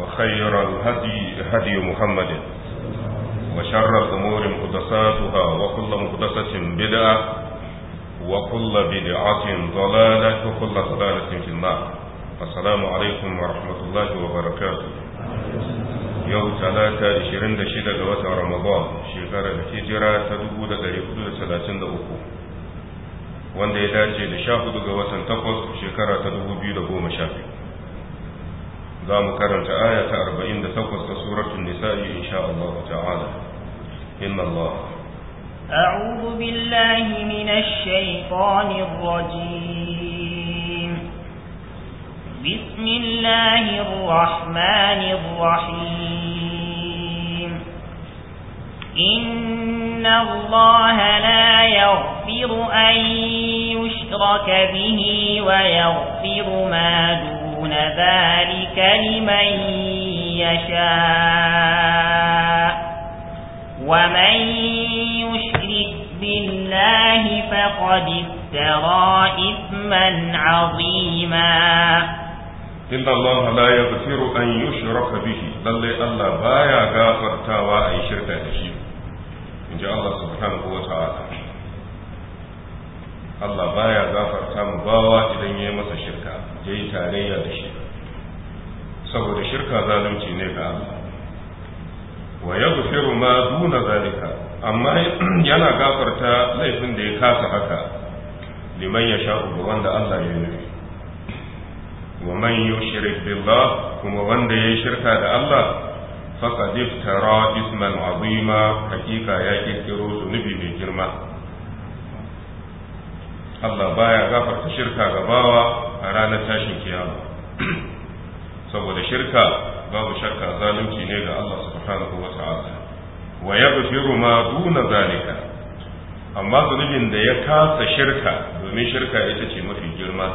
وخير الهدي هدي محمد وشر الأمور محدثاتها وكل محدثة بدعة وكل بدعة ضلالة وكل ضلالة في النار السلام عليكم ورحمة الله وبركاته yau talata 26 ga watan ramadan shekarar hijira ta 1433 wanda ya dace da 14 ga watan 8 shekara ta 2012 za mu karanta aya ta 48 ta suratul nisa'i insha Allah ta'ala inna Allah أعوذ بالله من الشيطان الرجيم بسم الله الرحمن الرحيم إن الله لا يغفر أن يشرك به ويغفر ما دون ذلك لمن يشاء ومن يشرك بالله فقد افترى إثما عظيما إن الله لا يغفر أن يشرك به بل الله بايا غافر تاوى أي شركة به in ji Allah subhanahu wa ta'ala Allah baya gafarta mu bawa idan ya yi masa shirka ya yi tarayya da shi saboda shirka zalunci ne ga Allah wa yaghfiru ma duna zalika amma yana gafarta laifin da ya kasa haka liman ga wanda Allah ya nufi wa man yushrik billah kuma wanda ya shirka da Allah faqad iftara isman azima hakika ya ƙirƙiro zunubi mai girma Allah baya gafarta shirka ga a ranar tashin kiyama saboda shirka babu shakka zalunci ne ga Allah subhanahu wa ta'ala wa yaghfiru ma duna zalika amma zunubin da ya kasa shirka domin shirka ita ce mafi girma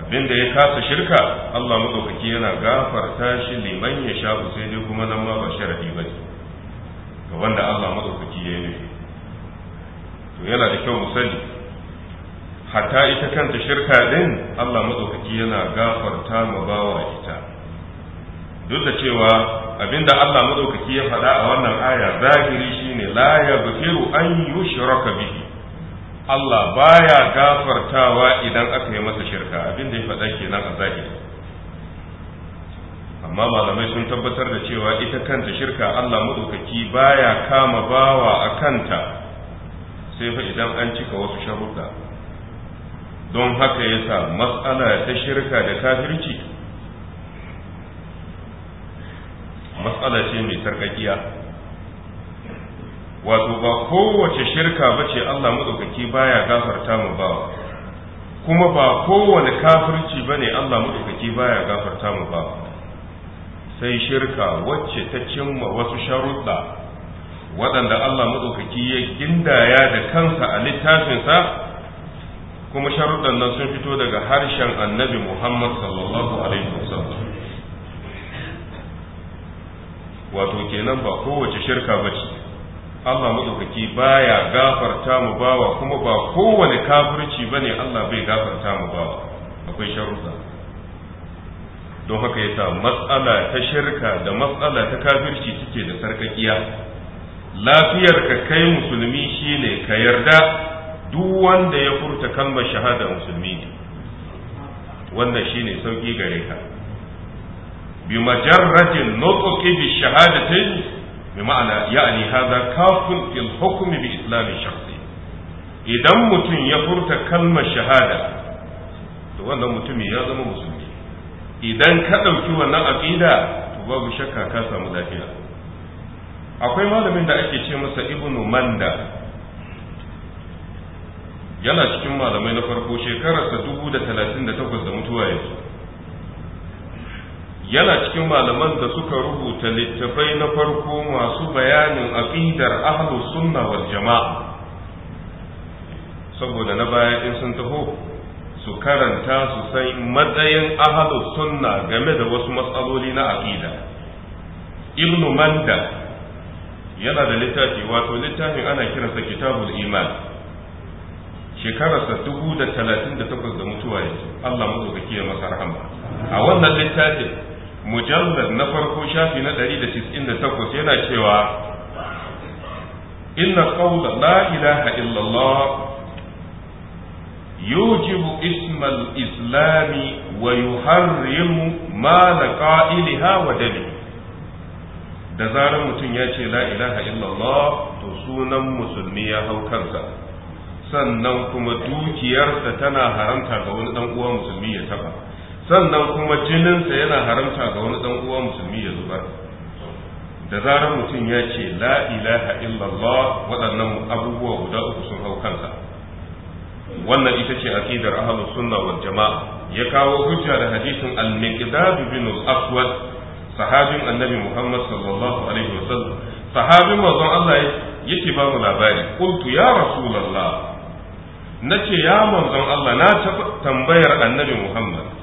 abinda ya kasa shirka Allah madaukaki yana gafarta shi liman ya sha sai dai kuma nan ma ba sharadi ba ga wanda Allah madaukaki ya yi to yana da kyau mu sani hatta ita kanta shirka din Allah madaukaki yana gafarta ma bawa ita duk da cewa abinda Allah madaukaki ya faɗa a wannan aya zahiri shine la yaghfiru an yushraka bihi Allah baya gafartawa idan aka yi masa shirka abin da ya faɗa kenan a zahiri amma malamai sun tabbatar da cewa ita kanta shirka Allah maɗaukaki baya kama bawa a kanta sai fa idan an cika wasu sharuɗa don haka yasa matsala ta shirka da kafirci matsala ce mai sarƙaƙiya wato ba kowace shirka ba ce Allah maɗaukaki baya gafarta mu ba, kuma ba kowane kafirci ne Allah maɗaukaki baya gafarta mu ba. sai shirka wacce ta cimma wasu sharuɗa waɗanda Allah maɗaukaki ya gindaya da kansa a littafinsa kuma sharuɗan nan sun fito daga harshen annabi Muhammad sallallahu alaihi wasallam wato kenan ba kowace shirka ba ce. Allah madaukaki baya gafarta mu bawa kuma ba kowane kafirci bane Allah bai gafarta mu bawa akwai sharuɗa don haka yasa matsala ta shirka da matsala ta kafirci suke da sarkakiya lafiyar ka kai musulmi shine ka yarda duk wanda ya furta kalmar shahada musulmi ne wannan shine sauki gare ka bi majarratin nutqi bi shahadatin Mai ma'ana ya'ani hadha kafun fil hukmi bi islami shakhsi idan mutum ya furta kalma shahada to wannan mutumi ya zama musulmi idan ka ɗauki wannan aƙida, to babu shakka ka samu lafiya akwai malamin da ake ce masa ibnu manda yana cikin malamai na farko shekararsa dubu da talatin da takwas da mutuwa yanzu yana cikin malaman da suka rubuta littafai na farko masu bayanin aqidar ahlus sunna wal jama'a saboda na baya in sun taho su karanta su san matsayin ahlus sunna game da wasu matsaloli na aqida ibn manda yana da littafi wato littafin ana kiransa kitabul iman shekararsa dubu da talatin da takwas da mutuwa yanzu Allah mazaukaki ya masa rahama a wannan littafin Mujallar na farko shafi na 198 yana cewa inna qawla la ilaha illallah يوجب اسم الإسلام ويحرم مال قائلها ودمه da zarar mutum ya ce la ilaha illallah to sunan musulmi ya hau kansa sannan kuma dukiyarsa tana haramta ga wani dan uwa musulmi ya taba sannan kuma jininsa yana haramta ga wani dan uwa musulmi ya zubar da zarar mutum ya ce la ilaha illallah waɗannan abubuwa guda uku sun hau kansa wannan ita ce aqidar ahlus sunna wal jama'a ya kawo hujja da hadisin al-miqdad bin al-aswad sahabin annabi muhammad sallallahu alaihi wasallam sahabin manzon Allah yake ba mu labari qultu ya rasulullah nace ya manzon Allah na tambayar annabi muhammad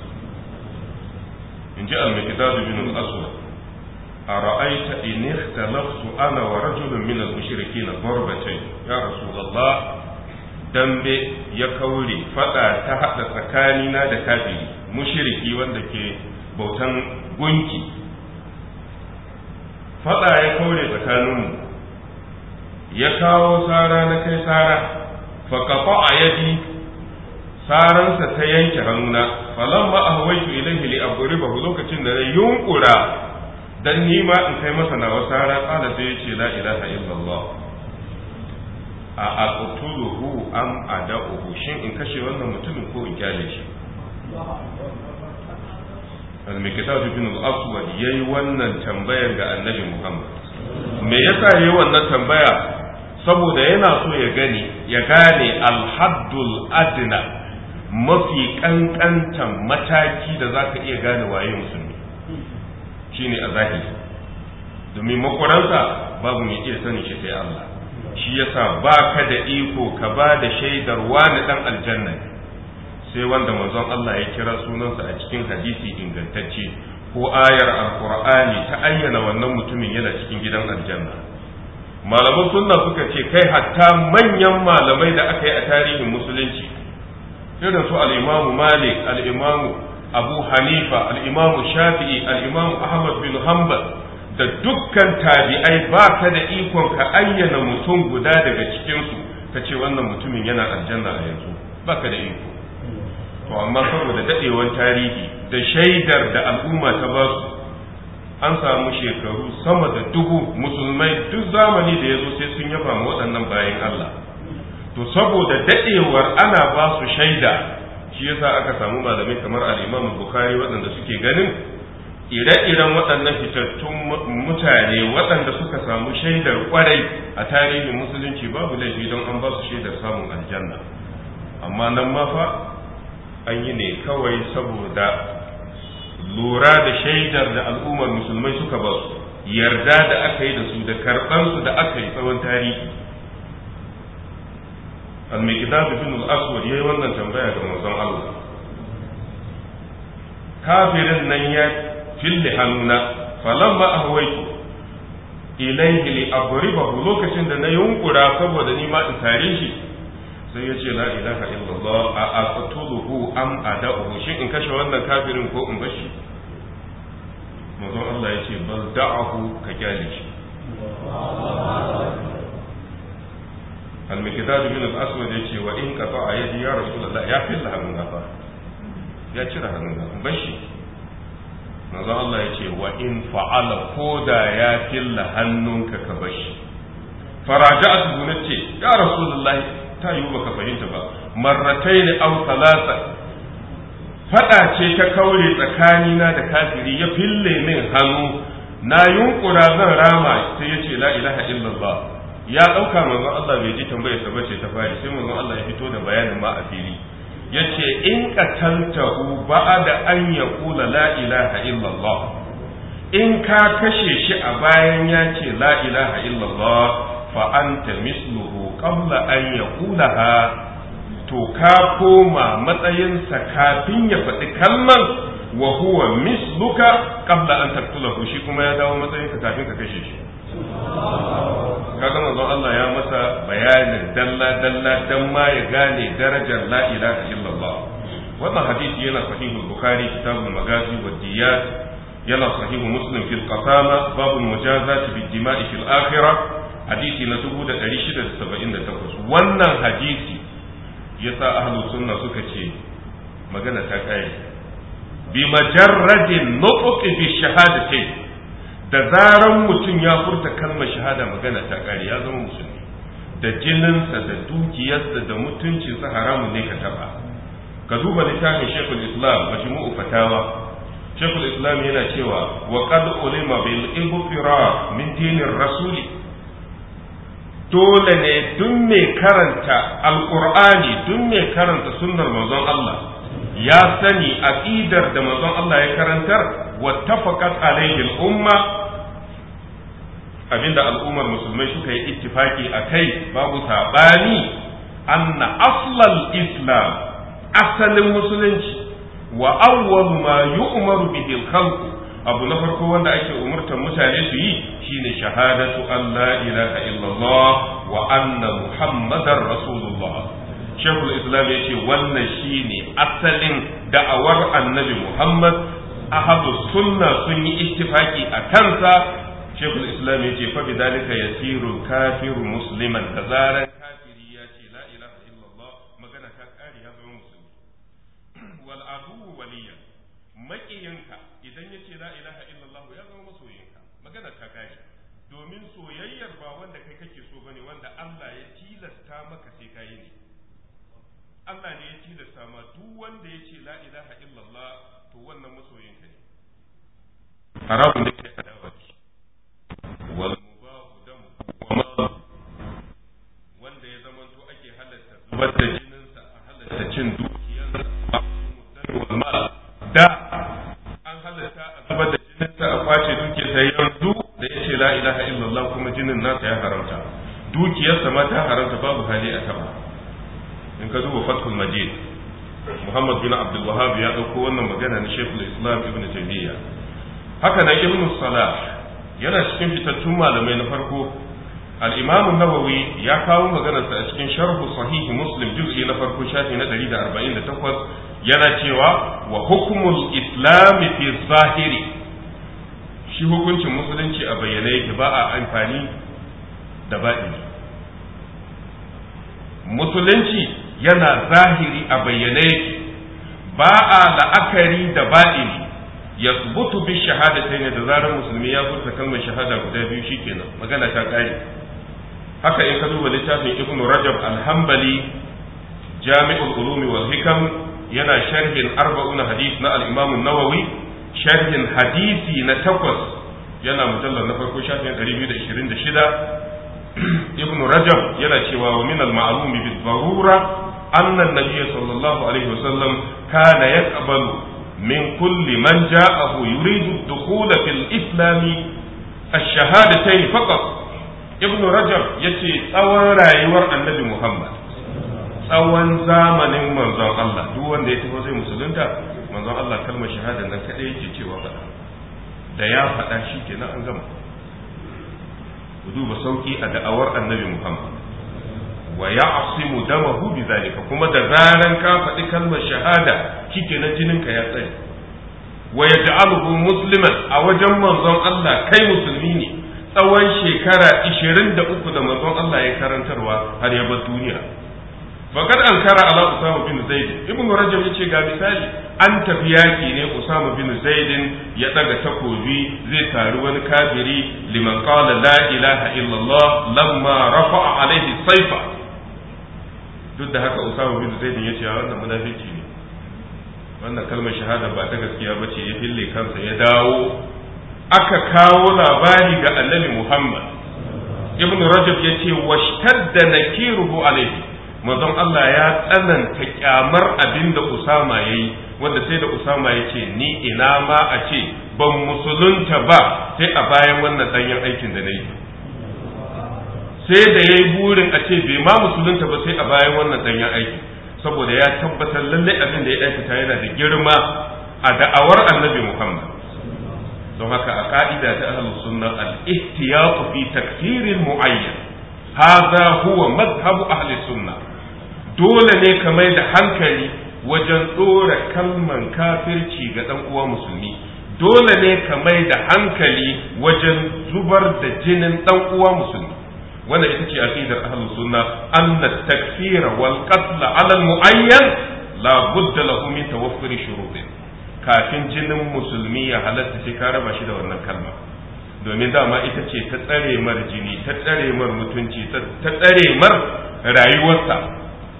in ji al-miqdad bin al-aswad ara'aita in ikhtalaftu ana wa rajulun min al-mushrikeen darbatayn ya dambe ya kaure fada ta haɗa tsakanina da kafiri mushiriki wanda ke bautan gunki fada ya kaure tsakaninmu ya kawo sara na kai sara fa a yadi saransa ta yanke hannuna falamma ahwaitu ilayhi li abribahu lokacin da na yunkura dan ni ma in kai masa na wasara kana sai yace la ilaha illallah a hu am ada'uhu shin in kashe wannan mutumin ko in kyale shi al-mikdad ibn al-aswad yayi wannan tambayar ga annabi muhammad me yasa yayi wannan tambaya saboda yana so ya gani ya gane al-haddul adna mafi kankantan mataki da za ka iya gane waye musulmi shi ne a zahiri domin makwaransa babu mai iya sani shi sai Allah shi yasa ba ka da iko ka ba da shaidar wani dan aljanna sai wanda manzon Allah ya kira sunansa a cikin hadisi ingantacce ko ayar alqur'ani ta ayyana wannan mutumin yana cikin gidan aljanna malaman sunna suka ce kai hatta manyan malamai da aka yi a tarihin musulunci irin su al'imamu malik alimamu abu hanifa al'imamu shafi'i al-imamu ahmad bin hanbal da dukkan tabi'ai ba ka da ikon ka ayyana mutum guda daga cikinsu ka ce wannan mutumin yana aljanna a yanzu ba ka da iko to amma saboda daɗewan tarihi da shaidar da al'umma ta ba su an samu shekaru sama da dubu musulmai duk zamani da ya zo sai sun yaba mu waɗannan bayan Allah to saboda dadewar ana ba su shaida shi yasa aka samu malamai kamar al-Imam Bukhari waɗanda suke ganin ire-iren waɗannan fitattun mutane waɗanda suka samu shaidar kwarai a tarihin musulunci babu laifi don an ba su shaidar samun aljanna amma nan ma fa an yi ne kawai saboda lura da shaidar da al'ummar musulmai suka ba su yarda da aka yi da su da karɓansu da aka yi tsawon tarihi al-miqdad bin al-aswad yayi wannan tambaya ga manzon Allah kafirin nan ya fille hannuna falamma ahwaitu ilayhi li abribahu lokacin da na yunkura saboda ni ma in tare shi sai ya ce la ilaha illallah a aqtuluhu am ada'uhu shin in kashe wannan kafirin ko in bashi manzon Allah ya ce bal da'ahu ka kyale shi al-miqdad min al-aswad yace wa in qata yadi ya ya filla hannun gafa ya cire hannun gafa ban shi yace wa in fa'ala koda ya filla hannunka ka bashi faraja'at gunace ya rasulullah ta yi baka fahimta ba marratayn aw thalatha ce ta kaure tsakanina da kafiri ya fille min hannu na yunkura zan rama sai yace la ilaha illallah ya ɗauka manzon Allah bai ji tambayar sa bace ta fari sai manzon Allah ya fito da bayanin ma a fili yace in qataltahu ba'da an yaqula la ilaha illallah in ka kashe shi a bayan ya ce la ilaha illallah fa anta misluhu qabla an yaqulaha to ka koma matsayinsa kafin ya faɗi kalman wa huwa misluka qabla an taqtulahu shi kuma ya dawo matsayinsa kafin ka kashe shi kaga manzon Allah ya masa bayanin dalla dalla dan ma ya gane darajar la ilaha illallah wannan hadisi yana sahihul bukhari kitabul magazi wa diyat yana sahihu muslim fil qasama Babu mujazati bid dima'i fil akhirah hadisi na 1678 wannan hadisi ya sa ahlus sunna suka ce magana ta kai bi majarradin nutqi bi shahadatin da zaran mutum ya furta kalmar shahada magana ta kare ya zama musulmi da jininsa da dukiyarsa da mutuncinsa haramun ne ka taba ka duba littafin shekul islam majmu'u fatawa shekul islam yana cewa wa qad ulima bil ibtira min dinir rasuli dole ne duk mai karanta alqur'ani duk mai karanta sunnar manzon Allah ya sani aqidar da manzon Allah ya karantar wa tafaqat alaihi al-umma abinda al'ummar musulmai suka yi ittifaki a kai babu saɓani anna aslal islam asalin musulunci wa awwalu ma yu'maru bihi al abu na farko wanda ake umurtar mutane su yi shine shahadatu an la ilaha illallah wa anna muhammadar rasulullah shekul islam ya ce wannan shine asalin da'awar annabi muhammad ahadu sunna sun yi ittifaki a kansa shekul islam ya ce fa bi dalika yasiru kafiru musliman da zarar kafiri ya ce la ilaha illallah magana ta kare ya zama musulmi wal adu waliya makiyinka idan ya ce la ilaha illallah ya zama masoyinka magana ta kare domin soyayyar ba wanda kai kake so bane wanda Allah ya tilasta maka sai ka yi ne Allah ne ya tilasta ma duk wanda ya ce la ilaha illallah to wannan masoyinka ne haramun da ke da zubar da jininsa a halatta cin dukiyar mal da an halatta a zubar da jininsa a kwace dukiyarsa yanzu da ya ce la ilaha illallah kuma jinin nasa ya haramta dukiyarsa ma ta haramta babu hali a taba in ka duba fathul majid muhammad bin abdul wahab ya dauko wannan magana na shaykhul islam ibn taymiya haka nan ibn salah yana cikin fitattun malamai na farko al-imam nawawi ya kawo maganarsa a cikin sharh sahih muslim juz'i na farko shafi na 148 yana cewa wa hukmul islam fi zahiri shi hukuncin musulunci a bayyane yake ba a amfani da baɗini musulunci yana zahiri a bayyane ba a la'akari da baɗini ya bi shahada ne da zarar musulmi ya furta kalmar shahada guda biyu shikenan magana ta ƙare haka in ka duba littafin ibn rajab al-hanbali jami'ul ulumi wal hikam yana sharhin arba'un hadith na al-imam an-nawawi sharhin hadisi na takwas yana mujallar na farko shafin 226 ibn rajab yana cewa wa min al-ma'lumi bi darura anna an-nabiy sallallahu alaihi wasallam kana yaqbalu min kulli man ja'ahu yuridu ad-dukhul fil islam ash ibnu rajab ya ce tsawon rayuwar annabi muhammad tsawon zamanin manzon Allah duk wanda ya tafi zai musulunta manzon Allah kalmar shahada nan kadai yake cewa faɗa da ya faɗa shi kenan an gama ku duba sauki a da'awar annabi muhammad wa ya'simu damahu bi zalika kuma da zaran ka faɗi kalmar shahada jinin ka ya tsaye. wa yaj'aluhu musliman a wajen manzon Allah kai musulmi ne tsawon shekara ishirin da uku manzon Allah ya karantarwa har ya bar duniya bakar an kara ala usama bin zaid ibn rajab yace ga misali an tafi yaki ne usama bin zaid ya daga takobi zai taru wani kafiri liman qala la ilaha illallah lamma rafa'a alaihi sayfa duk da haka usama bin zaid yace wannan munafiki ne wannan kalmar shahada ba ta gaskiya bace ya fille kansa ya dawo aka kawo labari ga annabi Muhammad ibn Rajab yace ce washtadda nakiruhu alaihi manzon Allah ya tsananta kyamar abin da Usama yayi yi wanda sai da Usama ya ce ni ina ma a ce ban musulunta ba sai a bayan wannan danyen aikin da na sai da yayi burin a ce bai ma musulunta ba sai a bayan wannan danyen aiki saboda ya tabbatar lallai abin da ya aikata yana da girma a da'awar annabi Muhammad don haka a ka'ida ta ahlus sunna al-ihtiyatu fi takfirin muayyan hadha huwa madhhabu ahli sunna dole ne ka mai da hankali wajen dora kalman kafirci ga dan uwa musulmi dole ne ka mai da hankali wajen zubar da jinin dan uwa musulmi wannan ita ce aqidar ahlus sunna anna takfira wal qatl ala al muayyan la budda lahu min tawaffuri shurutin kafin jinin musulmi ya halatta sai ka raba shi da wannan kalma domin dama ita ce ta tsare mar jini ta tsare mar mutunci ta tsare mar rayuwarsa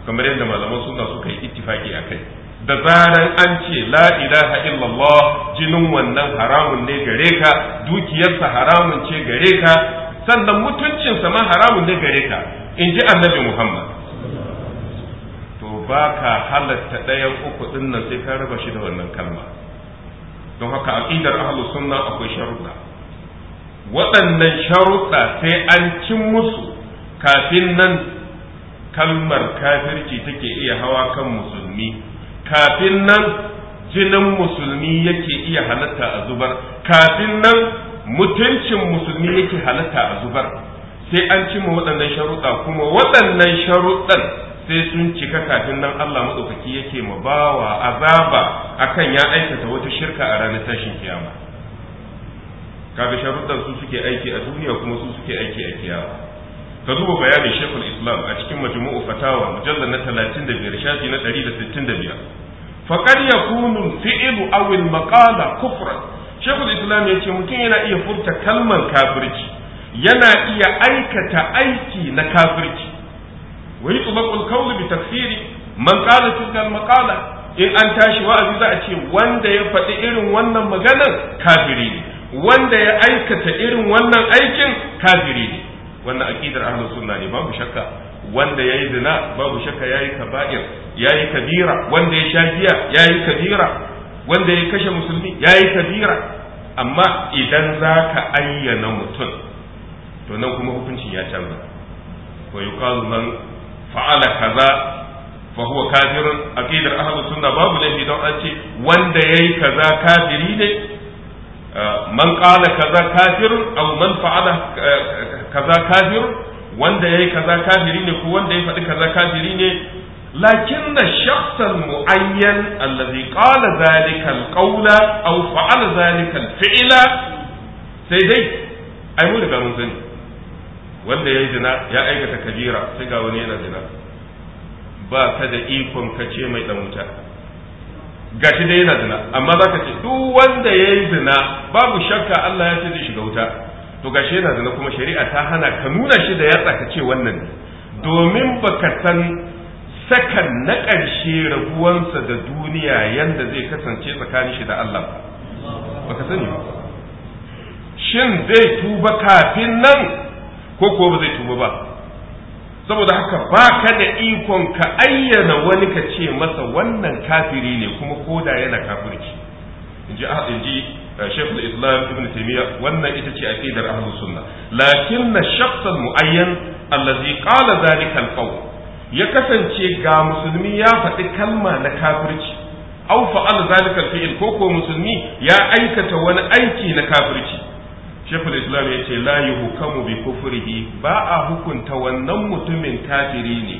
kamar yadda malaman suna suka yi ittifaki a kai da zaran an ce la ilaha illallah jinin wannan haramun ne gare ka dukiyarsa haramun ce gare ka sannan mutuncinsa ma haramun ne gare ka in ji annabi muhammad ba ka halatta ɗayan uku ɗin nan sai ka raba shi da wannan kalma don haka aƙidar ahlus sunna akwai sharuɗa waɗannan sharuɗa sai an cin musu kafin nan kalmar kafirci take iya hawa kan musulmi kafin nan jinin musulmi yake iya halatta a zubar kafin nan mutuncin musulmi yake halatta a zubar sai an cimma waɗannan sharuɗa kuma waɗannan sharuɗan sai sun cika kafin nan Allah maɗaukaki yake ma bawa azaba akan ya aikata wata shirka a ranar tashin kiyama kafin sharuddan su suke aiki a duniya kuma su suke aiki a kiyama ka duba bayanin shekul islam a cikin majmu'u fatawa mujallar na 35 shafi na 165 faqad yakunu fi'lu aw al maqala kufra shekul islam yace mutum yana iya furta kalmar kafirci yana iya aikata aiki na kafirci wa yutlaqu al bi tafsiri man qala tilka al-maqala in an tashi wa'azi za a ce wanda ya faɗi irin wannan maganar kafiri ne wanda ya aikata irin wannan aikin kafiri ne wannan aqidar ahlus sunna ne babu shakka wanda yayi zina babu shakka yayi kaba'ir yayi kabira wanda ya sha giya yayi kabira wanda ya kashe musulmi yayi kabira amma idan zaka ayyana mutum to nan kuma hukuncin ya canza wa yuqalu man fa'ala kaza fa huwa kafirun aqidar ahlus sunna babu laifi don an ce wanda yayi kaza kafiri ne man qala kaza kafirun aw man fa'ala eh, kaza kafirun wanda yayi kaza kafiri ne ko wanda ya faɗi kaza kafiri ne لكن الشخص المعين الذي قال ذلك القول أو فعل ذلك الفعل سيدي أي مو لغا wanda ya yi zina ya aikata kabira sai ga wani yana zina ba ka da ikon ka ce mai dan wuta gashi dai yana zina amma za ka ce duk wanda ya yi zina babu shakka Allah ya ce zai shiga wuta to gashi yana zina kuma shari'a ta hana ka nuna shi da yatsa ka ce wannan ne domin baka san sakan na ƙarshe rabuwansa da duniya yanda zai kasance tsakanin shi da Allah baka sani ba shin zai tuba kafin nan ko kuwa ba zai tuba ba saboda haka ba ka da ikon ka ayyana wani ka ce masa wannan kafiri ne kuma koda yana kafirci in ji ah, eh, shekul islam ibn taimiyya wannan ita ce aqidar ahlus sunna lakin na shaksan muayyan allazi qala zalika alqawl ya kasance ga musulmi ya faɗi kalma na kafirci Au fa'al zalika alfi'l ko ko musulmi ya aikata wani aiki na kafirci shekul islam ya ce la yi hukamu bi kufurihi ba a hukunta wannan mutumin kafiri ne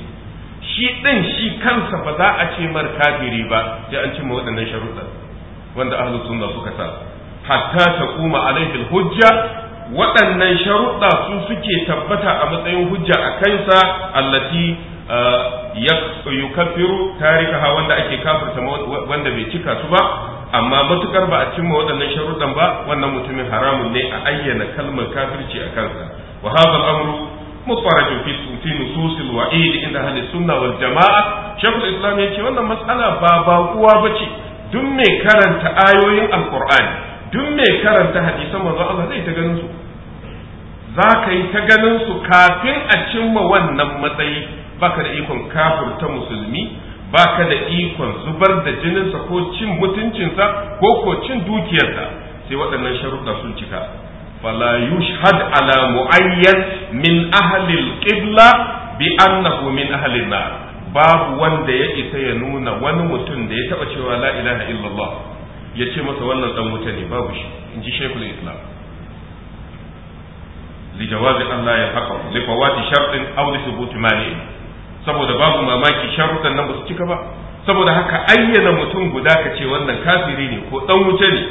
shi ɗin shi kansa ba za a ce mar kafiri ba sai an cimma waɗannan sharuɗa wanda ahlu sunna suka sa hatta ta kuma alaihi hujja waɗannan sharuɗa su suke tabbata a matsayin hujja a kansa allati yukaffiru tarikaha wanda ake kafirta wanda bai cika su ba amma matukar ba a cimma waɗannan sharuɗan ba wannan mutumin haramun ne a ayyana kalmar kafirci a kansa wa hadha al-amru mutarajun fi fi nusus waid inda ahli sunna wal jamaa shaykh al-islam yace wannan matsala ba ba kuwa bace duk mai karanta ayoyin alqur'ani duk mai karanta hadisan manzo Allah zai ta ganin su za ka yi ta ganin su kafin a cimma wannan matsayi baka da ikon kafirta musulmi ba ka da ikon zubar da jininsa ko cin mutuncinsa ko ko cin dukiyarsa sai waɗannan sharuɗa sun cika fala yushhad ala mu'ayyan min ahli al-qibla bi annahu min ahli nar babu wanda ya isa ya nuna wani mutum da ya taba cewa la ilaha illallah ya ce masa wannan dan wuta ne babu shi in ji shaykhul islam la أن li fawati shartin aw li thubuti saboda babu mamaki sharutan nan ba su cika ba saboda haka ayyana mutum guda ka ce wannan kafiri ne ko dan wuce ne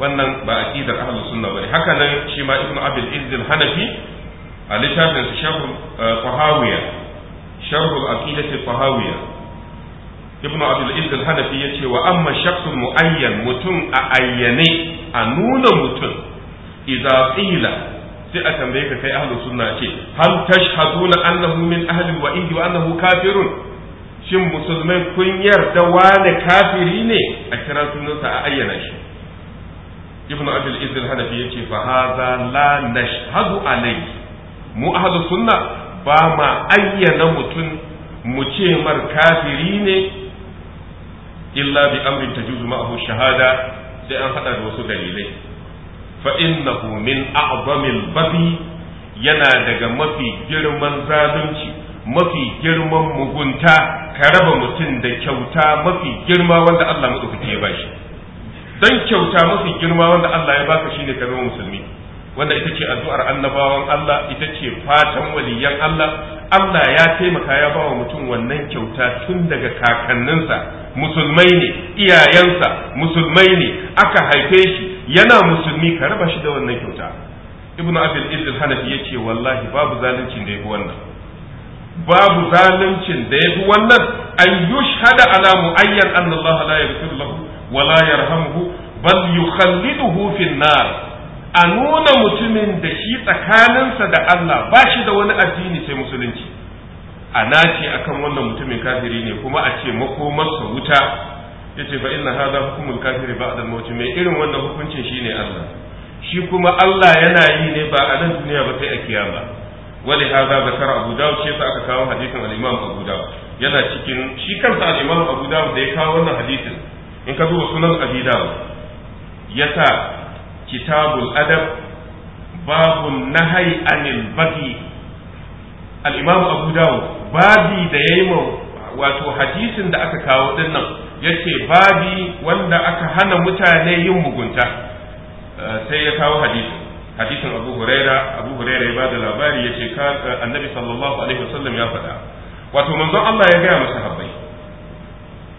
wannan ba aqidar ahlus sunna bane haka nan shi ma ibnu abul izz al-hanafi a littafin sa sharh fahawiya sharh al-aqidati fahawiya ibnu izz al-hanafi yace wa amma shakhsun muayyan mutum a ayyane a nuna mutum idza qila sai a tambaye ka kai ahlus sunna ce hal tashhaduna annahu min ahli al-wa'id wa annahu kafirun shin musulmai kun yarda wani kafiri ne a kira sunansa a ayyana shi ibn abdul izz al-hanafi yace fa hadha la nashhadu alayhi mu ahlus sunna ba ma ayyana mutum mu ce mar kafiri ne illa bi amrin tajuzu ma'ahu shahada sai an hada da wasu dalilai fa innahu min a'zamil yana daga mafi girman zalunci mafi girman mugunta ka raba mutum da kyauta mafi girma wanda Allah madaukake ya bashi dan kyauta mafi girma wanda Allah ya baka shine ka zama musulmi wanda ita ce addu'ar annabawan Allah ita ce fatan waliyan Allah Allah ya taimaka ya bawa mutum wannan kyauta tun daga kakanninsa musulmai ne iyayensa musulmai ne aka haife shi yana musulmi ka raba shi da wannan kyauta ibn abdul izz hanafi ce wallahi babu zaluncin da yafi wannan babu zaluncin da ya fi wannan an yushhada ala muayyan anna la yaghfiru lahu wa la yarhamuhu bal yukhalliduhu fin nar a nuna mutumin da shi tsakaninsa da Allah ba shi da wani addini sai musulunci a nace akan wannan mutumin kafiri ne kuma a ce makomarsa wuta Ya ce fa inna haza hukumul kafiri a dan maut mai irin wannan hukuncin shi ne Allah shi kuma Allah yana yi ne ba a nan duniya ba sai a kiyama wali hadha kara Abu dawo shi yasa aka kawo hadisin al-Imam Abu dawo yana cikin shi kansa al-Imam Abu dawo da ya kawo wannan hadisin in ka duba sunan Abi yasa kitabul adab babu nahai anil bagi al-imam abu dawud babi da yayi wato hadisin da aka kawo din nan yace babi wanda aka hana mutane yin mugunta uh, sai ya kawo hadisin hadisin abu huraira abu huraira ya bada labari yace uh, annabi sallallahu alaihi wasallam ya faɗa wato manzon Allah ya gaya masa habbai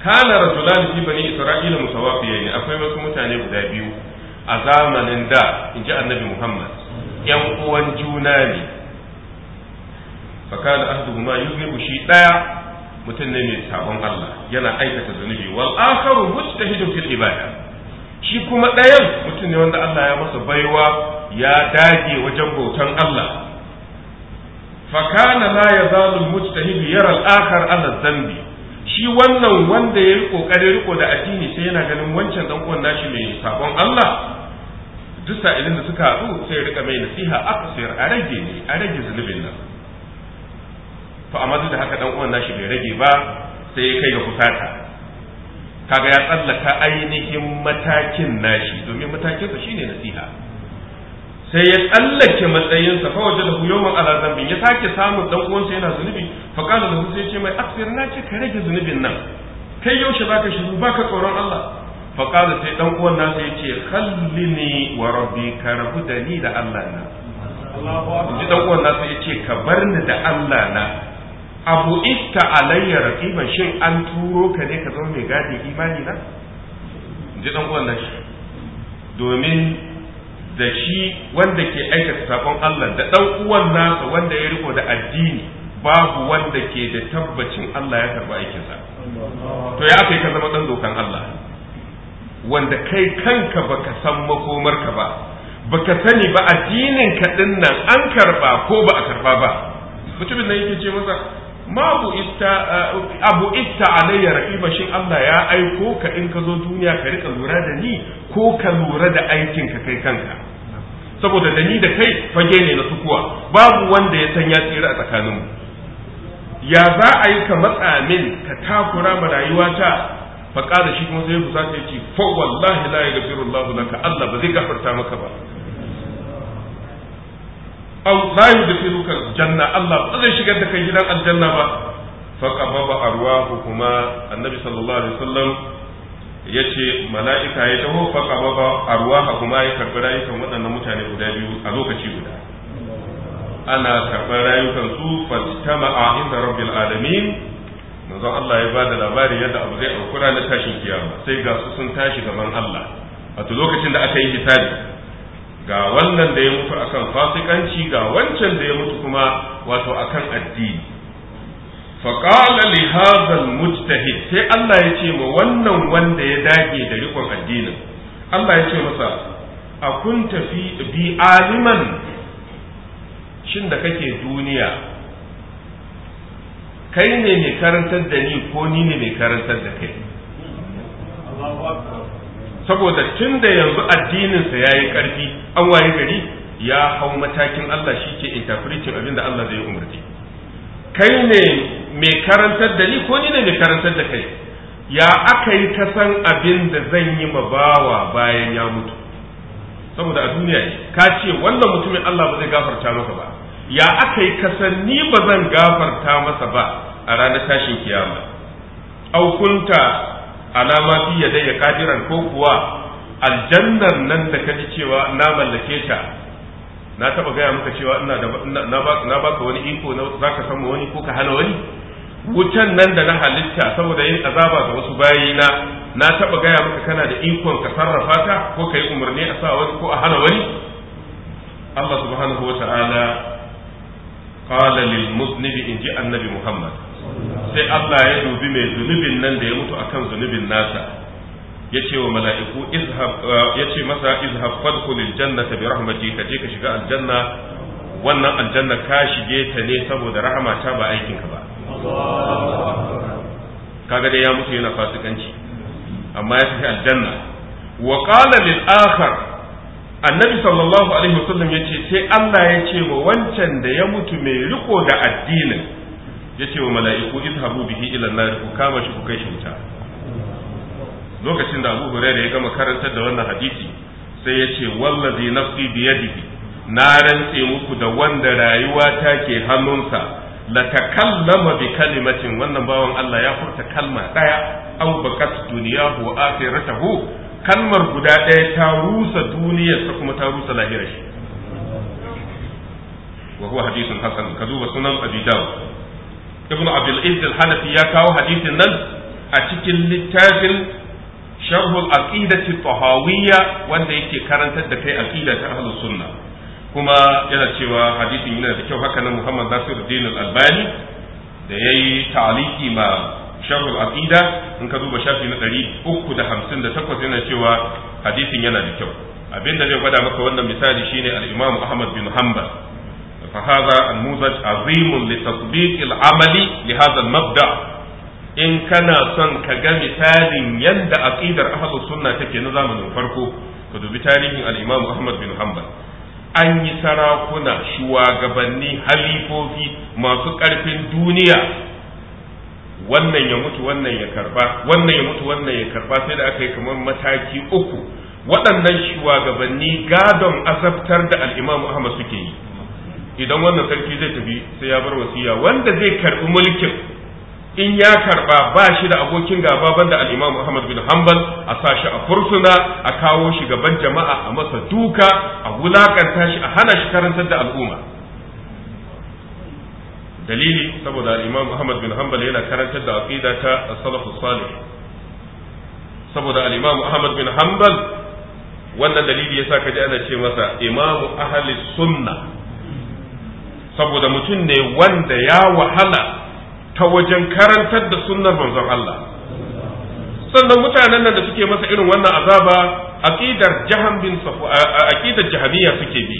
kana rajulan fi bani isra'ila musawafiyaini akwai wasu mutane guda biyu a zamanin da inji annabi muhammad yan uwan juna ne fa kana ahduhuma yuznibu shi daya mutum ne mai sabon Allah yana aikata zunubi wal akharu mujtahidun fil ibada shi kuma dayan mutum ne wanda Allah ya masa baiwa ya dage wajen bautan Allah Fakana kana la yazalu mujtahid yara al akhar ala dhanbi shi wannan wanda ya kokari riko da addini sai yana ganin wancan dan uwan nashi mai sabon Allah duk sa'ilin da suka haɗu sai rika mai nasiha aka sayar a rage ne a rage zunubin nan to amma duk da haka dan uwan nashi bai rage ba sai ya kai ga kusata kaga ya tsallaka ainihin matakin nashi domin matakin sa shine nasiha sai ya tsallake matsayinsa fa wajen da yawan ala zambin ya sake samun dan sa yana zunubi fa kana da sai ce mai aksir na ce ka rage zunubin nan kai yaushe baka shiru baka tsoron Allah fa kana sai dan uwan sai yace khallini wa rabbi ka rabu da ni da Allah na Allahu akbar dan uwan nasa yace ka bar ni da Allah na abu ita alayya raqiban shin an turo ka ne ka zama mai gadi imani na ji dan uwan nan shi domin da shi wanda ke aikata sabon Allah da dan uwan nasa wanda ya riko da addini babu wanda ke da tabbacin Allah ya karba aikinsa to ya kai ka zama dan dokan Allah wanda kai kanka baka san makomarka ba baka sani ba addinin ka din nan an karba ko ba a karba ba mutumin nan yake ce masa ma eh, abu ista alayya ra'iba shin Allah ya aiko ka in ka zo duniya ka rika lura da ni ko ka lura da aikin ka kai kanka saboda da ni da kai fage ne na sukuwa babu wanda ya san ya tsira a mu ya za a yi ka matsa min ka takura ma rayuwata fa kada shi kuma sai ya fusata ya ce fa wallahi la yaghfiru Allah laka Allah ba zai gafarta maka ba aw la yudkhiluka janna Allah ba zai shigar da kai gidan aljanna ba fa qababa arwahuhuma annabi sallallahu alaihi wasallam yace mala'ika ya taho fa qababa arwahahuma ya karbi rayukan waɗannan mutane guda biyu a lokaci guda ana karɓar rayukan su fastama'a inda rabbil alamin manzon Allah ya bada labari yadda abu zai auku na tashin kiyama sai ga su sun tashi gaban Allah wato lokacin da aka yi hisabi ga wannan da ya mutu akan fasikanci ga wancan da ya mutu kuma wato akan addini faƙala li hazal mujtahid sai Allah ya ce ma wannan wanda ya dage da rikon addinin Allah ya ce masa a kun tafi bi aliman shin da kake duniya kai ne mai karantar da ni ko ni ne mai karantar da kai saboda tun da yanzu addininsa ya yi ƙarfi an waye gari ya hau matakin Allah shi ke interpreting abin da Allah zai yi umarci kai ne mai karantar da ni ko ni ne mai karantar da kai ya aka yi ta san abin da zan yi ma bawa bayan ya mutu saboda a duniya ka ce wannan mutumin Allah ba zai gafarta maka ba ya aka yi kasan ni ba zan gafarta masa ba a ranar tashin kiyama au kunta alama fi ya qadiran ko kuwa aljannar nan da kaji cewa na mallake ta na taba gaya maka cewa ina da na ka wani iko na ka samu wani ko ka hana wani wutan nan da na halitta saboda yin azaba ga wasu bayina na taba gaya maka kana da ikon ka sarrafa ta ko ka yi umarni a sa wani ko a hana wani Allah subhanahu wa ta'ala qala lil muznib in ji annabi Muhammad sai Allah ya dubi mai zunubin nan da ya mutu akan zunubin nasa ya ce wa mala'iku eh, ya ce masa izhab janna ta bi rahmati ka je ka shiga aljanna wannan aljanna ka shige ta ne saboda rahama ta ba aikinka ba kaga dai ya mutu yana fasikanci amma ya tafi aljanna wa qala lil akhar annabi sallallahu alaihi wasallam yace sai Allah ya ce wa wancan da ya mutu mai riko da addinin ya ce wa mala'iku izhabu bihi ila nari ku kama shi ku kai shi wuta lokacin da Abu Hurairah ya gama karantar da wannan hadisi sai ya ce wallazi nafsi biyadihi na rantse muku da wanda rayuwa ta ke hannunsa la takallama bi kalimatin wannan bawan Allah ya furta kalma daya aw a duniyahu wa akhiratahu kalmar guda ɗaya ta rusa duniyarsa kuma ta rusa lahirar shi wa huwa hadithun hasan ka duba sunan abi dawud ibn abdul izz al ya kawo hadisin nan a cikin littafin sharh al-aqidati tahawiyya wanda yake karantar da kai aqida ta ahlus sunna kuma yana cewa hadisin yana da kyau haka na muhammad nasiruddin al-albani da yayi ta'liqi ma sharh al in ka duba shafi na ɗari da 358 yana cewa hadisin yana da kyau abinda zai gwada maka wannan misali shine al-imam ahmad bin hanbal فهذا النموذج عظيم لتطبيق العمل لهذا المبدأ إن كان son ka ga misalin yadda aqidar ahlus sunna take na zamanin farko ka dubi tarihin al-Imam bin Hanbal an yi sarakuna shugabanni halifofi masu ƙarfin duniya wannan ya mutu wannan ya karba wannan ya mutu wannan ya karba sai da aka yi kamar mataki uku waɗannan shugabanni gadon azabtar da al'imamu Ahmad suke yi idan wannan sarki zai tafi sai ya bar wasiya wanda zai karbi mulkin in ya karba ba shi da abokin gaba banda al-Imam Muhammad bin Hanbal a sashi a fursuna a kawo shi gaban jama'a a masa duka a wulakanta shi a hana shi karantar da al'umma dalili saboda al-Imam Muhammad bin Hanbal yana karantar da aqida ta as-salaf salih saboda al-Imam Muhammad bin Hanbal wannan dalili yasa kaji ana ce masa imamu ahli sunnah saboda mutum ne wanda ya wahala ta wajen karantar da sunnar manzon Allah sannan mutanen nan da suke masa irin wannan azaba aqidar jahan bin safu aqidar jahamiyya suke bi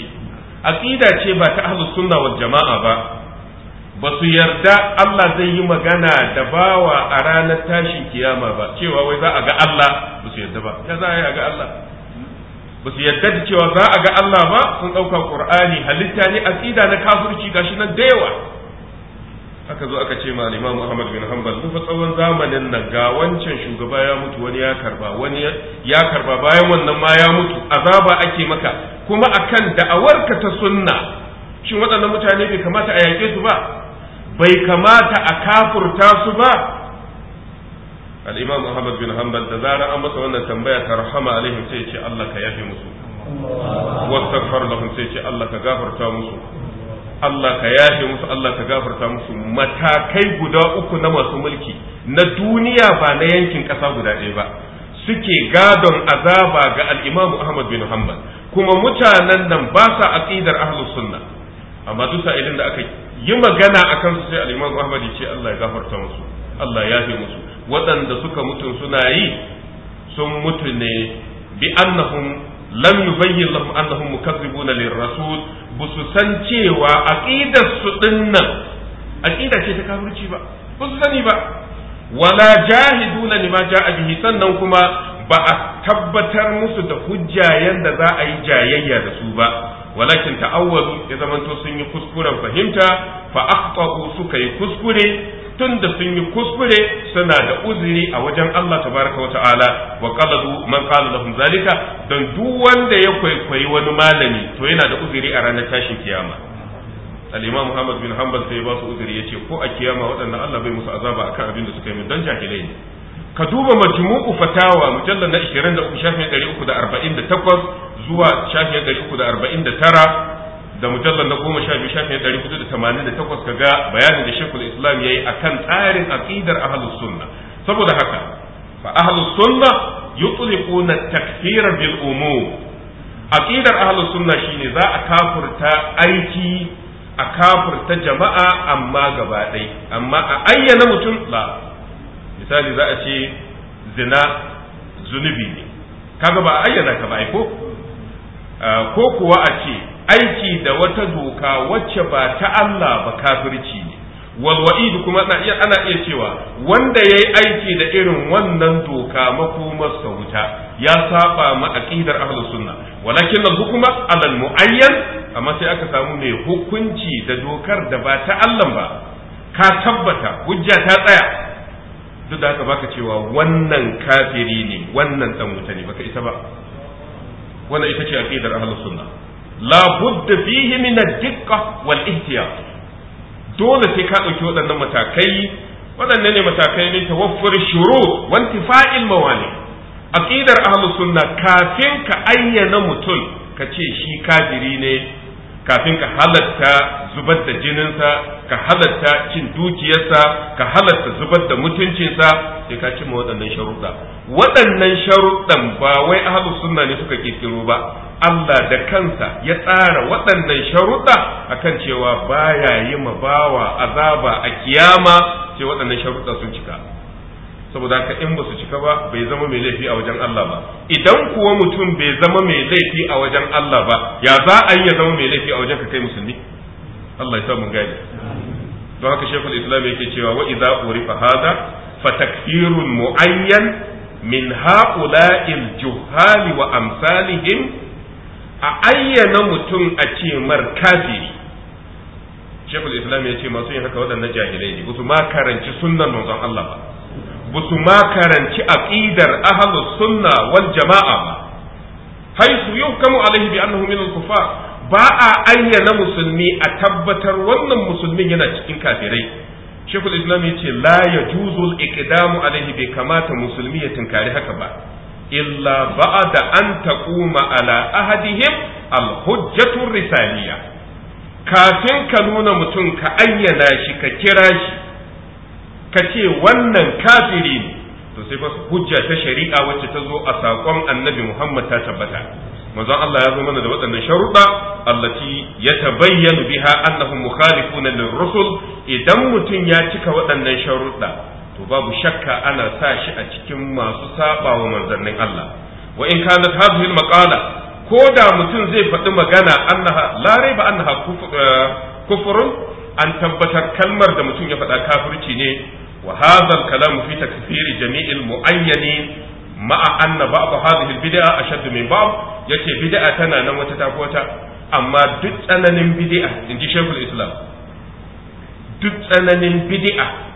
aqida ce ba ta ahlus sunna wal jama'a ba ba su yarda Allah zai yi magana da bawa a ranar tashin kiyama ba cewa wai za a ga Allah ba su yarda ba ya za a yi a ga Allah ba su yarda da cewa za a ga Allah ba sun ɗauka ƙur'ani halitta ne tsida na kafirci gashi nan da yawa aka zo aka ce ma Imam Muhammad bin Hanbal mu fa tsawon zamanin nan ga wancan shugaba ya mutu wani ya karba wani ya karba bayan wannan ma ya mutu azaba ake maka kuma akan da'awarka ta sunna shin waɗannan mutane bai kamata a yake su ba bai kamata a kafurta su ba al-imam Ahmad bin Hanbal da zara an masa wannan tambaya ta rahama alaihim sai ce Allah ka yafe musu wastaghfir lahum sai ce Allah ka gafarta musu Allah ka yafe musu Allah ka gafarta musu matakai guda uku na masu mulki na duniya ba na yankin ƙasa guda ɗaya ba suke gadon azaba ga al-imam Ahmad bin Hanbal kuma mutanen nan ba sa aqidar ahlus sunna amma duk sa'ilin da aka yi magana akan su sai al-imam Ahmad ya ce Allah ya gafarta musu Allah ya yafe musu waɗanda suka mutu suna yi sun mutu ne bi annahum lam yubayyin lahum annahum mukazzibuna lirrasul bu su san cewa aqidar su dinnan aqida ce ta kafirci ba ba su sani ba wala jahiduna lima ja'a bihi sannan kuma ba a tabbatar musu da hujjayen da za a yi jayayya da su ba walakin ta'awwazu ya zamanto sun yi kuskuren fahimta fa akhtau suka yi kuskure tun da sun yi kuskure suna da uzuri a wajen Allah tabaraka wa ta'ala wa qaladu man qala lahum zalika dan duk wanda ya kwaikwayi wani malami to yana da uzuri a ranar tashin kiyama al-imam Muhammad bin Hanbal sai ya ba su uzuri yace ko a kiyama waɗannan Allah bai musu azaba akan abin da suka yi dan jahilai ne ka duba majmu'u fatawa mujallal na 23 shafin 348 zuwa shafin 349 da mujallar na goma sha biyu shafin ɗari hudu da tamanin da takwas ka ga bayanin da shekul islam ya yi a kan tsarin aƙidar ahalus sunna saboda haka fa ahalus sunna yutliquna takfira bil umum aqidar ahlus sunna shine za a kafurta aiki a kafurta jama'a amma gaba ɗai amma a ayyana mutum la misali za a ce zina zunubi ne kaga ba a ayyana ka ba ko ah, ko kuwa a ce aiki da wata doka wacce ba ta Allah ba kafirci ne walwa'idu kuma ana iya cewa wanda ya yi aiki da irin wannan doka makomarsa wuta ya saba ma aqidar ahlus sunna walakin hukuma alal muayyan amma sai aka samu mai hukunci da dokar da ba ta Allah ba ka tabbata hujja ta tsaya duk da haka baka cewa wannan kafiri ne wannan dan wuta ne baka isa ba wannan ita ce aqidar ahlus sunna la budda fihi min ad-diqqa wal ihtiyat dole sai ka dauki waɗannan matakai waɗannan ne matakai ne tawaffur shurut wa intifa'il mawani aqidar ahlus sunna kafin ka ayyana mutum ka ce shi kafiri ne kafin ka halatta zubar da jininsa ka halatta cin dukiyarsa ka halatta zubar da mutuncinsa sai ka cimma waɗannan sharuɗa waɗannan sharuɗan ba wai ahlu sunna ne suka kirkiro ba Allah da kansa ya tsara waɗannan sharuɗa a kan cewa baya yi ma bawa azaba a kiyama sai waɗannan sharuɗa sun cika saboda haka in ba su cika ba bai zama mai laifi a wajen Allah ba idan kuwa mutum bai zama mai laifi a wajen Allah ba ya za a yi ya zama mai laifi a wajen ka kai musulmi Allah ya mun gani. don haka shekul islam yake cewa wa idza urifa hada fa takfirun muayyan min ha'ula'il juhali wa amsalihim a ayyana mutum a ce mar kafiri shekul islam ya ce masu yin haka waɗannan jahilai ne su ma karanci sunnan manzon Allah ba ba ma karanci aqidar ahlus sunna wal jama'a ba haisu yuhkamu alaihi bi annahu min al ba a ayyana musulmi a tabbatar wannan musulmin yana cikin kafirai shekul islam ya ce la yajuzu al-iqdamu alaihi bai kamata musulmi ya tunkari haka ba illa ba'a da an taquma ala ahadihim al-hujjatu risaliya kafin ka nuna mutum ka ayyana shi ka kira shi ka ce wannan kafiri ne to sai hujja ta shari'a wacce ta zo a saƙon annabi Muhammad ta tabbata manzon Allah ya zo mana da waɗannan sharuɗa allati ya tabayyanu biha annahum mukhalifuna lirrusul idan mutum ya cika waɗannan sharuɗa to babu shakka ana sa shi a cikin masu saba wa manzannin Allah wa in kana hadhihi maqala ko da mutum zai faɗi magana annaha la raiba annaha eh, kufrun an tabbatar kalmar da mutum ya faɗa kafirci ne wa hadha al-kalamu fi takfir jami'il mu'ayyani ma'a anna ba'd hadhihi al-bid'a ashaddu min ba'd yace bid'a tana nan wata ta kota amma duk tsananin bid'a inji shaykhul Islam duk tsananin bid'a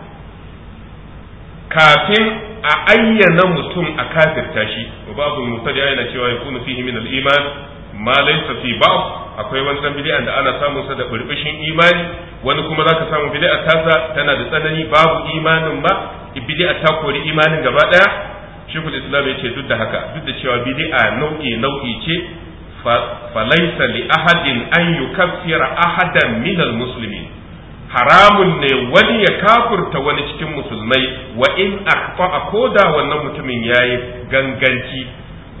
kafin a ayyana mutum a kafirta shi babu mubtada yana cewa yakunu fihi min al-iman ma laysa fi ba'd akwai wani bid'a da ana samun sa da burbushin imani wani kuma zaka samu bid'a tasa tana da tsanani babu imanin ba bid'a ta kori imanin gaba daya shekul islam yace duk da haka duk da cewa bid'a nau'i nau'i ce fa laysa li ahadin an yukaffira ahadan min al-muslimin haramun ne wani ya kafurta wani cikin musulmai wa in a koda wannan mutumin ya yi ganganci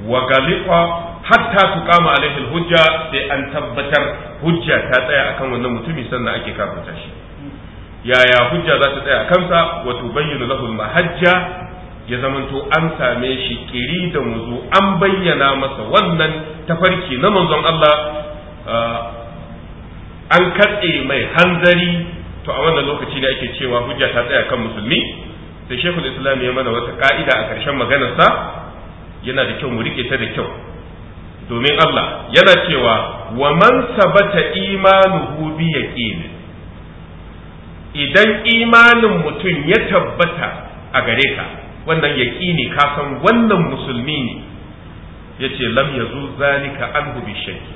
wa galiqa hatta kama alaihi hujja sai an tabbatar hujja ta tsaya akan wannan mutumi sannan ake kafurta shi yaya hujja za ta tsaya kansa wato bayyana lahu mahajja ya zamanto an same shi kiri da muzu an bayyana masa wannan tafarki na manzon Allah ah, an katse mai hanzari to a wannan lokaci ne ake cewa hujja ta tsaya kan musulmi sai shekul islam ya mana wata ka'ida a ƙarshen maganarsa yana da kyau mu riƙe ta da kyau domin Allah yana cewa wa man sabata imanuhu bi yaqin idan imanin mutum ya tabbata a gare ka wannan yaqini ka san wannan musulmi ne yace lam yazu zalika anhu bi shakki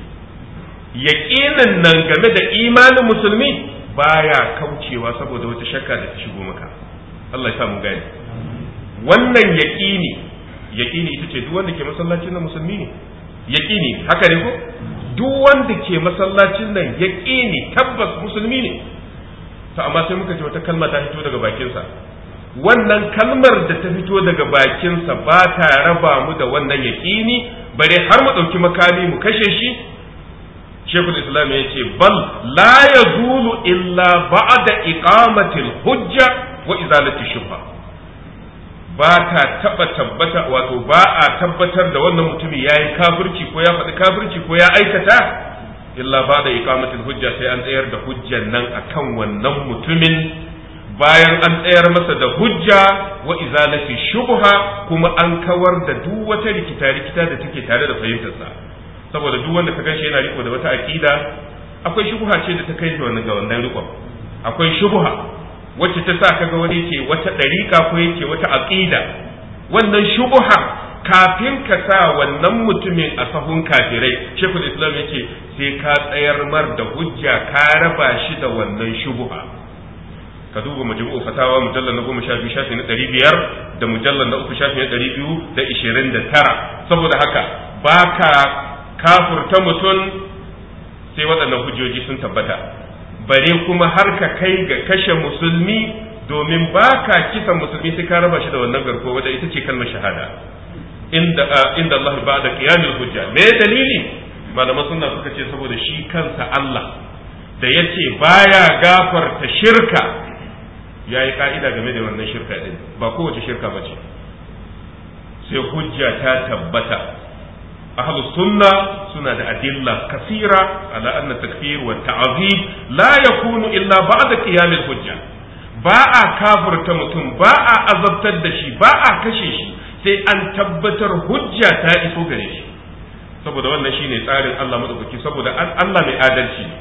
Yaƙinin nan game da imanin musulmi baya kaucewa saboda wata shakka da ta shigo maka Allah ya sa mu gani wannan yaqini yaqini ita ce duk wanda ke masallacin nan musulmi ne yaqini haka ne ko duk wanda ke masallacin nan yaqini tabbas musulmi ne to amma sai muka ce wata kalma ta fito daga bakinsa wannan kalmar da ta fito daga bakinsa ba ta raba mu da wannan yaqini bare har mu ɗauki makami mu kashe shi shekul islam ya ce bal la ya zulu illa ba'da iqamatil hujja wa izalati shubha ba ta taba tabbata wato ba a tabbatar da wannan mutumi yayi kafirci ko ya faɗi kafirci ko ya aikata illa ba da iqamatil hujja sai an tsayar da hujjan nan akan wannan mutumin bayan an tsayar masa da hujja wa izalati shubha kuma an kawar da duk wata rikita rikita da take tare da fahimtarsa saboda duk wanda ka gashi yana riko da wata aqida akwai shubuha ce da ta kai ta wannan ga wannan riko akwai shubuha wacce ta sa kaga wani yake wata dariqa ko yake wata aqida wannan shubuha kafin ka sa wannan mutumin a sahun kafirai shekul islam yake sai ka tsayar mar da hujja ka raba shi da wannan shubuha ka duba majmu'u fatawa mujallal na goma sha biyu shafi na ɗari biyar da mujallal na uku shafi na ɗari biyu da ishirin da tara saboda haka ba ka kafurta mutum sai waɗannan hujjoji sun tabbata bare kuma har ka kai ga kashe musulmi domin ba ka kisa musulmi sai ka raba shi da wannan garko wadda ita ce kalmar shahada inda Allah ba da kiyamil hujja me dalili malaman sunna suka ce saboda shi kansa Allah da yace baya gafarta shirka yayi ka'ida game da wannan shirka din ba kowace shirka bace sai hujja ta tabbata ahlus sunna suna da adilla kasira al'adar anna takfir wa ta'zib la yakunu illa ba'a qiyam ƙiyamin hujja ba a kafirta mutum ba a azabtar da shi ba a kashe shi sai an tabbatar hujja ta iso gare shi saboda wannan ne tsarin Allah madaukaki saboda Allah mai adalci ne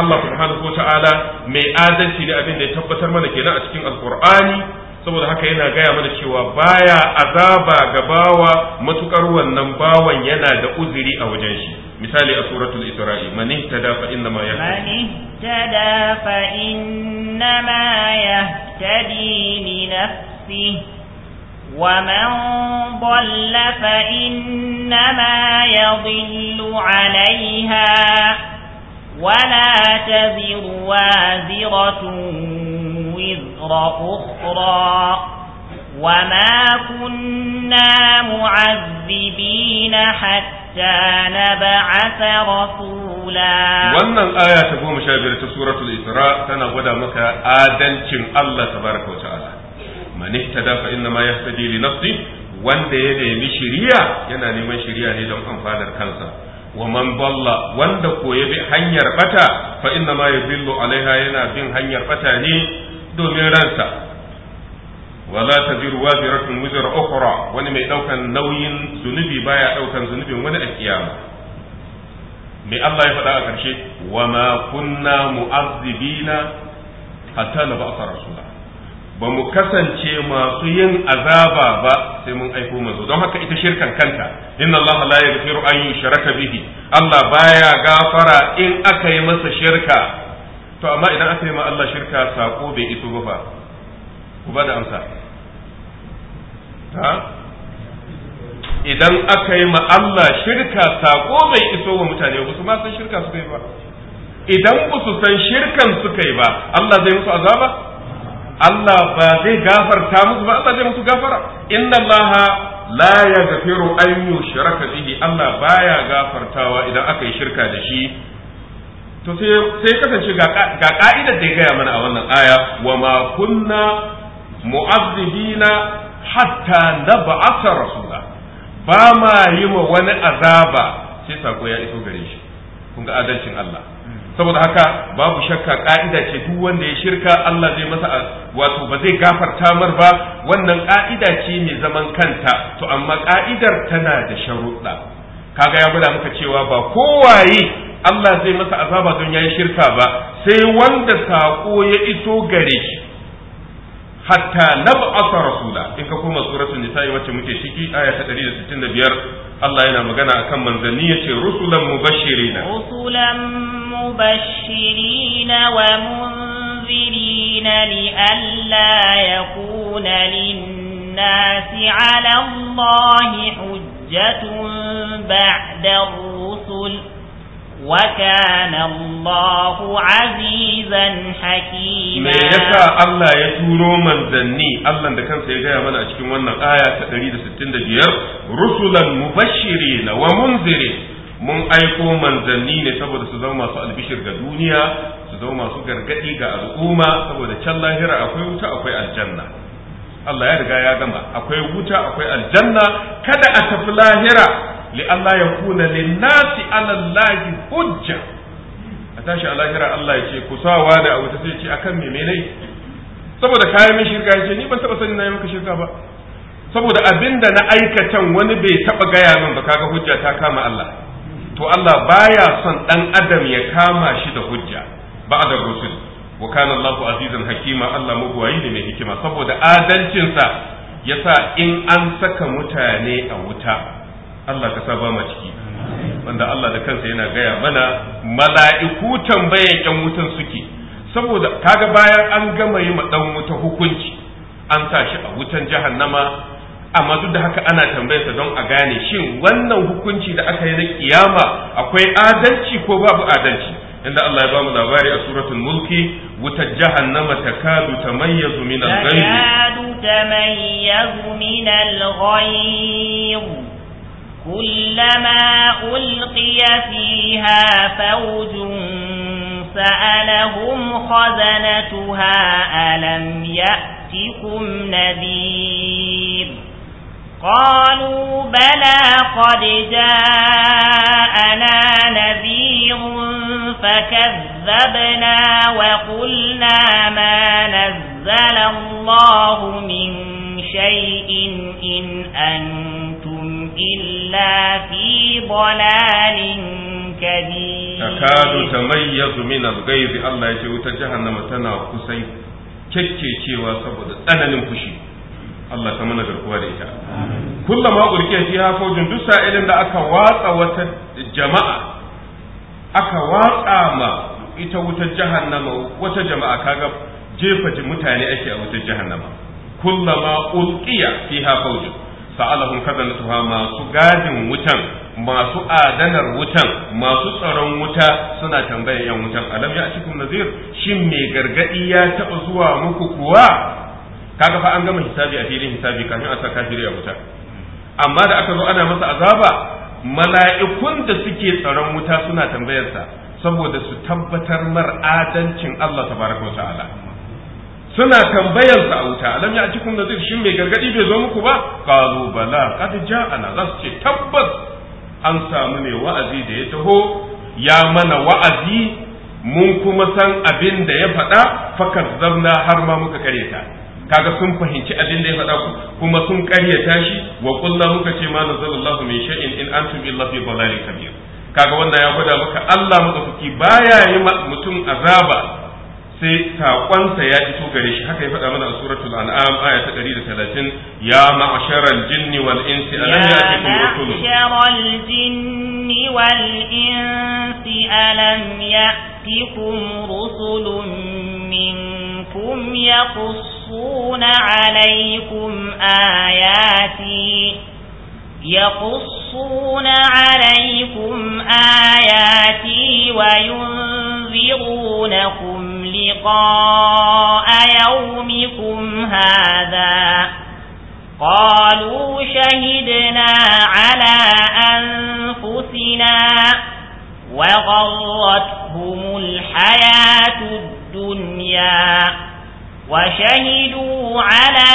Allah subhanahu wa ta'ala mai adalci ne abin da ya tabbatar mana kenan a cikin alqur'ani saboda haka yana gaya mana cewa baya azaba ga bawa matukar wannan bawan yana da uzuri a wajen shi misali a suratul isra'i man ihtada fa inna ma yahtadi fa inna ma yahtadi li nafsi, wa man dhalla fa inna ma yadhillu 'alayha wa la taziru waziratu وزر أخرى وما كنا معذبين حتى نبعث رسولا wannan aya ta goma sha biyar ta suratul isra tana gwada maka adalcin Allah tabaraka wa ta'ala man ihtada fa inna ma yahtadi li nafsi wanda ya nemi shiriya yana neman shiriya ne don amfanar kansa wa man balla wanda ko ya bi hanyar bata fa inna ma yadillu alaiha yana bin hanyar bata ne domin ransa wala taziru waziratun wizra ukhra wani mai ɗaukan nauyin zunubi baya ɗaukan zunubin wani a kiyama mai Allah ya faɗa a ƙarshe wa ma kunna mu'azzibina hatta na ba'sa rasula ba mu kasance masu yin azaba ba sai mun aiko manzo don haka ita shirkan kanta inna Allah la yaghfiru an yushraka bihi Allah baya gafara in aka yi masa shirka to amma idan aka yi ma Allah shirka sako bai iso ba fa ku ba da amsa ha idan aka yi ma Allah shirka sako bai iso wa mutane ba su ma san shirka suka yi ba idan ku su san shirkan suka yi ba Allah zai musu azaba Allah ba zai gafarta musu ba Allah zai musu gafara inna Allah la yaghfiru an yushraka bihi Allah baya gafartawa idan aka yi shirka da shi to sai kasance ga ka'idar da ya gaya mana a wannan aya wa ma kunna mu'azzibina hatta nab'atha rasula ba ma yi ma wani azaba sai sako ya iso gare shi kun ga adalcin Allah saboda haka babu shakka ka'ida ce duk wanda ya shirka Allah zai masa wato ba zai gafarta mar ba wannan ka'ida ce mai zaman kanta to amma ka'idar tana da sharuɗa kaga ya gwada maka cewa ba kowaye Allah zai masa azaba don yi shirka ba sai wanda sako ya iso gare shi hatta nab'atha rasula in ka koma suratul nisa'i wacce muke shiki aya ta 165 Allah yana magana akan manzanni yace rusulan mubashirina rusulan mubashirina wa munzirina li alla yakuna lin-nasi 'ala Allahi hujjatun ba'da ar-rusul وكان الله عزيزا حكيما me yasa Allah ya turo manzanni Allah da kansa ya gaya mana a cikin wannan aya ta 165 rusulan mubashirin wa munzirin mun aiko manzanni ne saboda su zama masu albishir ga duniya su zama masu gargadi ga al'umma saboda can lahira akwai wuta akwai aljanna Allah ya riga ya gama akwai wuta akwai aljanna kada a tafi lahira li'alla yakuna lin-nasi 'ala hujja a tashi a lahira Allah ya ce ku sawa da abu ta sai ce akan me menai saboda kayan min shirka yace ni ban taba sani na yi maka shirka ba saboda abinda na aikatan wani bai taba gaya min ba kaga hujja ta kama Allah to Allah baya son dan adam ya kama shi da hujja ba'da rusul wa kana Allahu azizan hakima Allah mugwayi ne mai hikima saboda adalcinsa yasa in an saka mutane a wuta Allah ka sa ma ciki wanda Allah da kansa yana gaya mana mala'iku tambayan yan wutan suke saboda kaga bayan an gama yi ɗan wuta hukunci an sa shi a wutan jahannama amma duk da haka ana tambayarsa don a gane shin wannan hukunci da aka yi na kiyama akwai adalci ko babu adalci inda Allah ya bamu labari a suratul mulki wutar jahannama ta kadu ta mayyazu min al ta kadu ta mayyazu min al-ghayb كلما ألقي فيها فوج سألهم خزنتها ألم يأتكم نذير قالوا بلى قد جاءنا نذير فكذبنا وقلنا ما نزل الله من شيء إن أنتم إلا في ضلال كبير أكاد تميز من الغيظ الله يجي تجهنم تنا كسي كيكيكي وسبب أنا نمكشي Allah ta mana garkuwa da ita kullama urkiya fiha faujin duk sa'ilin da aka watsa wata jama'a aka watsa ma ita wutar jahannama wata jama'a kaga jefa mutane ake a wutar jahannama kullama ulqiya fiha fawjun sa'alahum khazanatuha masu gadin wutan masu adanar wutan masu tsaron wuta suna tambayar yan wutan alam ya cikin nazir shin me gargadi ya taba zuwa muku kuwa kaga fa an gama hisabi a filin hisabi kafin a saka shi a wuta amma da aka zo ana masa azaba mala'ikun da suke tsaron wuta suna tambayarsa saboda su tabbatar mar'adancin Allah tabaraka wa ta'ala suna tambayar sa a wuta alam ya ci kun nazir shin mai gargadi bai zo muku ba qalu bala qad ja'ana zas ce tabbas an samu ne wa'azi da ya taho ya mana wa'azi mun kuma san abin da ya faɗa fakar zabna har ma muka karyata kaga sun fahimci abin da ya faɗa kuma sun karyata shi wa kullu muka ce ma nazalallahu min shay'in in antum illa fi dalalin kabir kaga wannan ya gwada maka Allah madaukaki baya yi mutum azaba sai saƙonsa ya fito gare shi haka ya faɗa mana a suratul an'am aya ta 130 ya ma'asharal jinni wal insi alam ya'tikum rusulun ya ma'asharal jinni wal insi alam ya'tikum rusulun minkum yaqussuna alaykum ayati يقصون عليكم آياتي وينذرونكم لقاء يومكم هذا قالوا شهدنا على أنفسنا وغرتهم الحياة الدنيا وشهدوا على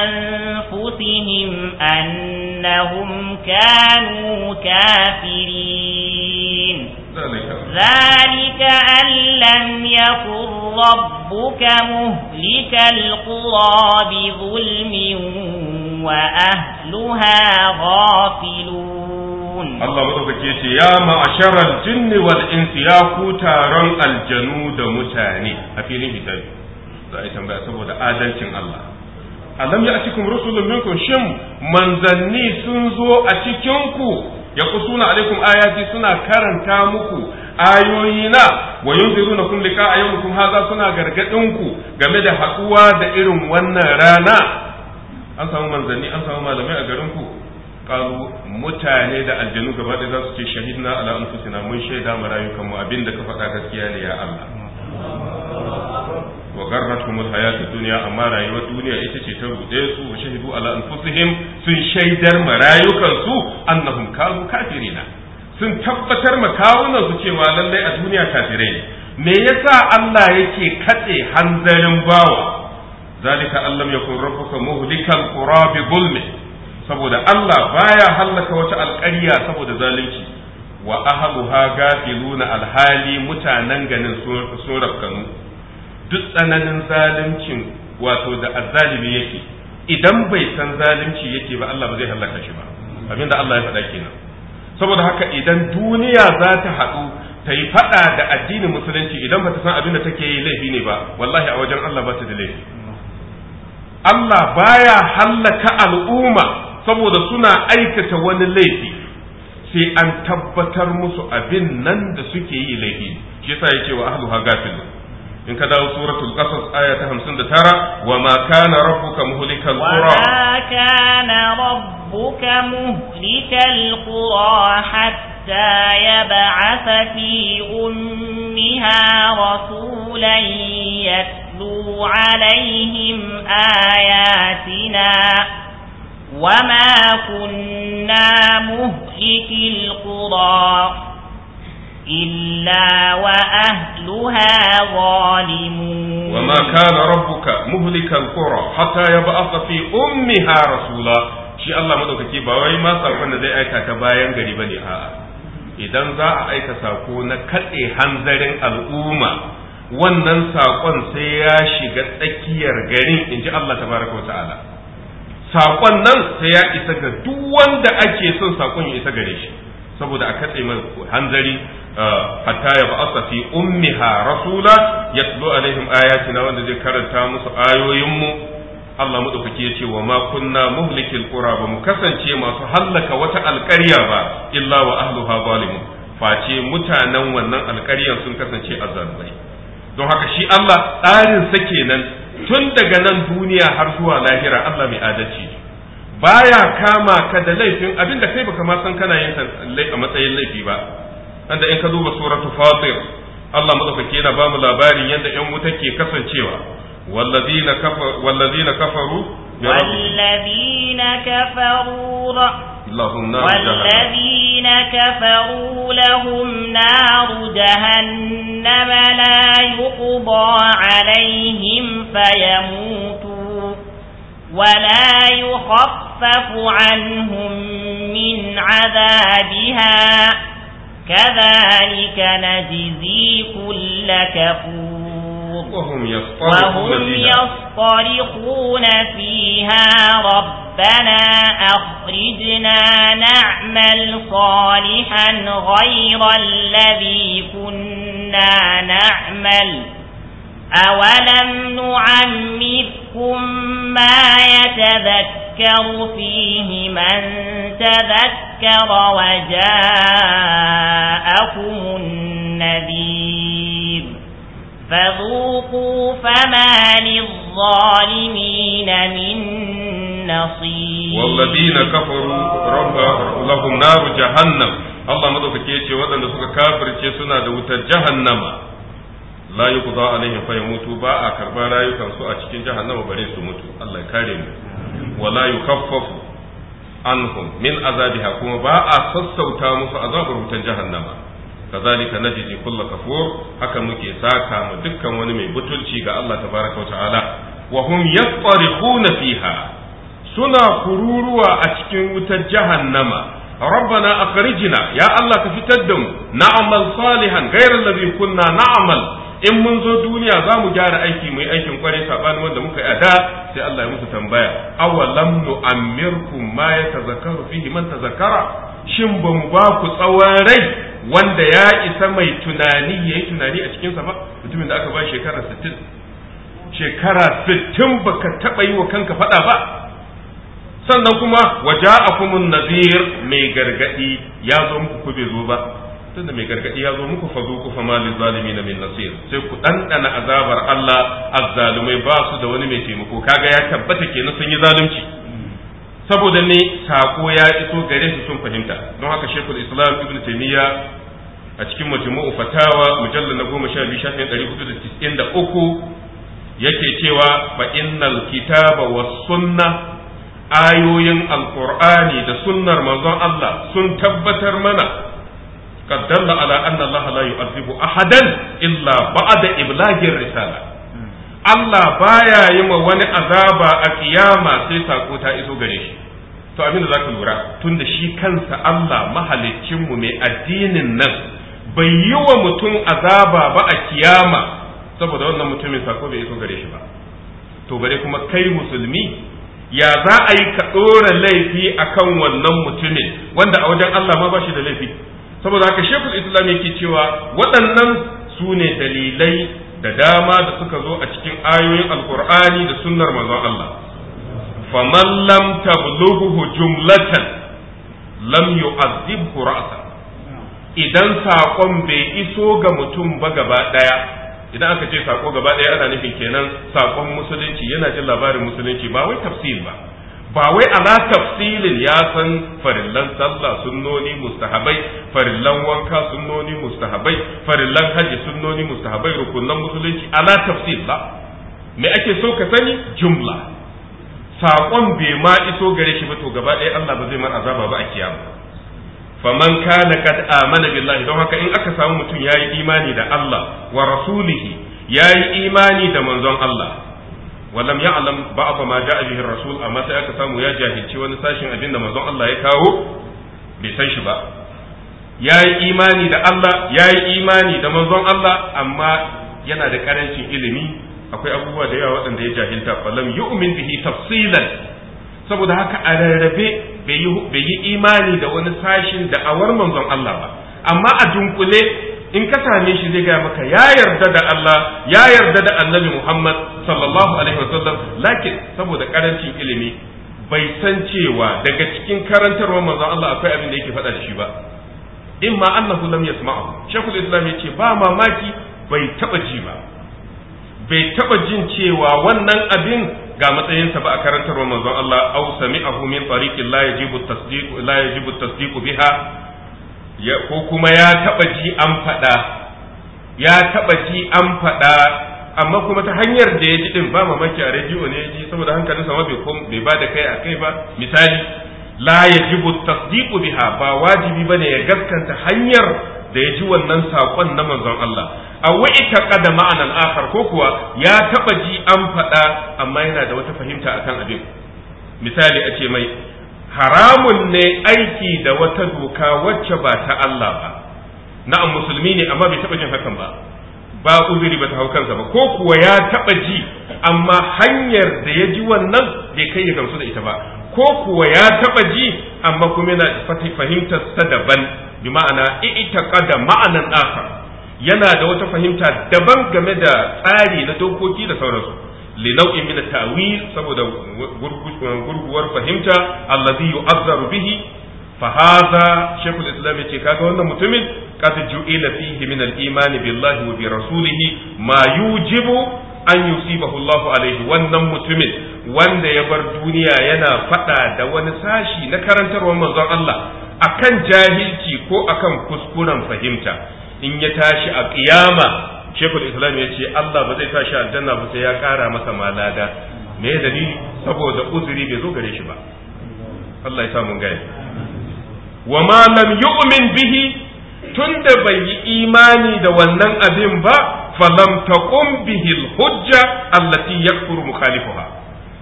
أنفسهم أنهم كانوا كافرين ذلك أن لم يكن ربك مهلك القرى بظلم وأهلها غافلون الله بطبك يا معشر الجن والإنس يا كوتا الجنود متاني أفيني بتاني za a yi tambaya saboda adalcin Allah alam ya cikin rusulun minkum shin manzanni sun zo a cikin ku ya alaikum ayati suna karanta muku ayoyi ayoyina wa kun lika a yau haza suna gargadin game da haɗuwa da irin wannan rana an samu manzanni an samu malamai a garinku kalu mutane da aljanu gaba da za su ce shahid na anfusina mun shaida mu rayukan mu da ka faɗa gaskiya ne ya Allah wa garratkum alhayatu dunya amma rayuwar duniya ita ce ta rude su wa shahidu ala anfusihim sun shaidar marayukan su annahum kanu kafirina sun tabbatar ma kawunan su cewa lallai a duniya kafirai ne me yasa Allah yake katse hanzarin bawa zalika allam yakun rabbuka muhlikal qura bi zulmi saboda Allah baya hallaka wata alƙarya saboda zalunci wa ahluha gafiluna alhali mutanen ganin sun rafkanu duk tsananin zaluncin wato da azzalimi yake idan bai san zalunci yake ba Allah ba zai halaka shi ba da Allah ya faɗa kenan saboda haka idan duniya za ta haɗu ta yi faɗa da addinin musulunci idan ba ta san abin da take yi laifi ne ba wallahi a wajen Allah ba ta da laifi Allah baya hallaka al'umma saboda suna aikata wani laifi sai an tabbatar musu abin nan da suke yi laifi shi yasa yake wa ahluha gafilun in ka dawo suratul qasas aya ta 59 wa ma kana rabbuka muhlikal qura wa ma kana rabbuka muhlikal qura hatta yab'atha fi ummiha rasulan yatlu alaihim ayatina وما كنا مهلك القرى إلا وأهلها ظالمون وما كان ربك مهلك القرى حتى يبعث في Shi Allah شي الله مدوكaki ba wai ma sakon da zai aika ta bayan gari bane a'a idan za a aika sako na katse hanzarin al'umma wannan sakon sai ya shiga tsakiyar garin inji Allah tabaraka wa ta'ala sakon nan sai ya isa ga duk wanda ake son sakon ya isa gare shi saboda a katse mai hanzari eh, hatta ya asa fi ummiha rasula yatlu alaihim ayatina wanda zai karanta musu ayoyinmu Allah madaukaki ya ce wa ma kunna muhlikil qura ba mu kasance masu hallaka wata alƙarya ba illa wa ahluha zalimun face mutanen wannan alƙaryar sun kasance a azzalumai don haka shi Allah tsarin sa kenan tun daga nan duniya har zuwa lahira Allah mai adalci baya kama ka da laifin abinda kai baka ma san kana yin a matsayin laifi ba anda in ka duba suratu fatir Allah madaukake yana ba mu labarin yadda yan wuta ke kasancewa wallazina kafaru wallazina kafaru wallazina kafaru lahum nar wallazina kafaru lahum nar jahannam la yuqda alaihim fayamutu ولا يخفف يخفف عنهم من عذابها كذلك نجزي كل كفور وهم يصطرخون, يصطرخون فيها ربنا أخرجنا نعمل صالحا غير الذي كنا نعمل أولم نعمركم ما يتذكر يذكر فيه من تذكر وجاءكم النذير فذوقوا فما للظالمين من نصير والذين كفروا رب لهم نار جهنم الله مدوكي يجي ودن سوك كافر سنة دوت جهنم la yuqda alaihim fa yamutu ba a karba rayukan su a cikin jahannama bare su mutu Allah ya kare mu wala yukaffafu anhum min azabiha kuma ba a sassauta musu azabar wutan jahannama kazalika najzi kullu kafur haka muke saka mu dukkan wani mai butulci ga Allah tabaaraka wa ta'ala wa hum yaqtarihuna fiha suna kururuwa a cikin wutar jahannama rabbana akhrijna ya Allah ka fitar da mu na'mal salihan ghayra alladhi kunna na'mal in mun zo duniya za mu gyara aiki mu yi aikin kwarai sabanin wanda muka yi a da sai Allah ya musu tambaya awalam nu'ammirkum ma yatazakkaru fihi man tazakkara shin ba mu ba ku tsawon rai wanda ya isa mai tunani yayi tunani a cikin sa ba mutumin da aka ba shekara 60 shekara 60 baka taba yi wa kanka fada ba sannan kuma waja'akumun nadhir mai gargadi ya zo muku ku bai zo ba tunda mai gargadi ya zo muku fama fa zalimi na min nasir sai ku ɗanɗana azabar Allah azzalumai ba su da wani mai taimako kaga ya tabbata ke sun yi zalunci saboda ne sako ya iso gare su sun fahimta don haka shekul islam ibn taymiya a cikin majmu'u fatawa mujallal na goma sha biyu shafin ɗari hudu da tis'in da uku yake cewa fa innal kitaba was sunna ayoyin alqur'ani da sunnar manzon Allah sun tabbatar mana قد دل على أن الله لا يعذب أحدا إلا بعد إبلاغ الرسالة Allah baya yi ma wani azaba a kiyama sai sako ta iso gare shi to abin da zaka lura tunda shi kansa Allah mahaliccinmu mai addinin nan bai yi wa mutum azaba ba a kiyama saboda wannan mutumin sako bai iso gare shi ba to bare kuma kai musulmi ya za a yi ka ɗora laifi akan wannan mutumin wanda a wajen Allah ma ba shi da laifi saboda haka shekul islam yake cewa waɗannan su ne dalilai da dama da suka zo a cikin ayoyin alkur'ani da sunnar manzon Allah faman lam tablughu jumlatan lam yu'adhibhu ra'sa idan saƙon bai iso ga mutum ba gaba ɗaya idan aka ce saƙo gaba ɗaya ana nufin kenan saƙon musulunci yana jin labarin musulunci ba wai tafsir ba ba wai ala tafsilin ya san farillan sallah sunnoni mustahabai farillan wanka sunnoni mustahabai farillan haji sunnoni mustahabai rukunan musulunci ala tafsil ba me ake so ka sani jumla saƙon bai ma iso gare shi ba to gaba ɗaya Allah ba zai mar azaba ba a kiyama faman kana kad amana billahi don haka in aka samu mutum yayi imani da Allah wa rasulihi yayi imani da manzon Allah walam ya'lam ba'd ma ja'a bihi rasul amma sai aka samu ya jahilci wani sashin abin da manzon Allah ya kawo bai san shi ba yayi imani da Allah yayi imani da manzon Allah amma yana da karancin ilimi akwai abubuwa da yawa waɗanda ya jahilta falam yu'min bihi tafsilan saboda haka a rarrabe bai yi imani da wani sashin da'awar manzon Allah ba amma a dunkule in ka same shi zai gaya maka ya yarda da Allah ya yarda da annabi Muhammad sallallahu alaihi wasallam lakin saboda karancin ilimi bai san cewa daga cikin karantarwar manzon Allah akwai abin da yake faɗa da shi ba in ma annahu lam yasma'u shaykhul islam yace ba mamaki bai taba ji ba bai taba jin cewa wannan abin ga matsayinsa ba a karantarwar manzon Allah au sami'ahu min tariqin yajibu tasdiqu la yajibu tasdiqu biha ko kuma ya taba ji an faɗa ya taba ji an faɗa amma kuma ta hanyar da ya ji din ba mamaki a rediyo ne ya ji saboda hankalinsa ma bai ba da kai a kai ba misali la yajibu tasdiqu biha ba wajibi bane ya gaskanta hanyar da ya ji wannan sakon na manzon Allah a wa'ita kada ma'anan akhar ko kuwa ya taba ji an faɗa amma yana da wata fahimta akan abin misali a ce mai haramun ne aiki da wata doka wacce ba ta Allah ba na'am musulmi ne amma bai taba jin hakan ba ba uzuri ba ta hau kansa ba ko kuwa ya taba ji amma hanyar da ya ji wannan bai kai ya gamsu da ita ba ko kuwa ya taɓa ji amma kuma yana fahimtar sa daban bi ma'ana kada ma'anan akhar yana da wata fahimta daban game da tsari na dokoki da sauransu li nau'in min saboda gurguwar fahimta allazi yu'azzaru bihi fa hadha shaykhul islam yace kaga wannan mutumin qad ju'ila fihi min al-iman billahi wa bi rasulihi ma yujibu an yusibahu Allahu alaihi wannan mutumin wanda ya bar duniya yana faɗa da wani sashi na karantarwar manzon Allah akan jahilci ko akan kuskuren fahimta in ya tashi a kiyama shekul islam ya ce Allah ba zai tashi aljanna ba sai ya kara masa malada me ya dalili saboda uzuri bai zo gare shi ba Allah ya sa mun gaya wa ma lam yu'min bihi tunda bai yi imani da wannan abin ba falam taqum bihi al-hujja allati yakfuru mukhalifuha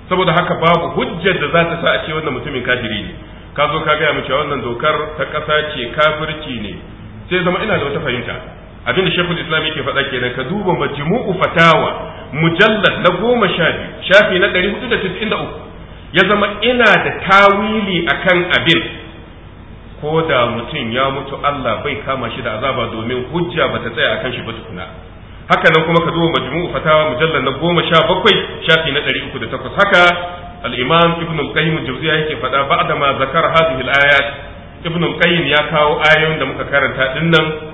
saboda haka babu hujjar da za ta sa a ce wannan mutumin kafiri ne ka zo ka gaya mu cewa wannan dokar ta ƙasa ce kafirci ne sai zama ina da wata fahimta abinda shekul islam ke faɗa kenan ka duba majmu'u fatawa mujallad na goma sha biyu shafi na ɗari hudu da da uku ya zama ina da tawili akan abin ko da mutum ya mutu Allah bai kama shi da azaba domin hujja bata tsaya akan shi ba tukuna haka nan kuma ka duba majmu'u fatawa mujallad na goma sha bakwai shafi na ɗari uku da takwas haka al-imam ibn al-qayyim jawziya yake faɗa ba'da ma zakar hadhihi al-ayat ibn al-qayyim ya kawo ayoyin da muka karanta dinnan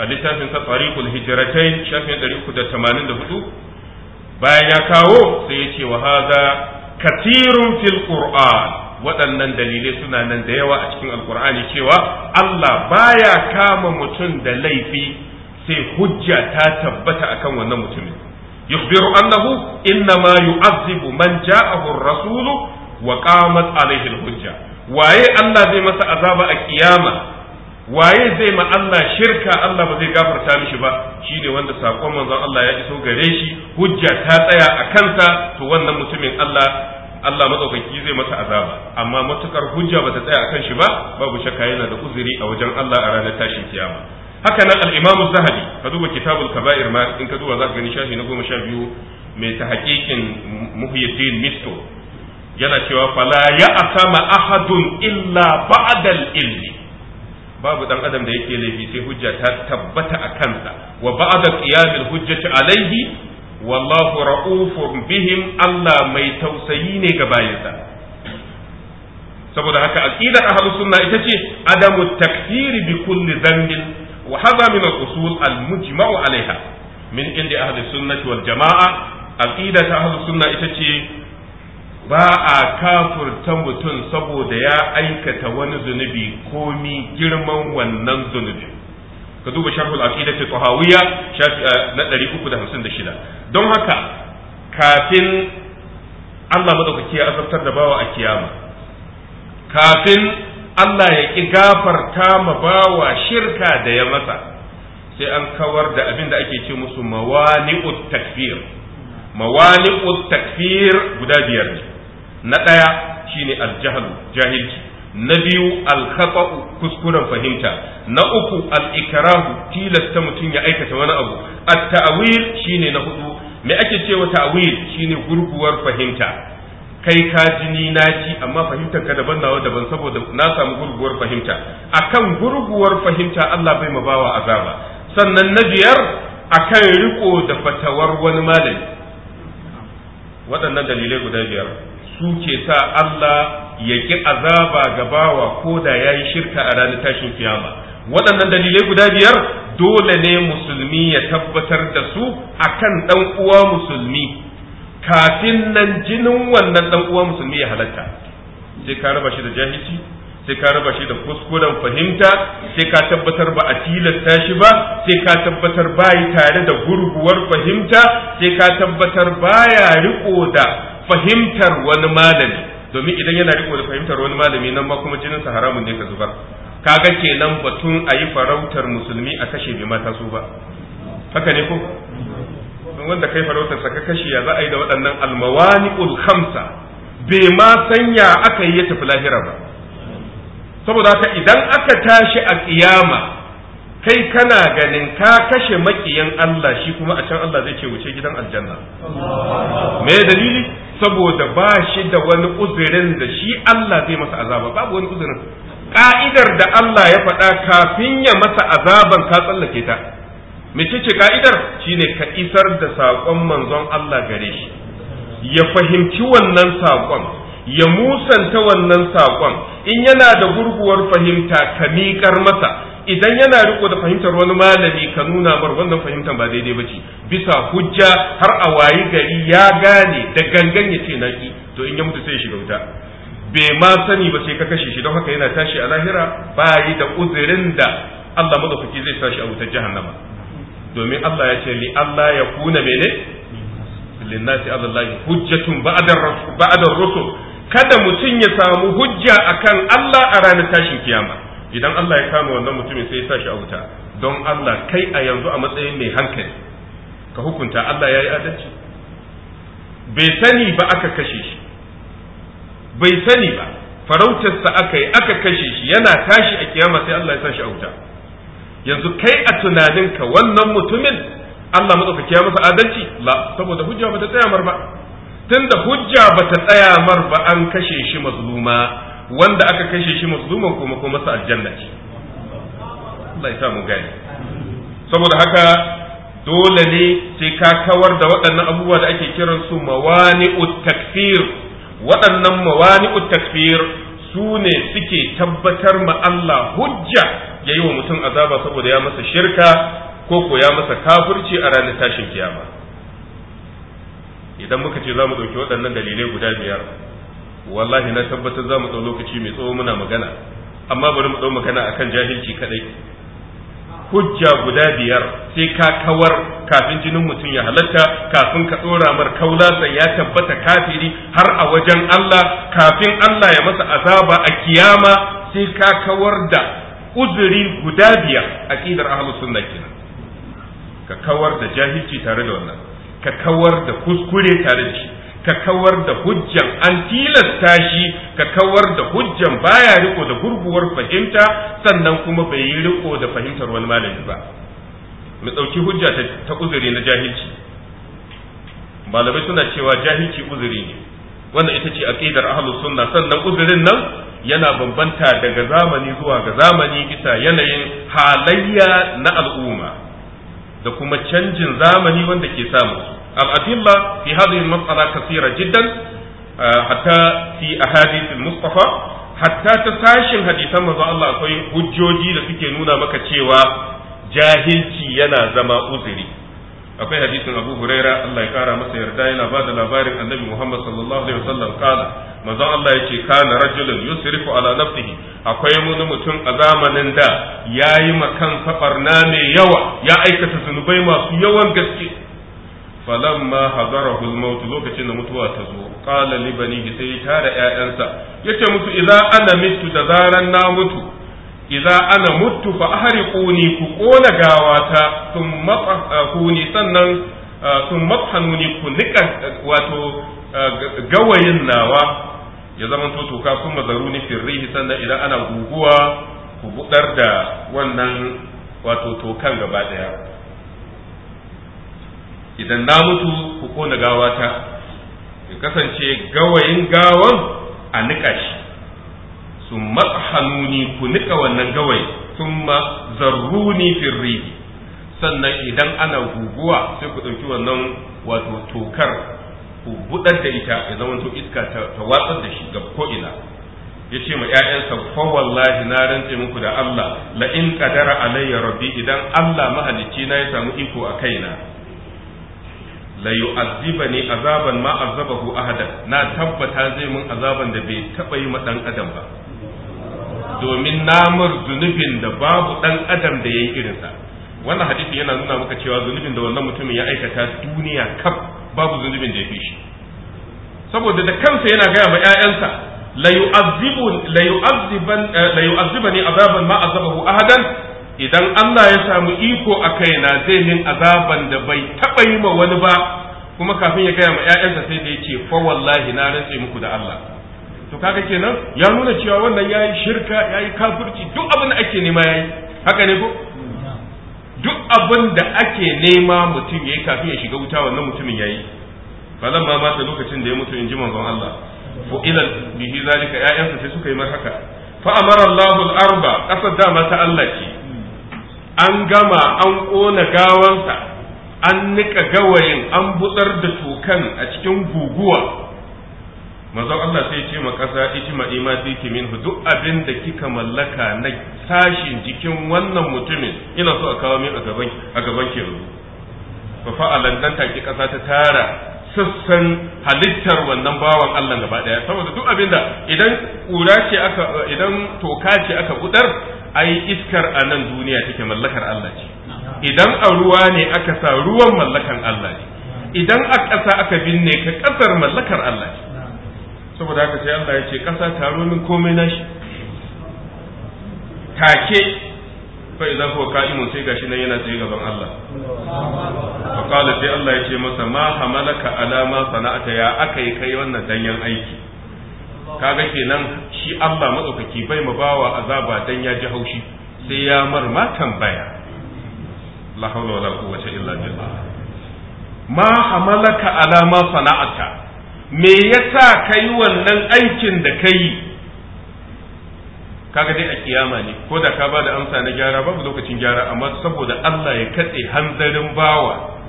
a littafin sa tariqul hijratain shafin 384 bayan ya kawo sai ya ce wa haza kathirun fil qur'an waɗannan dalilai suna nan da yawa a cikin alkur'ani cewa Allah baya kama mutum da laifi sai hujja ta tabbata akan wannan mutumin yukhbiru annahu innama yu'azzibu man ja'ahu ar-rasul wa qamat alayhi al-hujja waye Allah zai masa azaba a kiyama waye zai ma Allah shirka Allah ba zai gafarta mishi ba shine wanda sakon manzon Allah ya iso gare shi hujja ta tsaya a kansa to wannan mutumin Allah Allah matsaukaki zai masa azaba amma matukar hujja ba ta tsaya akan shi ba babu shakka yana da uzuri a wajen Allah a ranar tashin kiyama haka nan al-Imam Zahabi ka duba kitabul kaba'ir ma in ka duba za ka gani shafi na goma biyu mai ta hakikin Muhyiddin Misto yana cewa fala ya asama ahadun illa ba'dal ilmi babu dan adam da yake laifi sai hujja ta tabbata a kansa wa ba'da qiyamil hujjati alaihi wallahu ra'ufun bihim Allah mai tausayi ne ga bayinsa saboda haka aqidar ahlus sunna ita ce adamu taksiri bi kulli dhanbin wa hadha min al-usul al-mujma'u alaiha min inda ahli sunnati wal jama'a aqidar ahlus sunna ita ce ba a kafurta mutum saboda ya aikata wani zunubi komi girman wannan zunubi ka duba sharhul aqida ta tahawiyya eh, na 356 don haka kafin Allah madaukaki ya azabtar da bawa a kiyama kafin Allah ya ki gafarta ma bawa shirka da ya masa sai an kawar da abin da ake ce musu mawani'ut takfir mawani'ut takfir guda biyar ne na ɗaya shine aljahalu jahilci na biyu alkhata'u kuskuren fahimta na uku al tilasta mutum ya aikata wani abu at-ta'wil shine na hudu me ake cewa ta'wil shine gurguwar fahimta kai ka ji ni na ji amma fahimtar ka daban nawa daban saboda na samu gurguwar fahimta akan gurguwar fahimta Allah bai ma bawa azaba sannan na biyar akan riko da fatawar wani malami waɗannan dalilai guda biyar su ke sa Allah ya ki azaba ga bawa ko da ya yi shirka a ranar tashin kiyama waɗannan dalilai guda biyar dole ne musulmi ya tabbatar da su akan ɗan uwa musulmi kafin nan jinin wannan ɗan uwa musulmi ya halatta sai ka raba shi da jahilci sai ka raba shi da kuskuren fahimta sai ka tabbatar ba a tilasta shi ba sai ka tabbatar ba yi tare da gurguwar fahimta sai ka tabbatar ba ya riko da fahimtar wani malami domin idan yana riko da fahimtar wani malami nan ma kuma jinin sa haramun ne ka zubar kaga kenan batun ayi yi farautar musulmi a kashe bai mata su ba haka ne ko wanda kai farautar sa ka kashe ya za a yi da waɗannan almawani'ul khamsa bai ma sanya aka yi ya tafi lahira ba saboda haka idan aka tashi a kiyama kai kana ganin ka kashe makiyan Allah shi kuma a can Allah zai ce wuce gidan aljanna me dalili saboda ba shi da wani uzurin da shi Allah zai masa azaba babu wani uzurin ka'idar da Allah ya faɗa kafin ya masa azaban ka tsallake ta mecece ka'idar shine ka isar da saƙon manzon Allah gare shi ya fahimci wannan saƙon ya musanta wannan saƙon in yana da gurguwar fahimta ka miƙar masa idan yana riko da fahimtar wani malami ka nuna bar wannan fahimtar ba daidai ba ce bisa hujja har a wayi gari ya gane da gangan ya ce naki to in ya mutu sai ya shiga wuta bai ma sani ba sai ka kashe shi don haka yana tashi a lahira ba yi da uzurin da Allah madaukaki zai sa shi a wutar jahannama domin Allah ya ce li Allah ya kuna mene linnasi alallahi hujjatun ba'da rusul kada mutum ya samu hujja akan Allah a ranar tashin kiyama idan Allah ya kama wannan mutumin sai ya sa shi a wuta don Allah kai a yanzu a matsayin mai hankali ka hukunta Allah ya yi adalci bai sani ba aka kashe shi bai sani ba farautarsa aka yi aka kashe shi yana tashi a kiyama sai Allah ya sa shi a wuta yanzu kai a tunaninka wannan mutumin Allah maɗaukaki ya masa adalci la saboda hujja ba ta tsaya mar ba tunda hujja ba ta tsaya mar ba an kashe shi mazluma wanda aka kashe shi mazluman kuma kuma masa aljanna ce Allah ya sa mu gani saboda haka dole ne sai ka kawar da waɗannan abubuwa da ake kiran su mawani'ut takfir waɗannan mawani'ut takfir su ne suke tabbatar ma Allah hujja ya yi wa mutum azaba saboda ya masa shirka ko ko ya masa kafirci a ranar tashin kiyama idan muka ce za mu ɗauki waɗannan dalilai guda biyar wallahi na tabbatar za mu ɗau lokaci mai tsawo muna magana amma bari mu ɗau magana akan jahilci kaɗai hujja guda biyar sai ka kawar kafin jinin mutum ya halatta kafin ka ɗora mar sai ya tabbata kafiri har a wajen Allah kafin Allah ya masa azaba a kiyama sai ka kawar da uzuri guda biyar a aqidar ahlus sunna kenan ka kawar da jahilci tare da wannan ka kawar da kuskure tare da shi ka kawar da hujjan an tilasta shi ka kawar da hujjan baya riko da gurguwar fahimta sannan kuma bai yi riko da fahimtar wani malami ba mu ɗauki hujja ta uzuri na jahilci malamai suna cewa jahilci uzuri ne wannan ita ce aqidar ahlus sunna sannan uzurin nan yana bambanta daga zamani zuwa ga zamani bisa yanayin halayya na al'umma da kuma canjin zamani wanda ke samu الأدلة في هذه المسألة كثيرة جدا حتى في أحاديث المصطفى حتى تساشن حديثا ما الله أكوي هجوجي suke نونا مكا تشيوا جاهلتي yana زما أزري akwai hadisin Abu Huraira Allah ya kara masa yarda yana ba da labarin Annabi Muhammad sallallahu alaihi wasallam kala manzon Allah yace kana rajulun yusrifu ala nafsihi akwai wani mutum a zamanin da yayi makan sabarna mai yawa ya aikata zunubai masu yawan gaske falamma hadarahu al lokacin da mutuwa ta zo qala li banihi sai tara ƴaƴansa yace mutu, idza ana mitu da zaran na mutu idza ana mutu fa ahriquni ku kona gawata thumma tahuni sannan ah, thumma tahuni ku nika wato ah, gawayin nawa ya zama to kuma zaruni firrihi sannan idan ana guguwa ku budar da wannan wato tokan gaba daya idan na mutu ku kona gawata ya kasance gawayin gawan a niƙa shi su matsanuni ku niƙa wannan gawayi sun ma zarruni firri sannan idan ana guguwa sai ku ɗauki wannan wato tokar ku buɗar da ita ya zama to iska ta watsar da shi ga ko'ina ya ce ma ‘ya'yansa fa wallahi na rantse muku da Allah la in ƙadara alayya rabbi idan Allah mahalicci na ya samu iko a kaina la yu'azzibani azaban ma azabahu ahadan na tabbata zai mun azaban da bai taba yi ma dan adam ba domin namar zunubin da babu dan adam da yayi irinsa wannan hadisi yana nuna maka cewa zunubin da wannan mutumin ya aikata duniya kaf babu zunubin da ya fi shi saboda da kansa yana gaya ma ƴaƴansa la yu'azzibu la yu'azziban eh, la yu'azzibani azaban ma azabahu ahadan idan Allah ya samu iko a kaina zai min azaban da bai taɓa yi ma wani ba kuma kafin ya gaya ma ‘ya'yansa sai da ya ce fa wallahi na rantse muku da Allah to kaga kenan ya nuna cewa wannan ya yi shirka ya yi kafirci duk abin da ake nema ya yi haka ne ko duk abin da ake nema mutum ya yi kafin ya shiga wuta wannan mutumin ya yi ba zan ma mata lokacin da ya mutu in ji manzon Allah fa ilal bihi zalika ‘ya'yansa sai suka yi mar haka fa amara Allahu arba kasar dama ta Allah ce an gama an ƙona gawansa an niƙa gawayin an butsar da tukan a cikin guguwa mazan Allah sai ce ma ƙasa ijma ima diki min duk abin da kika mallaka na sashin jikin wannan mutumin ina so a kawo min a gaban a gaban ke rubu fa fa'alan dan take ƙasa ta tara sassan halittar wannan bawan Allah gaba daya saboda duk abin da idan kura ce aka idan toka ce aka budar ai iskar a nan duniya take mallakar Allah ce idan a ruwa ne aka sa ruwan mallakan Allah ne idan a ƙasa aka binne ka ƙasar mallakar Allah ce saboda haka sai Allah ya ce ƙasa taro min komai nashi take fa idan huwa qa'imun sai gashi nan yana tsaye gaban Allah fa qala sai Allah ya ce masa ma hamalaka ala ma sana'ata ya akai kai wannan danyen aiki kaga kenan shi Allah matsaukaki bai ma bawa azaba dan ya ji haushi sai ya marma tambaya la hawla wala quwwata illa billah ma hamalaka ala ma sana'ata me yasa kai wannan aikin da kai kaga dai a kiyama ne ko da ka bada amsa na gyara babu lokacin gyara amma saboda Allah ya katse hanzarin bawa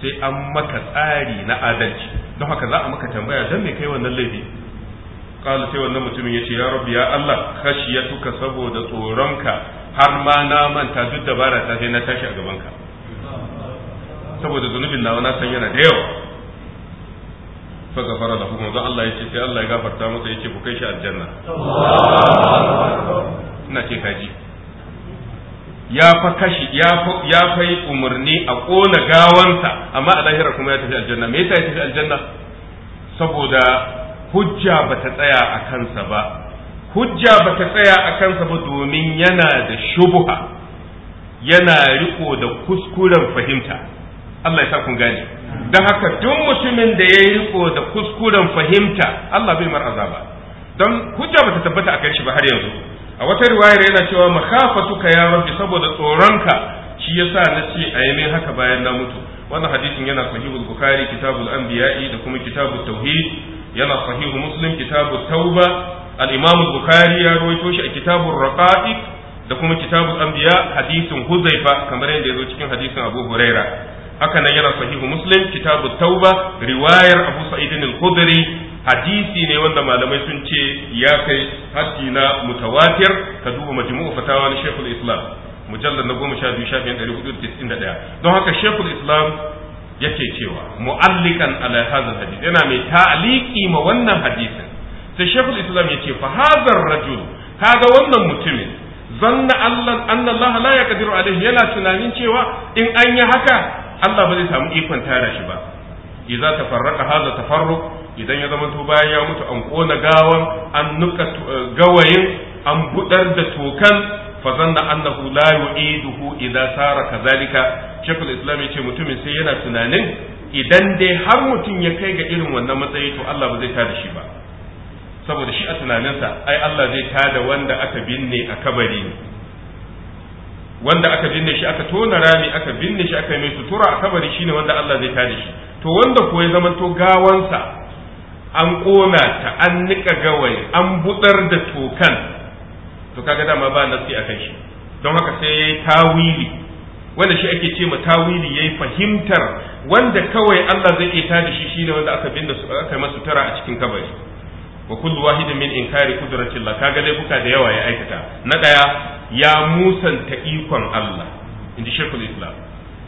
sai an maka tsari na adalci don haka za a maka tambaya don me kai wannan laifi qala sai wannan mutumin yace ya rabbi ya Allah khashiyatuka saboda tsoronka har ma na manta duk dabara ta sai na tashi a gaban ka saboda zunubin nawa na san yana da yawa Faka fara da lahu manzo Allah yace sai Allah ya gafarta masa yace ku kai shi aljanna ina ce kaji ya fa kashi ya fa yi umarni a kona gawansa amma a lahira kuma ya tafi aljanna me yasa ya tafi aljanna saboda hujja ba ta tsaya a kansa ba hujja ba ta tsaya a kansa ba domin yana da shubuha yana riko da kuskuren fahimta Allah ya sa kun gani don haka duk mutumin da ya yi riko da kuskuren fahimta Allah bai mar azaba don hujja ba ta tabbata a kan shi ba har yanzu a wata riwayar yana cewa makafatuka ya rabbi saboda tsoronka shi yasa na ce a yi haka bayan na mutu wannan hadisin yana sahihul bukhari kitabul anbiya'i da kuma kitabut tauhid yana sahihu muslim kitabu tauba al-imam bukhari ya rawaito shi a kitabu raqa'iq da kuma kitabu anbiya hadisin huzaifa kamar yadda ya zo cikin hadisin abu huraira haka nan yana sahihu muslim kitabu tauba riwayar abu sa'id al-khudri hadisi ne wanda malamai sun ce ya kai hadisi na mutawatir ka duba majmu'u fatawa na shaykhul islam mujallad na 12 shafin 491 don haka shaykhul islam yake cewa mu'allikan ala hadha hadith yana mai ta'liqi ma wannan hadisin sai shaykhul islam yace fa hadha rajul kaga wannan mutumin zanna Allah anna Allah la yaqdiru alaihi yana tunanin cewa in an yi haka Allah ba zai samu ikon tara shi ba idza tafarraqa hadha tafarruq idan ya zama to bayan ya mutu an kona gawan an nuka gawayin an budar da tokan fa na annahu la yu'iduhu idza sara kadhalika shaykhul islam yace mutumin sai yana tunanin idan dai har mutum ya kai ga irin wannan matsayi to Allah ba zai tada shi ba saboda shi a tunaninsa ai Allah zai tada wanda aka binne a kabari wanda aka binne shi aka tona rami aka binne shi aka yi mai sutura a kabari shine wanda Allah zai tada shi to wanda ko ya zama to gawansa an kona ta an nika gawayi an budar da tokan to kaga dama ba nasi akan shi don haka sai yayi tawili wanda shi ake ce ma tawili yayi fahimtar wanda kawai Allah zai iya da shi shine wanda aka binda su aka masa tara a cikin kabari wa kullu wahidin min inkari Allah kaga laifuka da yawa ya aikata na daya ya musanta ikon Allah inji shekul islam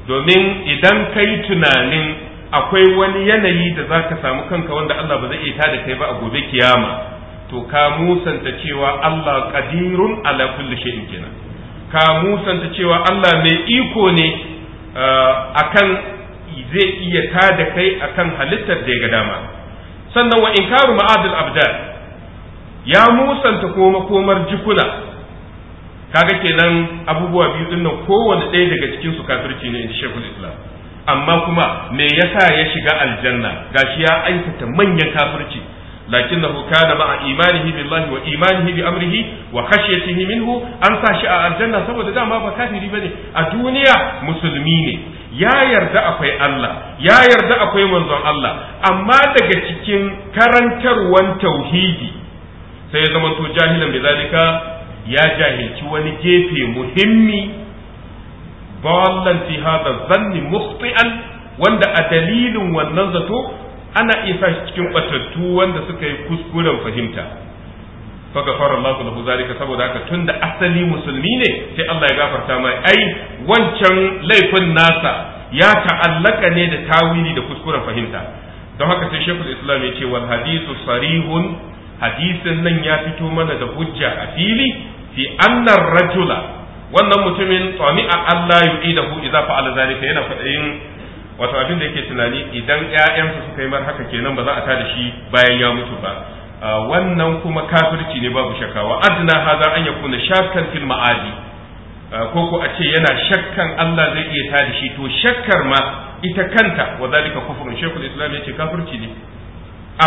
domin idan kai tunanin akwai wani yanayi da za ka samu kanka wanda Allah ba zai iya da kai ba a gobe kiyama to ka musanta cewa Allah qadirun ala kulli shay'in kenan ka musanta cewa Allah mai iko ne uh, akan zai iya tada kai akan halittar da ya ga dama sannan wa inkaru ma'adul abdal ya musanta koma komar jikuna kaga kenan abubuwa biyu din nan kowanne ɗaya daga cikin su kafirci ne insha Allah islam amma kuma me yasa ya shiga aljanna gashi ya aikata manyan kafirci da ma a imanihi billahi wa imanihi bi amrihi wa khashyatihi minhu an sa shi a aljanna saboda dama ba kafiri ne. a duniya musulmi ne ya yarda akwai Allah ya yarda akwai manzon Allah amma daga cikin karantarwan tauhidi sai ya zama to jahilan bi zalika ya jahilci wani gefe muhimmi ballan fi hadha dhanni mukhti'an wanda a dalilin wannan zato ana iya sa shi cikin batattu wanda suka yi kuskuren fahimta fa gafara Allahu lahu zalika saboda haka tunda asali musulmi ne sai Allah ya gafarta mai ai wancan laifin nasa ya ta'allaka ne da tawili da kuskuren fahimta don haka sai Sheikhul Islam ya ce wal hadithu sarihun hadisin nan ya fito mana da hujja a fili fi annar rajula wannan mutumin tsami'a Allah yu'idahu idza fa'ala zalika yana fadayin wato abin da yake tunani idan ƴaƴansa suka yi mar haka kenan ba za a ta da shi bayan ya mutu ba wannan kuma kafirci ne babu shakka wa adna hadha an yakuna shakkan fil ma'adi ko ko a ce yana shakkan Allah zai iya ta da shi to shakkar ma ita kanta wa zalika kufrun shaykhul islam yace kafirci ne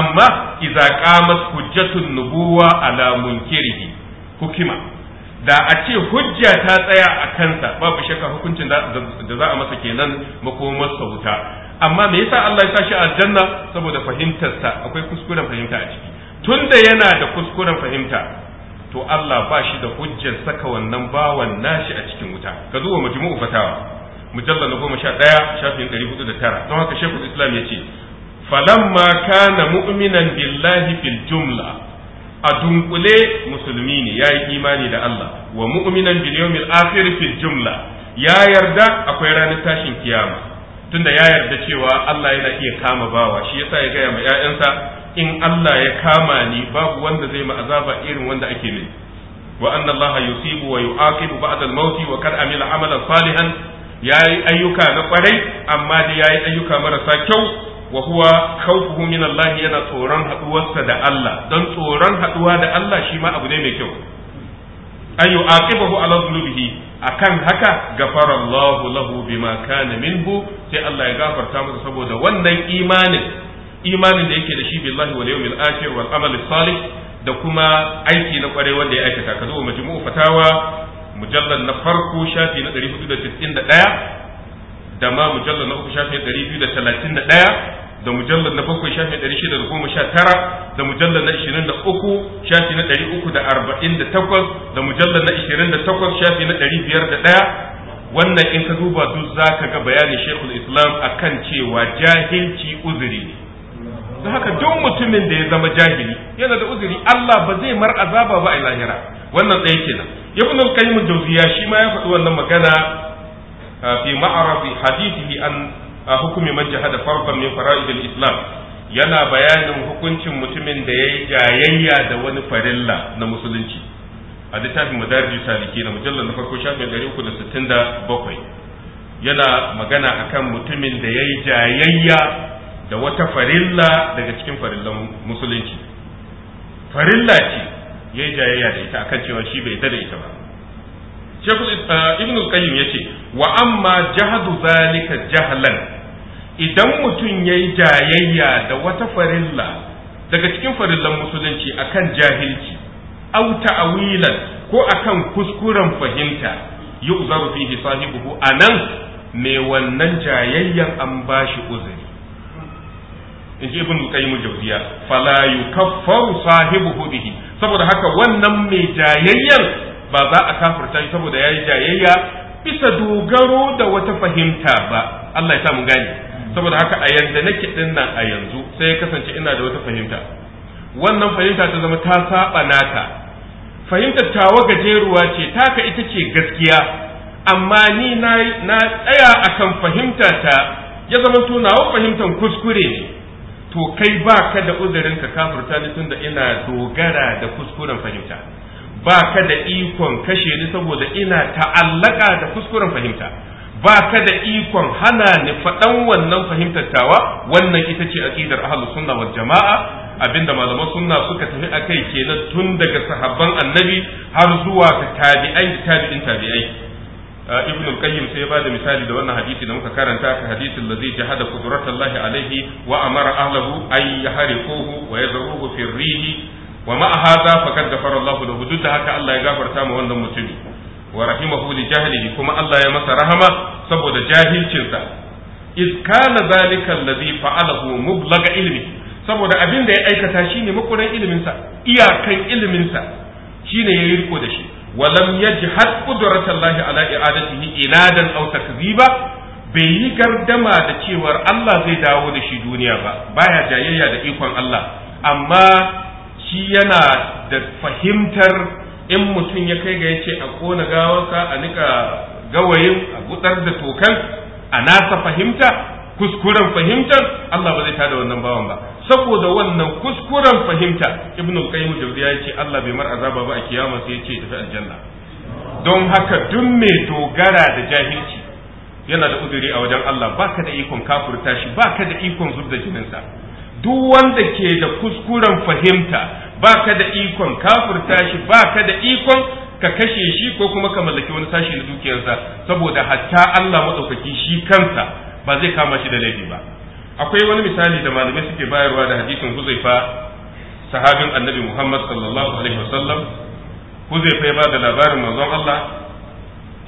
amma idza qamat hujjatun nubuwa ala munkirihi hukima da a ce hujja ta tsaya a kansa babu shakka hukuncin da za a masa kenan makomar wuta. amma me yasa Allah ya sa shi aljanna saboda fahimtarsa akwai kuskuren fahimta a ciki tunda yana da kuskuren fahimta to Allah ba shi da hujjar saka wannan bawan nashi a cikin wuta ka zuwa majmu'u fatawa mujallal 11 shafin 409 don haka shekul islam yace falamma kana mu'minan billahi fil jumla a dunkule musulmi ne ya yi imani da Allah wa mu'minan bil yawmil akhir fi jumla ya yarda akwai ranar tashin kiyama tunda ya yarda cewa Allah yana iya kama bawa shi yasa ya gaya ma ƴaƴansa in Allah ya kama ni babu wanda zai ma azaba irin wanda ake mai wa anna Allah yusibu wa yu'aqibu ba'da al-mauti wa kad amila amalan salihan yayi ayyuka na kwarai amma da yayi ayyuka marasa kyau wa huwa khawfuhu min Allah yana tsoron haduwarsa da Allah don tsoron haduwa da Allah shi ma abu ne mai kyau an yu'aqibahu ala dhunubihi akan haka gafara Allah lahu bima kana minhu sai Allah ya gafarta masa saboda wannan imanin imanin da yake da shi billahi wal yawmil akhir wal amal salih da kuma aiki na kware wanda ya aikata kazo majmu'u fatawa mujallal na farko shafi na 491 da ma mujallar na uku shafi ɗari biyu da talatin da ɗaya da mujallar na bakwai shafi ɗari shida da goma sha tara da mujallar na ishirin da uku shafi na ɗari uku da arba'in da takwas da mujallar na ishirin da takwas shafi na ɗari biyar da ɗaya wannan in ka duba duk za ka ga bayanin shekul islam a kan cewa jahilci uzuri ne don haka duk mutumin da ya zama jahili yana da uzuri Allah ba zai mar azaba ba a lahira wannan ɗaya kenan ibn al-qayyim jawziya shi ma ya faɗi wannan magana fi ma'araf hadithihi an hukumi man jahada farqan min fara'id islam yana bayanin hukuncin mutumin da yayi jayayya da wani farilla na musulunci a littafin madarij saliki na mujallal na farko shafin 367 yana magana akan mutumin da yayi jayayya da wata farilla daga cikin farillan musulunci farilla ce yayi jayayya da ita akan cewa shi bai da ita ba shekul eh, ibn ce qayyim yace wa amma jahadu zalika jahlan idan mutum yayi jayayya da wata farilla daga cikin farillan musulunci akan jahilci aw ta'wilan ko akan kuskuren fahimta yu'zaru fihi sahibuhu anan me wannan jayayyan an bashi uzuri in ji ibn qayyim jawziya fala yukaffaru sahibuhu bihi saboda haka wannan mai jayayyan ba za a kafirta shi saboda yayi jayayya bisa dogaro da wata fahimta ba Allah ya sa mu gane saboda haka a yanda nake din nan a yanzu sai ya kasance ina da wata fahimta wannan fahimta ta zama ta saba naka fahimtar tawa gajeruwa ce taka ita ce gaskiya amma ni na tsaya akan fahimta ta ya zama nawa fahimtar kuskure ne to kai ba ka da uzurin ka kafirta ni tunda ina dogara da kuskuren fahimta ba ka da ikon kashe ni saboda ina ta'allaka da kuskuren fahimta ba ka da ikon hana ni faɗan wannan fahimtar wannan ita ce aqidar ahlus sunna wal jama'a abinda malaman sunna suka tafi akai kenan tun daga sahabban annabi har zuwa ga tabi'ai tabi'in tabi'ai ibn al sai ya da misali da wannan hadisi da muka karanta ka hadisin da zai jahada qudratullahi alaihi wa amara ahlahu ay yahriquhu wa yadruhu fi rihi wa ma hada faqad ghafara Allahu lahu duk da haka Allah ya gafarta ma wannan mutumi wa rahimahu li jahlihi kuma Allah ya masa rahama saboda jahilcinsa iz kana zalika alladhi fa'alahu mublaga ilmi saboda abin da ya aikata shine makuran ilimin sa iyakan ilimin sa shine ya riko da shi walam yajhad qudratullahi ala i'adatihi inadan aw takziba bai yi gardama da cewar Allah zai dawo da shi duniya ba baya jayayya da ikon Allah amma shi yana da fahimtar in mutum ya kai ga yace a kona gawarsa a nika gawayin a gutsar da tokan a nasa fahimta kuskuren fahimtar Allah ba zai tada wannan bawan ba saboda wannan kuskuren fahimta ibnu qayyim ya ce Allah bai mar azaba ba a kiyama sai ce tafi aljanna don haka duk mai dogara da jahilci yana da uzuri a wajen Allah baka da ikon kafurta shi baka da ikon zubda jininsa duk wanda ke da kuskuren fahimta ba ka da ikon kafurta shi ka da ikon ka kashe shi ko kuma ka mallaki wani sashi na dukiyarsa saboda hatta Allah madaukaki shi kansa ba zai kama shi da laifi ba akwai wani misali da malamai suke bayarwa da hadisin Huzaifa sahabin Annabi Muhammad sallallahu alaihi wasallam Huzaifa ya bada labarin manzon Allah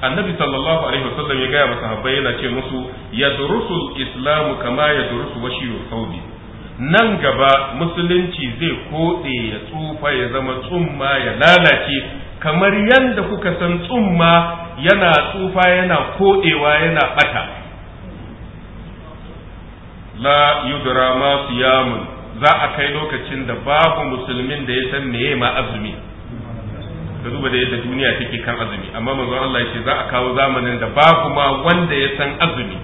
Annabi sallallahu alaihi wasallam ya gaya wa habbai yana ce musu yadrusul islamu kama yadrusu washiyu saudi nan gaba musulunci zai koɗe ya tsufa ya zama tsumma ya lalace kamar yadda kuka san tsumma yana tsufa yana koɗewa yana ɓata la yudra ma za a kai lokacin da babu musulmin da ya san meye ma azumi ka zuba da yadda duniya take kan azumi amma manzon Allah ce za a kawo zamanin da babu ma wanda ya san azumi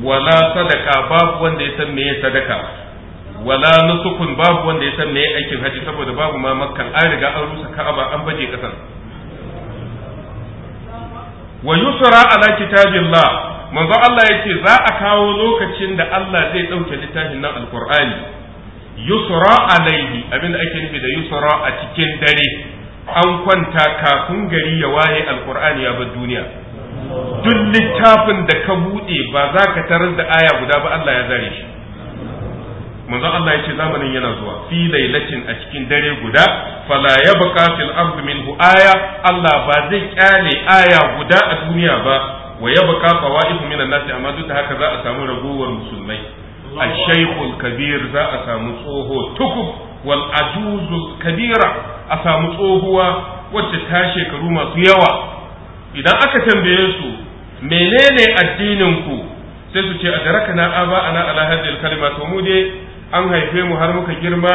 wala sadaka babu wanda ya san meye sadaka wala nusukun babu wanda ya san me aikin haji saboda babu ma makkan an riga an rusa ka'aba an baje kasar wa yusra ala kitabillah manzo Allah yace za a kawo lokacin da Allah zai dauke littafin nan alqur'ani yusra alaihi abinda ake nufi da yusra a cikin dare an kwanta kafin gari ya waye alqur'ani ya bar duniya duk littafin da ka buɗe ba za ka tarar da aya guda ba Allah ya zare shi manzon Allah yace zamanin yana zuwa fi lailatin a cikin dare guda fala yabqa fil ard minhu aya Allah ba zai kyale aya guda a duniya ba wa yabqa fawaihu min nasi amma duk da haka za a samu ragowar musulmai al kabir za a samu tsoho tukub wal ajuzul kabira a samu tsohuwa wacce ta shekaru masu yawa idan aka tambaye su menene addinin ku sai su ce a daraka na aba ana ala hadil kalima mu dai an haife mu har muka girma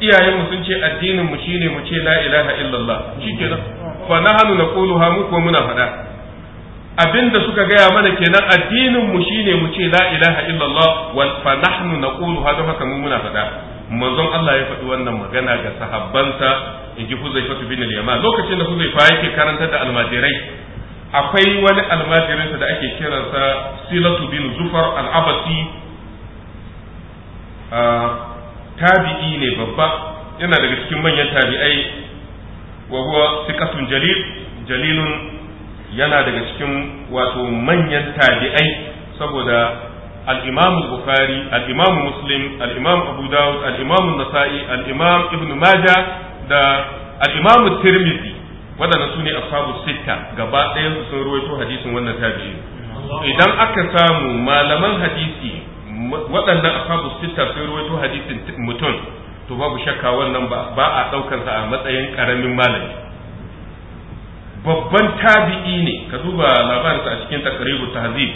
iyayenmu sun ce addinin mu shine mu ce la ilaha illallah shikenan fa nahnu naquluha mu ko muna faɗa abinda suka gaya mana kenan addinin mu shine mu ce la ilaha illallah wal fa nahnu naquluha don haka mu muna faɗa manzon Allah ya faɗi wannan magana ga sahabbansa in ji Huzaifatu bin al lokacin da Huzaifa yake karanta da almajirai akwai wani almajirinsa da ake kiransa Silatu bin Zufar al-Abasi tabi'i ne babba yana daga cikin manyan tabi'ai wa huwa siqatun jalil jalilun yana daga cikin wato manyan tabi'ai saboda al-Imam Bukhari al-Imam Muslim al-Imam Abu Dawud al-Imam Nasa'i al-Imam Ibn Majah da al-Imam Tirmidhi sune su ashabu sitta gaba ɗayan su sun ruwaito hadisin wannan tabi'i idan aka samu malaman hadisi waɗannan ashabu sita sai ruwaito hadisin mutum to babu shakka wannan ba a ɗaukansa a matsayin ƙaramin malami babban tabi'i ne ka duba labarinsa a cikin takaribu tahzib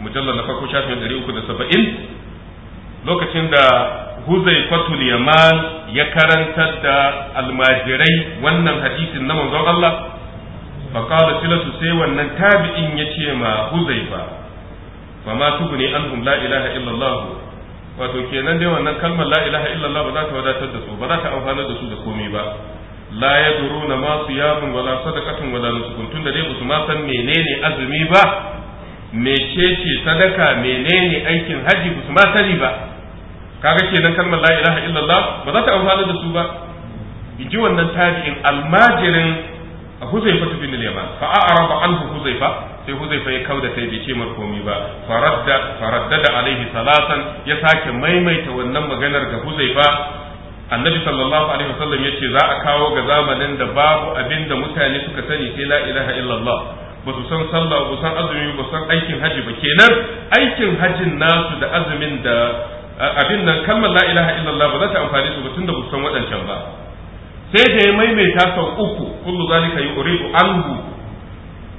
mujallar na farko shafin 370 lokacin da huzai fatul yaman ya karantar da almajirai wannan hadisin na manzon Allah fa qala silatu sai wannan tabi'in yace ma huzaifa fa ma tubni anhum la ilaha illallah wato kenan dai wannan kalmar la ilaha illallah ba za ta wadatar da su ba za ta amfana da su da komai ba la yadruna ma siyamun wala sadaqatun wala nusukun tunda dai ba su ma san menene azumi ba mecece sadaka menene aikin haji ba su ma sani ba kaga kenan kalmar la ilaha illallah ba za ta amfana da su ba inji wannan tarihin almajirin a huzaifa bin al-yaman fa a'raba anhu huzaifa sai huzaifa ya kauda sai bai ce komi ba faradda faraddada alaihi salasan ya sake maimaita wannan maganar ga huzaifa annabi sallallahu alaihi wasallam ce za a kawo ga zamanin da babu abin da mutane suka sani sai la ilaha illallah ba su san sallah ba san azumi ba san aikin haji ba kenan aikin hajin nasu da azumin da abin nan kammala la ilaha illallah ba za ta amfani su ba tunda ba su san waɗancan ba sai da ya maimaita sau uku kullu zalika yuridu anhu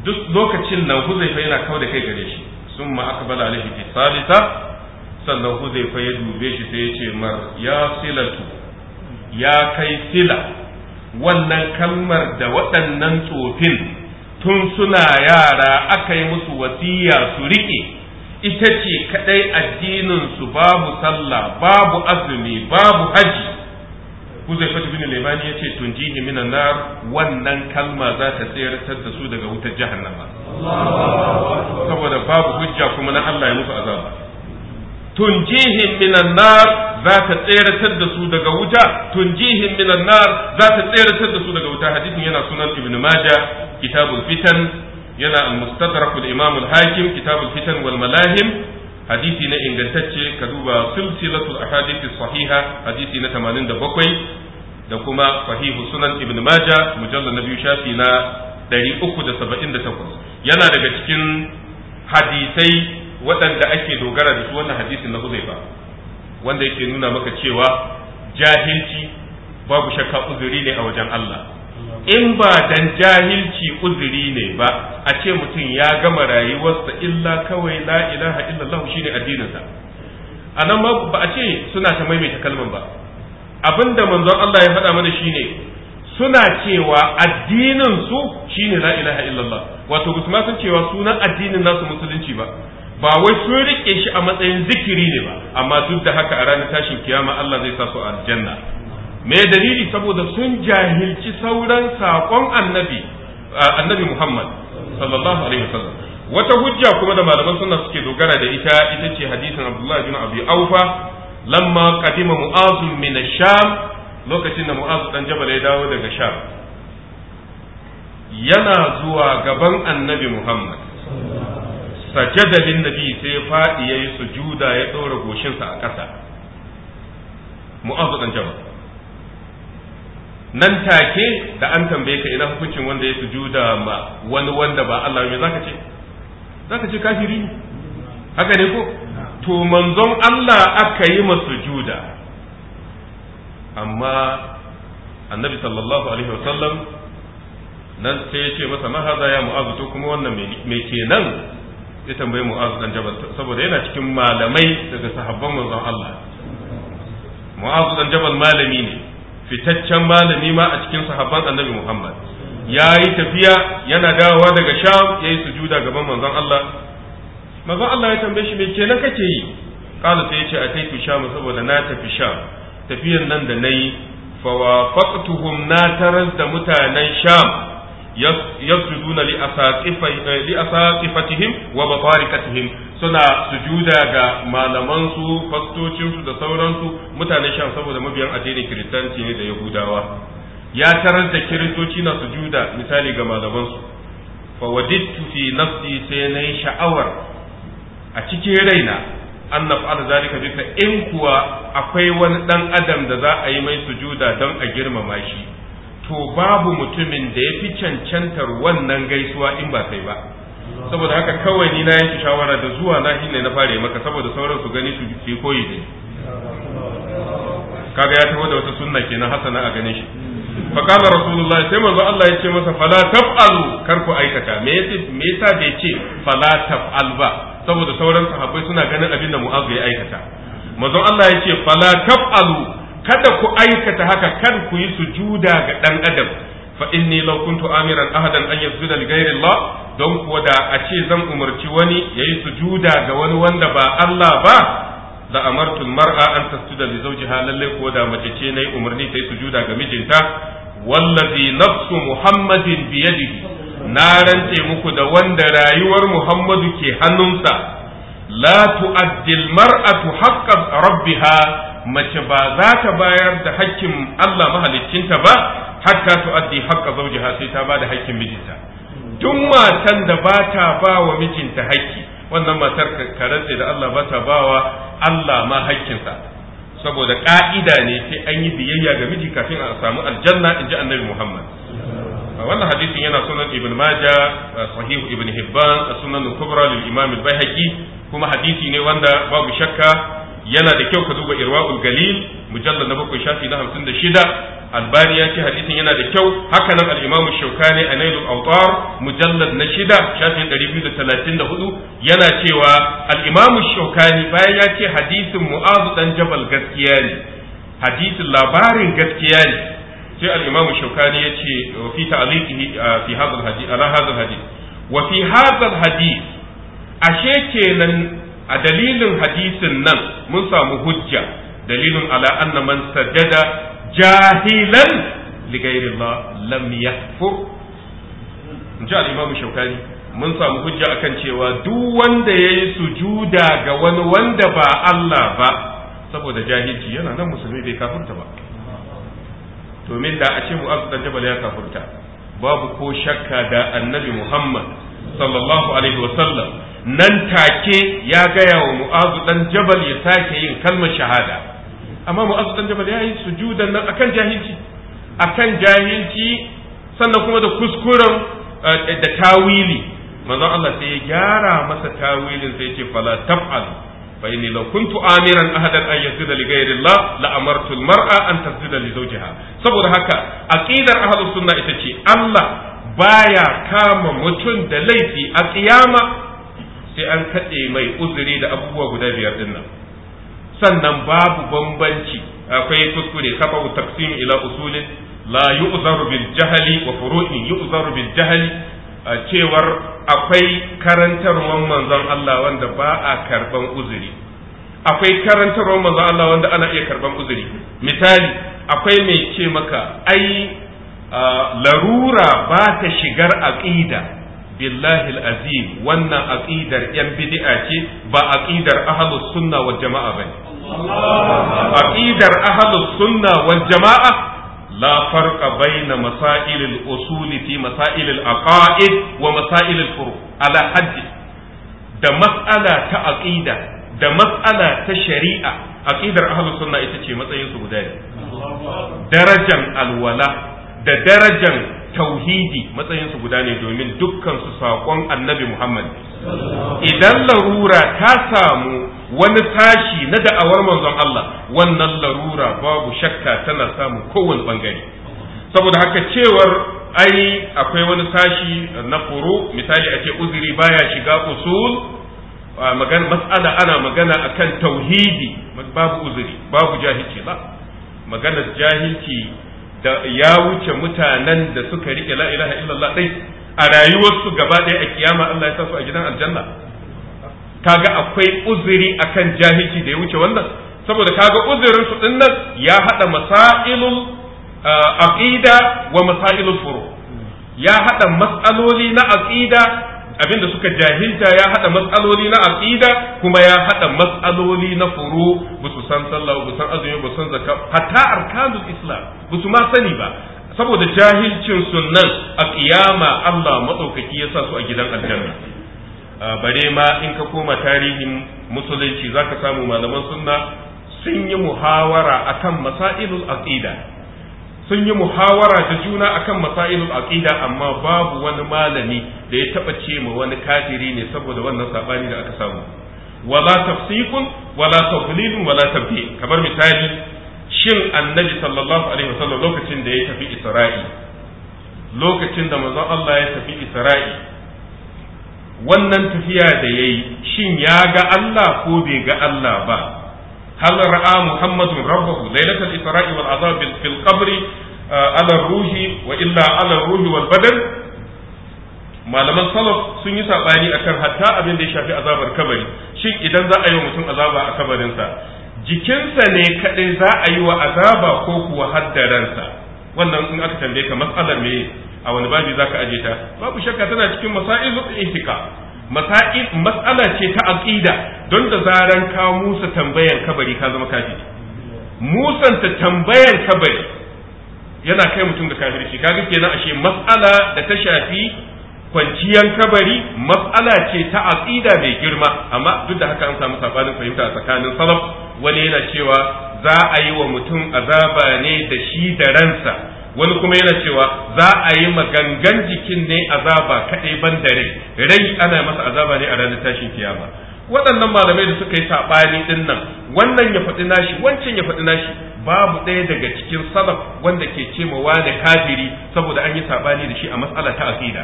duk lokacin nan huzaifa yana kawo da kai gare shi sun ma aka bala alaihi fi salisa sannan huzaifa ya dube shi sai ya ce mar ya silatu ya kai sila wannan kalmar da waɗannan tsofin tun suna yara aka yi musu wasiya su riƙe ita ce kaɗai addinin su babu sallah babu azumi babu hajji Huzaifatu bin Limani ce tunjihi minan nar wannan kalma za ta tsayartar da su daga wutar jahannama saboda babu hujja kuma na Allah ya musu azaba tunjihi minan nar za ta tsayartar da su daga wuta tunjihi minan nar za ta tsayartar da su daga wuta hadisin yana sunan Ibn Majah kitabul fitan yana al-mustadrak al-imam al-hakim kitabul fitan wal malahim hadisi na ingantacce ka duba silsilatul ahadithi sahiha hadisi na 87 da kuma sahihu sunan ibn majah mujallal na biyu shafi na 378 yana daga cikin hadisai waɗanda ake dogara da su wannan hadisin na Huzaifa wanda yake nuna maka cewa jahilci babu shakka uzuri ne a wajen Allah in ba dan jahilci uzuri ne ba a ce mutum ya gama rayuwarsa illa kawai la ilaha illallah shine addininsa a nan ba a ce suna ta maimaita kalman ba abinda manzon Allah ya faɗa mana shine suna cewa addinin su shine la ilaha illallah wato ba ma san cewa sunan addinin nasu musulunci ba ba wai sun rike shi a matsayin zikiri ne ba amma duk da haka a ranar tashin kiyama Allah zai sa su aljanna me dalili saboda sun jahilci sauran saƙon annabi annabi Muhammad sallallahu alaihi wasallam wata hujja kuma da malaman sunna suke dogara da ita ita ce hadisin Abdullah bin Abi Aufa lamma qadima Mu'az min sham lokacin da Mu'az dan Jabal ya dawo daga Sham yana zuwa gaban annabi Muhammad sajada lin nabi sai faɗi yayi sujuda ya ɗora goshinsa a ƙasa Mu'az dan Jabal nan take da an tambaye ka ina hukuncin wanda ya sujuda ma wani wanda ba Allah me zaka ce zaka ce kafiri ne haka ne ko to manzon Allah aka yi sujuda amma annabi sallallahu alaihi wasallam nan sai ya ce masa haza ya mu'azu to kuma wannan me kenan ya tambayi mu'azu dan jabal saboda yana cikin malamai daga sahabban manzon Allah mu'azu dan jabal malami ne fitaccen malami ma a cikin sahabban annabi Muhammad ya yi tafiya yana dawowa daga sham ya yi sujuda gaban manzon Allah manzon Allah ya tambaye shi me kenan kake yi kala sai ya ce ku sham saboda na tafi sham tafiyan nan da nayi faqtuhum na taraz da mutanen sham yasjuduna eh, li asaqifatihim wa batarikatihim suna sujuda ga malamansu fastocinsu da sauransu mutane shan saboda mabiyan addinin kiristanci ne da yahudawa ya tarar da kiristoci na sujuda misali ga malamansu fa wajidtu fi nafsi sai nayi sha'awar a cikin raina an naf'al zalika bisa in kuwa akwai wani dan adam da za a yi mai sujuda don a girmama shi to babu mutumin da ya fi cancantar wannan gaisuwa in ba sai ba saboda haka kawai ni na yanke shawara da zuwa na shine na fare maka saboda sauran su gani su yi koyi ne kaga ya taho da wata sunna kenan hasana a ganin shi fa kana rasulullah sai manzo Allah ya ce masa fala taf'alu kar ku aikata me yace me yasa bai ce fala taf'al ba saboda sauran sahabbai suna ganin abin da mu'az ya aikata manzo Allah ya ce fala taf'alu kada ku aikata haka kar ku yi sujuda ga dan adam fa inni law kuntu amiran ahadan an yasjuda li ghayri Allah don kuwa da a ce zan umarci wani yayi sujuda ga wani wanda ba Allah ba da amartul mar'a an tasjuda li zawjiha lalle kuwa da mace ce nayi umarni tayi sujuda ga mijinta wallazi nafsu muhammadin bi yadihi na rance muku da wanda rayuwar muhammadu ke hannunsa la tu'addil mar'atu haqqa rabbiha mace ba za ta bayar da hakkin Allah mahaliccinta ba hatta tu'addi haqqa zawjiha sai ta bada haƙƙin mijinta duk matan da ba ta ba wa mijinta haƙƙi wannan matar ka rantse da Allah ba ta ba wa Allah ma haƙƙinsa saboda ƙa'ida ne sai an yi biyayya ga miji kafin a samu aljanna in ji annabi Muhammad wannan hadisin yana sunan ibn maja sahihu ibn hibban sunan kubra lil imam al kuma hadisi ne wanda babu shakka yana da kyau ka duba irwaul galil mujallad na bakwai shafi na hamsin da shida albani ya ce hadisin yana da kyau haka nan al shaukani a nailul awtar mujallar na shida shafin 234 yana cewa al-imamu shaukani bayan ya ce hadisin mu'azu dan jabal gaskiya ne hadisin labarin gaskiya ne sai al-imamu shaukani ya ce wa fi ta'liqihi fi hadha al ala hadha al-hadith wa fi hadha al-hadith ashe kenan a dalilin hadisin nan mun samu hujja dalilin ala anna man sajjada jahilan li ghairillah lam yakfur in ji al-imam shaukani mun samu hujja akan cewa duk wanda yayi sujuda ga wani wanda ba Allah ba saboda jahilci yana nan musulmi bai kafurta ba domin da a ce mu'azz dan jabal ya kafurta babu ko shakka da annabi Muhammad sallallahu alaihi wa sallam nan take ya gaya wa mu'azu dan jabal ya sake yin kalmar shahada amma mu'azu dan jabal yayi sujudan nan akan jahilci akan jahilci sannan kuma da kuskuren eh, da tawili manzon Allah sai ya gyara masa tawilin sai ce fala taf'al fa inni law kuntu amiran ahadan an yasjuda li ghayri Allah la amartu al-mar'a an tasjuda li zawjiha saboda haka aqidar ahlus sunna ita ce Allah baya kama mutum da laifi a kiyama sai an kade mai uzuri da abubuwa guda biyar dinnan sannan babu bambanci akwai kuskure kafa taksim ila usulin la yu'zaru bil jahli wa furu'in yu'zaru bil jahli cewar akwai karantarwar manzon Allah wanda ba a karban uzuri akwai karantarwar manzon Allah wanda ana iya karban uzuri misali akwai mai ce maka ai larura ba ta shigar aqida billahi al'azim wannan aqidar ‘yan bid'a ce ba aqidar ahalus sunna wal jama'a bane. aqidar ahlus sunna wal jama'a la farqa baina masail al usul fi masail al aqaid wa masail al furu ala da mas'ala ta aqida da mas'ala ta shari'a aqidar ahlu sunna ita ce matsayin su guda darajan alwala da darajan tauhidi matsayinsu guda ne domin dukkan saƙon annabi Muhammad idan larura ta samu wani tashi na da'awar manzon Allah wannan larura babu shakka tana samu kowane bangare saboda haka cewar ai akwai wani sashi na furu misali a ce uzuri baya shiga usul magana mas'ala ana magana akan tauhidi babu uzuri babu jahilci ba maganar jahilci da ya wuce mutanen da suka rike la ilaha illallah dai a rayuwarsu gaba ɗaya a kiyama Allah ya sa su a gidan aljanna kaga akwai uzuri akan jahilci da ya wuce wannan saboda kaga uzurin su din nan ya hada masailul eh, aqida wa masailul furu ya hada mas'aloli na aqida abinda suka jahilta ya hada matsaloli na aqida kuma ya hada matsaloli na furu busu san sallah busu san azumi busu san zakat hatta arkanul islam busu ma sani ba saboda jahilcin sunnan a kiyama Allah madaukaki ya sa su a gidan aljanna bare ma in ka koma tarihin musulunci zaka samu malaman sunna sun yi muhawara akan masailul aqida sun yi muhawara da juna akan masailul aqida amma babu wani malami da ya taba ce ma wani kafiri ne saboda wannan sabani da aka samu wala tafsiqun wala taflilun wala tabdi kamar misali shin annabi sallallahu alaihi wasallam lokacin da ya tafi isra'i lokacin da manzon Allah ya tafi isra'i wannan tafiya da yayi shin ya ga Allah ko bai ga Allah ba هل رأى محمد ربه ليلة الإسراء والعذاب في القبر ala ruhi wa illa ala ruhi wal badan malaman salaf sun yi sabani akan hatta abin da ya shafi azabar kabari shin idan za a yi wa mutum azaba a kabarinsa jikinsa ne kadai za a yi wa azaba ko kuwa haddaransa wannan in aka tambaye ka mas'alar me a wani babu zaka aje ta babu shakka tana cikin masailu ihtika masail mas'ala ce ta aqida don da zaran ka musa tambayan kabari ka zama kafiri musanta tambayan kabari yana kai mutum ga kafirci kaga kenan ashe mas'ala da ta shafi kwanciyan kabari mas'ala ce ta aqida mai girma amma duk da haka an samu sabanin fahimta tsakanin salaf wani yana cewa za a yi wa mutum azaba ne da shi da ransa wani kuma yana cewa za a yi magangan jikin ne azaba kadai ban da rai rai ana masa azaba ne a ranar tashin kiyama waɗannan malamai da suka yi saɓani ɗin nan wannan ya faɗi nashi wancan ya faɗi nashi babu ɗaya daga cikin salaf wanda ke ce ma wani kafiri saboda an yi saɓani da shi a matsala ta asida.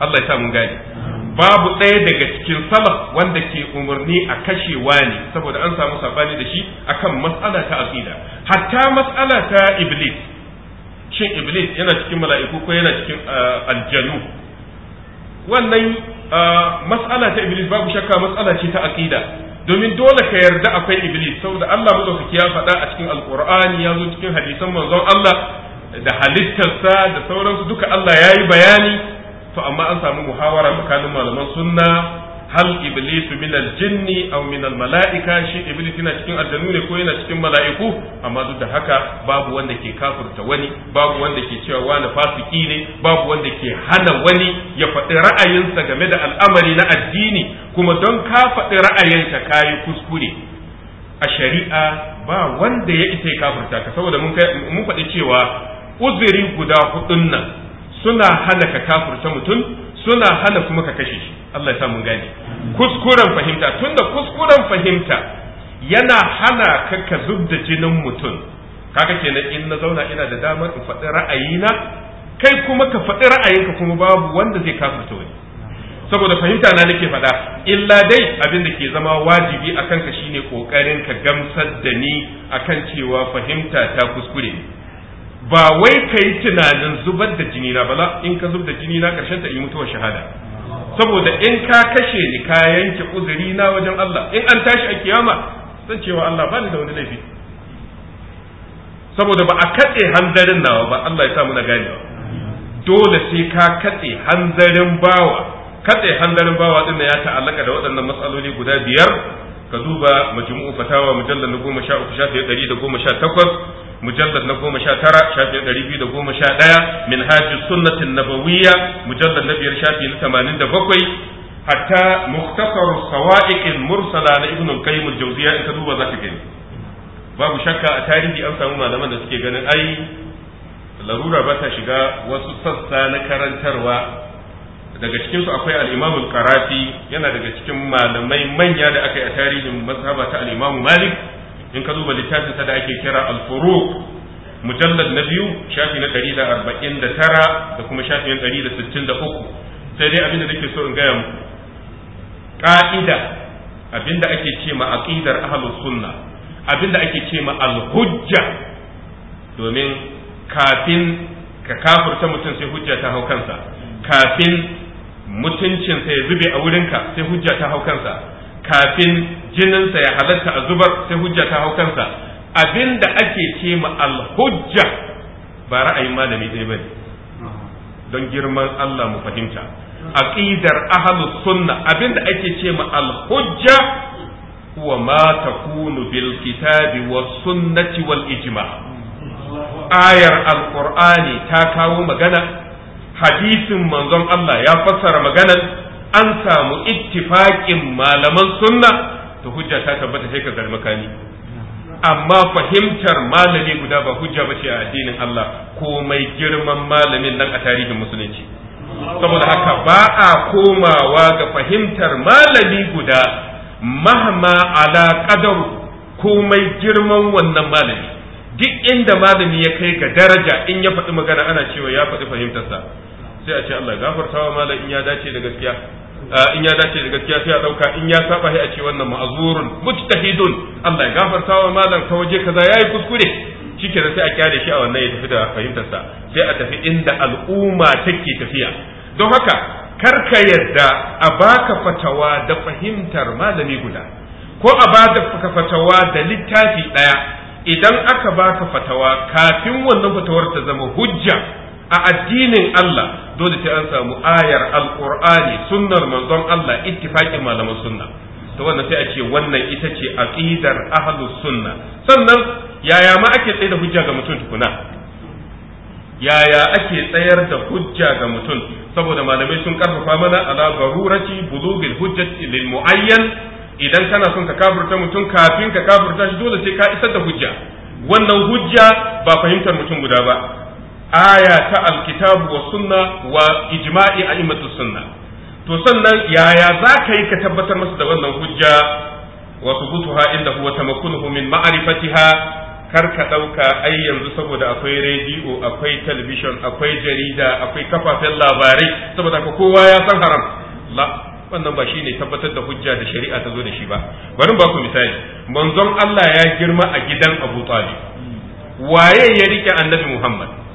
Allah ya sa mun gane babu ɗaya daga cikin salaf wanda ke umarni a kashe wani saboda an samu saɓani da shi akan matsala ta asida. hatta matsala ta iblis shin iblis yana cikin mala'iku ko yana cikin eh, aljanu wannan ah, mas'ala ta iblis babu shakka mas'ala ce ta aqida domin dole ka yarda akwai iblis saboda Allah madaukaki ya faɗa a cikin alqur'ani ya zo cikin hadisan manzon Allah da halittarsa da sauransu duka Allah ya yi bayani to amma an samu muhawara tsakanin malaman sunna hal iblisu min aljinni aw min shi iblis yana cikin aljannu ne ko yana cikin mala'iku amma duk da haka babu wanda ke kafurta wani babu wanda ke cewa wani fasiki ne babu wanda ke hana wani ya faɗi ra'ayinsa game da al'amari na addini kuma don ka faɗi ra'ayinka kayi kuskure a shari'a ba wanda ya isa ya kafurta ka saboda mun mun faɗi cewa uzuri guda hudun nan suna hana ka kafurta mutum suna hana kuma ka kashe shi Allah ya sa mun gane kuskuren fahimta tunda kuskuren fahimta yana hana ka ka zub da jinin mutum kaga kenan in na zauna ina da damar in faɗi ra'ayina kai kuma ka faɗi ra'ayinka kuma babu wanda zai kafirta wani saboda fahimta na nake faɗa illa dai abin da ke zama wajibi akan ka shine kokarin ka gamsar da ni akan cewa fahimta ta kuskure ne ba wai ka yi tunanin zubar da jini na bala in ka zubar da jini na karshen ta yi mutuwar shahada saboda in ka kashe ni ka yanke uzuri na wajen Allah in an tashi a kiyama zan cewa Allah ba ni da wani laifi saboda ba a katse hanzarin nawa ba Allah ya sa muna ganewa dole sai ka katse hanzarin bawa katse hanzarin bawa din ya ta'allaka da waɗannan matsaloli guda biyar ka duba majmu'u fatawa mujallal 13 shafi 118 Mujallar na goma sha tara shafin ɗari biyu da goma sha ɗaya min haji sunnatin nabawiyya mujallad na biyar shafi na tamanin da bakwai hatta muktasar sawa'iqin mursala na ibn al-qayyim al-jawziyya in ka duba zaka gani babu shakka a tarihi an samu malaman da suke ganin ai larura ba ta shiga wasu sassa na karantarwa daga cikinsu akwai al'imamin imamul yana daga cikin malamai manya da aka yi a tarihin mazhaba ta al-imamu malik in ka duba littafin sa da ake kira al-furuq mujallad na biyu shafi na 149 da kuma shafi na 163 sai dai abinda nake so in gaya muku ka'ida abinda ake ce ma aqidar ahlus sunna abinda ake ce ma al-hujja domin kafin ka kafurta mutum sai hujja ta hau kansa kafin mutuncinsa ya zube a wurinka sai hujja ta hau kansa kafin jininsa ya halatta a zubar sai hujja ta hau kansa abin ake ce ma alhujja ba ra'ayin malami ɗaya bane don girman Allah mu fahimta aqidar ahlus sunna abinda ake ce ma alhujja huwa ma takunu bil kitabi wa sunnati wal ijma' ayar alkur'ani ta kawo magana hadisin manzon Allah ya fassara maganar an samu ittifaƙin malaman sunna to hujja ta tabbata sai ka gari makami amma fahimtar malami guda ba hujja ba ce a addinin Allah ko mai girman malamin nan a tarihin musulunci saboda haka ba a komawa ga fahimtar malami guda mahma ala qadaru komai girman wannan malami duk inda malami ya kai ga daraja in ya faɗi magana ana cewa ya faɗi fahimtarsa sai a ce Allah gafarta wa malam in ya dace da gaskiya in ya dace da gaskiya sai a dauka in ya saba sai a ce wannan ma'azurun mujtahidun Allah ya gafarta wa malam ka waje kaza yayi kuskure da sai a kyale shi a wannan ya tafi da fahimtarsa sai a tafi inda al'umma take tafiya don haka karka yadda a baka fatawa da fahimtar malami guda ko a ba baka fatawa da littafi daya idan aka baka fatawa kafin wannan fatawar ta zama hujja a addinin Allah dole sai an samu ayar alqur'ani sunnar manzon Allah ittifaqin malaman sunna to wannan sai a ce wannan ita ce aqidar ahlus sunna sannan yaya ma ake tsaye da hujja ga mutum tukuna yaya ake tsayar da hujja ga mutum saboda malamai sun karfafa mana ala garurati bulughil hujjati lil muayyan idan kana son ka kafirta mutum kafin ka kafirta shi dole sai ka isar da hujja wannan hujja ba fahimtar mutum guda ba aya ta alkitabu wa sunna wa ijma'i a'immatu sunna to sannan yaya za ka yi ka tabbatar masa da wannan hujja wa thubutuha inda huwa tamakunuhu min ma'rifatiha kar ka ɗauka ai yanzu saboda akwai rediyo akwai talabishin akwai jarida akwai kafafen labarai saboda ka kowa ya san haram la wannan ba shine tabbatar da hujja da shari'a ta zo da shi ba bari ba ku misali manzon Allah ya girma a gidan Abu Talib waye ya rike annabi Muhammad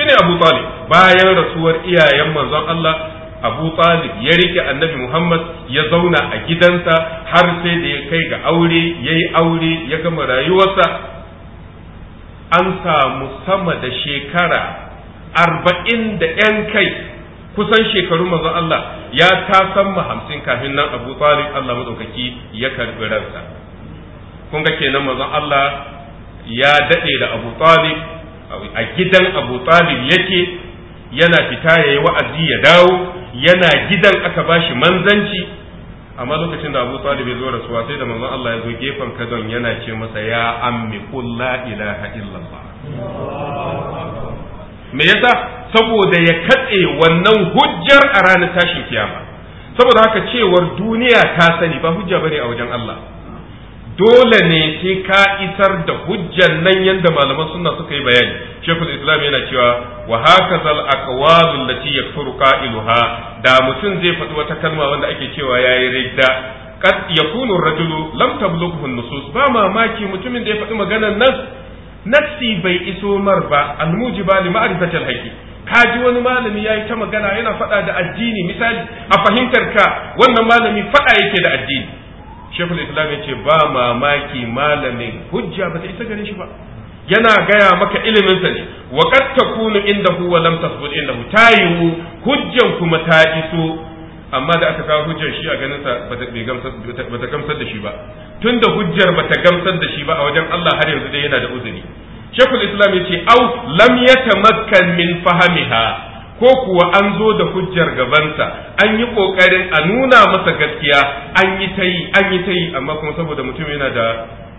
shine Abu Talib bayan rasuwar iyayen manzon Allah Abu Talib ya rike Annabi Muhammad ya zauna a gidansa har sai da ya kai ga aure yayi aure ya gama rayuwarsa an samu sama da shekara arba'in da ‘yan kai kusan shekaru manzon Allah ya tasamma hamsin kafin nan Abu Talib Allah madaukaki ya karɓi ransa kun ga kenan manzon Allah ya daɗe da Abu Talib a gidan abu talib yake yana fita ya yi wa'azi ya dawo yana gidan aka bashi manzanci amma lokacin da abu talib ya zo rasuwa sai da manzon Allah ya zo gefen kadon yana ce masa ya ammi qul la ilaha illallah me yasa saboda ya katse wannan hujjar a ranar tashin kiyama saboda haka cewar duniya ta sani ba hujja bane a wajen Allah dole ne sai ka isar da hujjan nan yanda malaman suna suka yi bayani shekul islam yana cewa wa hakazal aqwalul allati yakfuru qailuha da mutum zai faɗi wata kalma wanda ake cewa yayi ridda kad yakunu rajulu lam tablughu nusus ba mamaki mutumin da ya faɗi maganar nan nafsi bai iso mar ba al-mujiba li ma'rifati alhaqi ka ji wani malami yayi ta magana yana faɗa da addini misali a fahimtar ka wannan malami faɗa yake da addini shekul islam ya ce ba mamaki malamin hujja ba ta isa gare shi ba yana gaya maka iliminsa ne wa kad takunu indahu wa lam tasbut indahu tayu hujjan kuma ta iso amma da aka kawo hujjar shi a ganin sa bata gamsar da shi ba tunda hujjar bata gamsar da shi ba a wajen Allah har yanzu dai yana da uzuri shekul islam ya ce au lam yatamakkan min fahamiha ko kuwa an zo da hujjar gabanta an yi kokarin a nuna masa gaskiya an yi ta yi an yi ta amma kuma saboda mutum yana da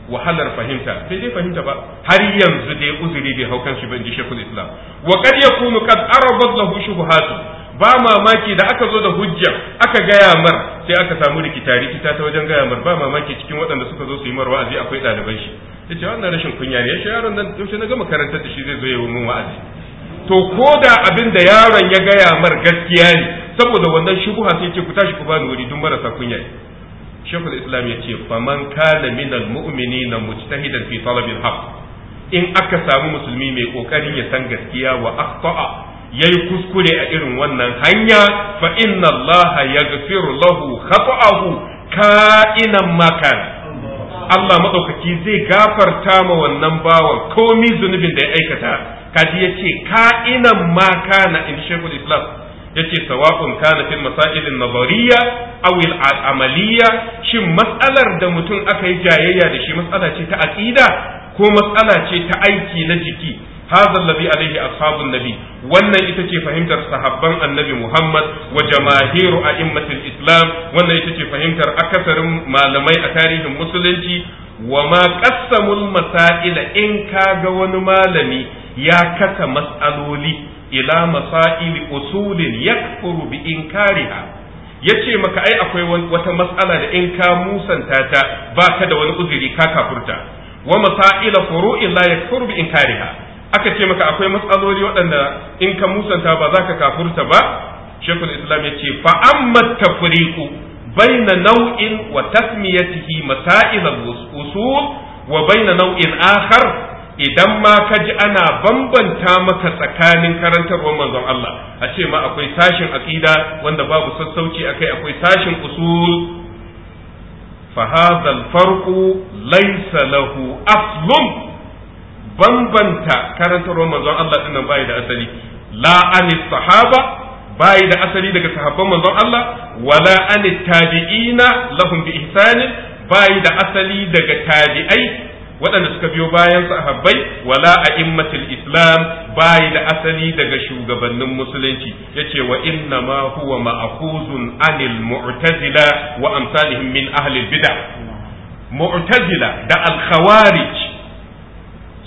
wahalar fahimta sai dai fahimta ba har yanzu dai uzuri bai haukan shi ban ji shekul islam wa kad yakunu kad arabat lahu shubuhatu ba mamaki da aka zo da hujja aka gaya mar sai aka samu rikita rikita ta wajen gaya mar ba mamaki cikin waɗanda suka zo su yi mar wa'azi akwai ɗaliban shi yace wannan rashin kunya ne yace yaron nan yaushe na gama karantar da shi zai zo ya yi mun wa'azi to ko da abin da yaron ya gaya mar gaskiya ne saboda wannan shubuha sai ce ku tashi ku bani wuri dun marasa kunya ne islam ya ce faman kana minal mu'minina mujtahidan fi talabil haqq in aka samu musulmi mai kokarin ya san gaskiya wa akhta'a yayi kuskure a irin wannan hanya fa inna allaha yaghfiru lahu khata'ahu ka'inan makan Allah madaukaki zai gafarta ma wannan bawan komi zunubin da ya aikata kaji yace ka'inan ma kana in shaykhul islam yace sawa'un kana fil masail an-nazariyya shin matsalar da mutum aka yi jayayya da shi matsala ce ta aqida ko matsala ce ta aiki na jiki hadha alladhi alayhi ashabun nabi wannan ita ce fahimtar sahabban annabi Muhammad wa jamaahiru a'immatul islam wannan ita ce fahimtar akasarin malamai a tarihin musulunci wa ma qassamul masaila in ga wani malami ya kasa mas'aloli ila masaili usulin yakfuru bi inkariha ya ce maka ai akwai wata mas'ala da in ka musanta ta ba ka da wani uzuri ka kafurta wa masaila furu'in la yakfuru bi inkariha aka ce maka akwai matsaloli waɗanda in ka musanta ba za ka kafurta ba shekul islam ya ce fa tafriqu baina nau'in wa tasmiyatihi masail al-usul wa baina nau'in akhar idan ma ka ji ana bambanta maka tsakanin karantarwar manzon Allah a ce ma akwai sashin aƙida wanda babu sassauci akai akwai sashin usul fa hadha al-farqu laysa lahu aslun bambanta karantarwar manzon Allah din nan bai da asali la ani sahaba bai da asali daga sahabban manzon Allah wala ani tabi'ina lahum bi ihsani bai da asali daga tabi'ai waɗanda suka biyo bayan sahabbai wala a'immatul islam bai da asali daga shugabannin musulunci yace wa inna ma huwa ma'khuzun anil mu'tazila wa amsalihim min ahli bid'ah mu'tazila da al-khawarij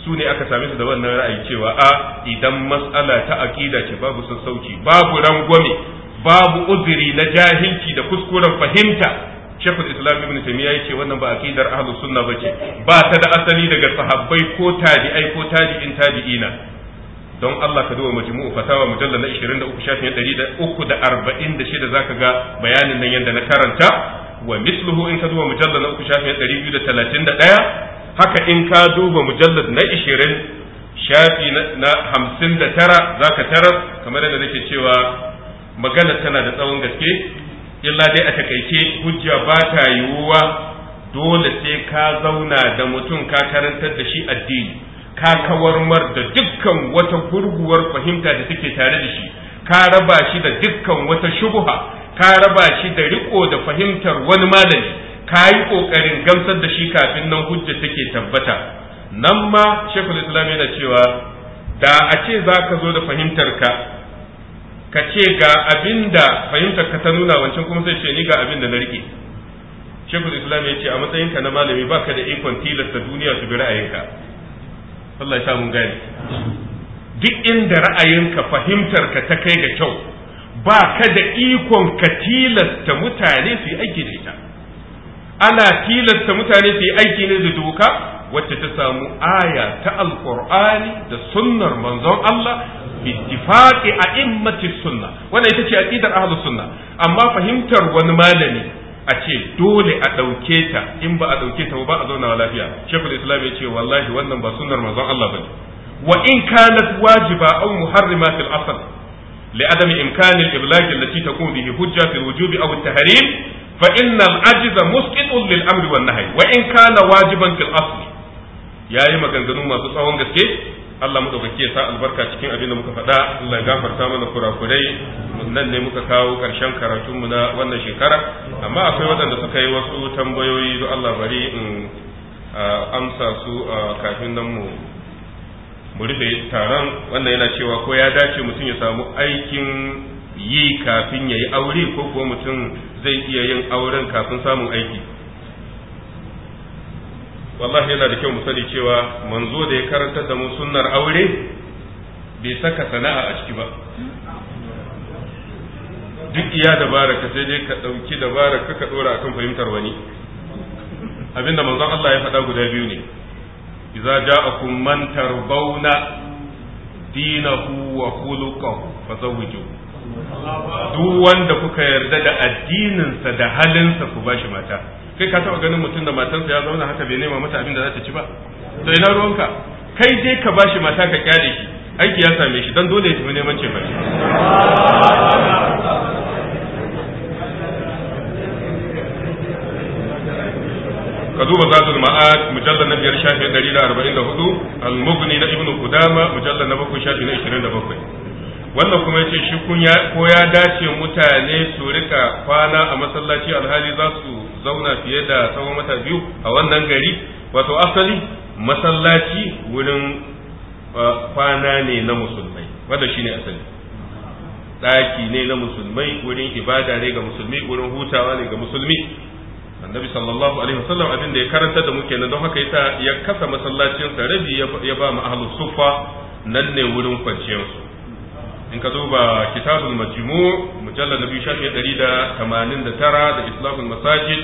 su ne aka same su da wannan ra'ayi cewa a idan mas'ala ta aqida ce babu sassauci babu rangwame babu uzuri na jahilci da kuskuren fahimta shekul islam ibn taymiya yace wannan ba aqidar ahlu sunna bace ba ta da asali daga sahabbai ko tabi'ai ko tabi'in tabi'ina don Allah ka duba majmu'u fatawa mujallal na 23 shafin 346 zaka ga bayanin nan yanda na karanta wa misluhu in ka duba mujallal na 3 shafin 231 haka in ka duba mujallad na ishirin shafi na hamsin da tara za ka tarar kamar yadda nake cewa magana tana da tsawon gaske illa dai a takaice hujja ba ta yiwuwa dole sai ka zauna da mutum ka karantar da shi addini ka kawar mar da dukkan wata gurguwar fahimta da take tare da shi ka raba shi da dukkan wata shubuha ka raba shi da riko da fahimtar wani malami ka yi ƙoƙarin gamsar da shi kafin nan hujja take tabbata nan ma shekul islam yana cewa da a ce za ka zo da fahimtarka ka ce ga abin da fahimtarka ta nuna wancan kuma sai ce ni ga abin da na rike shekul islam ya ce a matsayinka na malami baka da ikon tilasta duniya su bi ra'ayinka Allah ya mun gani duk inda ra'ayinka fahimtarka ta kai ga kyau ba ka da ikon ka tilasta mutane su yi aiki da ita ana tilasta mutane su yi aiki ne da doka wacce ta samu aya ta alkur'ani da sunnar manzon Allah bittifaqi a immati sunna wannan ita ce aqidar ahlus sunna amma fahimtar wani malami a ce dole a ɗauke ta in ba a ɗauke ta ba a zauna lafiya shekul islam ya ce wallahi wannan ba sunnar manzon Allah bane wa in kanat wajiba aw muharrima fil asl li adami imkani iblagin iblaq allati takun bihi hujja fil wujubi fa innal ajiza musqitun lil amri wan nahyi wa in kana wajiban fil asl yayi maganganu masu tsawon gaske Allah madaukake ya sa albarka cikin abin da muka faɗa Allah ya gafarta mana kurakurai nan ne muka kawo ƙarshen karatun mu na wannan shekara amma akwai waɗanda suka yi wasu tambayoyi don Allah bari in amsa su kafin nan mu mu rufe taron wannan yana cewa ko ya dace mutum ya samu aikin yi kafin ya yi aure ko kuwa mutum zai iya yin auren kafin samun aiki wallahi yana da kyau mu sani cewa manzo da ya karanta da mu sunnar aure bai saka sana'a a ciki ba duk iya dabara ka sai dai ka ɗauki dabara ka ka ɗora akan fahimtar wani abinda manzon Allah ya faɗa guda biyu ne idza ja'akum man tarbawna dinahu wa khuluquhu fazawwijuhu duk wanda kuka yarda da addininsa da halinsa ku bashi mata kai ka taba ganin mutum da matarsa ya zauna haka bai nema mata abin da za ta ci ba to ina ruwanka kai je ka bashi mata ka kyale shi aiki ya same shi dan dole ya tafi neman ce mace ka duba zatul ma'ad mujallal na biyar shafi 144 al-mughni na ibnu qudama mujallal na bakwai shafi na 27 wannan kuma yace shi kun ya ko ya dace mutane su rika kwana a masallaci alhali za su zauna fiye da tsawon mata biyu a wannan gari wato asali masallaci wurin uh, kwana ne na musulmai wanda shine asali ɗaki ne na musulmai wurin ibada ne ga musulmi wurin hutawa ne ga musulmi annabi sallallahu alaihi wasallam abin da ya karanta da muke nan don haka ya kasa masallacin sarabi rabi ya ba mu ahlus suffa nan ne wurin kwanciyarsu in ka duba kitabul majmu mujallad nabi shafi 189 da islahul masajid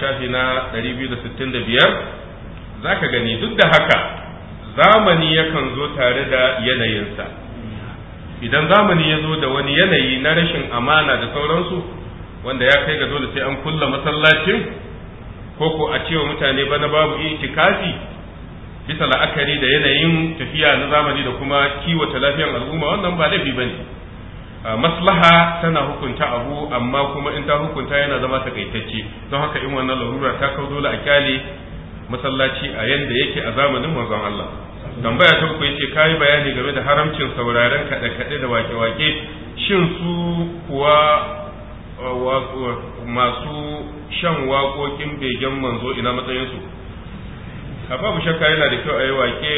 shafi na 265 zaka gani duk da haka zamani yakan zo tare da yanayinsa idan zamani ya zo da wani yanayi na rashin amana da sauransu wanda ya kai ga dole sai an kulla masallacin ko ko a cewa mutane bana babu itikafi bisa la'akari da yanayin tafiya na zamani da kuma kiwata lafiyar al'umma wannan ba laifi bane maslaha tana hukunta abu amma kuma in ta hukunta yana zama takaitacce don haka in wannan larura ta kawo dole a kyale masallaci a yanda yake a zamanin manzon Allah tambaya ta uku yace kai bayani game da haramcin sauraren kaɗe kaɗe da wake wake shin su kuwa masu shan waƙoƙin begen manzo ina matsayin su a babu shakka yana da kyau a yi wake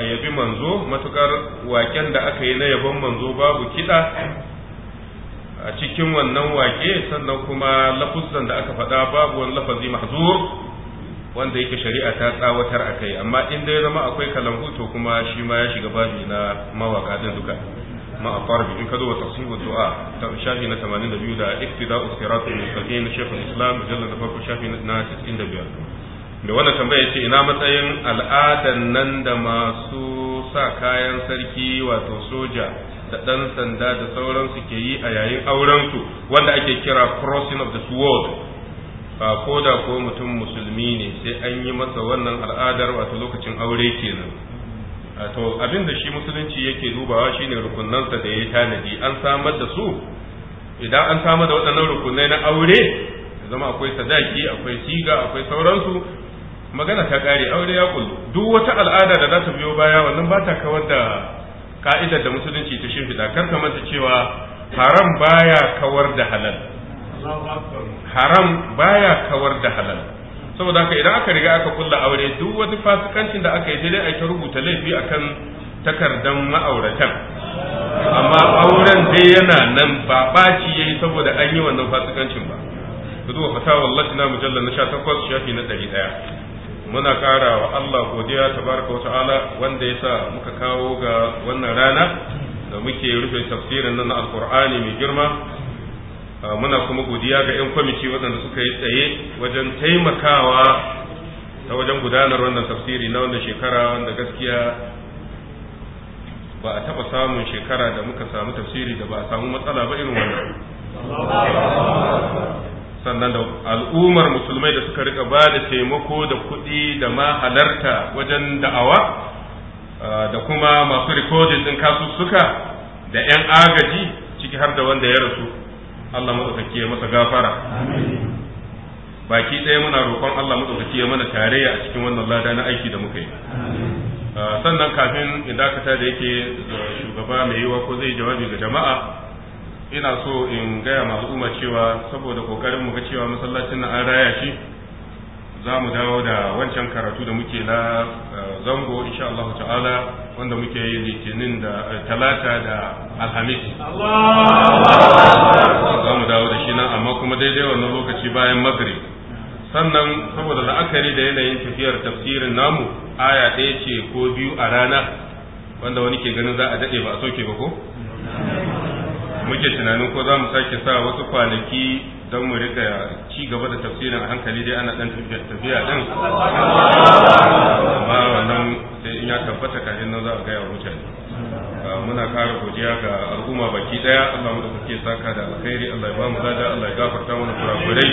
a yabi manzo matukar waken da aka yi na yabon manzo babu kiɗa a cikin wannan wake sannan kuma lafuzan da aka faɗa babu wani lafazi mahzur wanda yake shari'a ta tsawatar a kai amma in dai zama akwai kalambu to kuma shi ma ya shiga babi na mawaka din duka ma a farbi in ka zo wa du'a ta shafi na 82 da iktida'u siratul mustaqim na shaykhul islam jalla na farko shafi na 65 da wannan tambaya ce ina matsayin al'adan nan da masu sa kayan sarki wato soja da ɗan sanda da sauransu ke yi a yayin aurensu wanda ake kira crossing of the sword ko da ko mutum musulmi ne sai an yi masa wannan al'adar wato lokacin aure kenan to abin da shi musulunci yake dubawa shine rukunansa da ya tanadi an samar da su idan an samar da waɗannan rukunai na aure zama akwai sadaki akwai siga akwai sauransu magana ta kare aure ya kullu duk wata al'ada da za ta biyo baya wannan ba ta kawar da ka'idar da musulunci ta fita. kar ka manta cewa haram baya kawar da halal haram baya kawar da halal saboda haka idan aka riga aka kulla aure duk wani fasikancin da aka yi dai a ta rubuta laifi akan takardan ma'auratan amma auren dai yana nan ba baci yayi saboda an yi wannan fasikancin ba ku zuwa fatawa Allah na mujallal na 18 shafi na ɗari ɗaya. muna ƙara wa Allah godiya wa ta'ala wanda ya sa muka kawo ga wannan rana da muke rufe tafsirin nan na alkur'ani mai girma muna kuma godiya ga 'yan kwamiti waɗanda suka yi tsaye wajen taimakawa ta wajen gudanar wannan tafsiri na wannan shekara wanda gaskiya ba a taɓa samun shekara da muka samu tafsiri da ba a samu matsala ba irin wannan sannan da al'ummar musulmai da suka rika ba da taimako da kuɗi da ma halarta wajen da'awa da kuma masu rikodin ɗin kasussuka da 'yan agaji ciki har da wanda ya rasu Allah maɗaukaki ya masa gafara baki ɗaya muna roƙon Allah maɗaukaki ya mana tarayya a cikin wannan lada na aiki da muka yi sannan kafin idakata da yake shugaba mai yiwa ko zai jawabi ga jama'a ina so in gaya masu umar cewa saboda kokarin mu ga cewa masallacin na an raya shi za mu dawo da wancan karatu da muke na eh, zango insha Allah ta'ala wanda muke yi litinin da eh, talata da alhamis za mu dawo da shi nan amma kuma daidai wannan lokaci bayan maghrib sannan saboda la'akari da yanayin tafiyar tafsirin namu aya ɗaya ce ko biyu a rana wanda wani ke ganin za a daɗe ba a soke ba ko muke tunanin ko za mu sake sa wasu kwanaki don mu rika ci gaba da tafsirin a hankali dai ana dan tafiya din amma wannan sai in ya tabbata kafin nan za a gaya mutane muna ƙara godiya ga al'umma baki daya Allah mu da saka da alkhairi Allah ya ba mu lada Allah ya gafarta mana kurakurai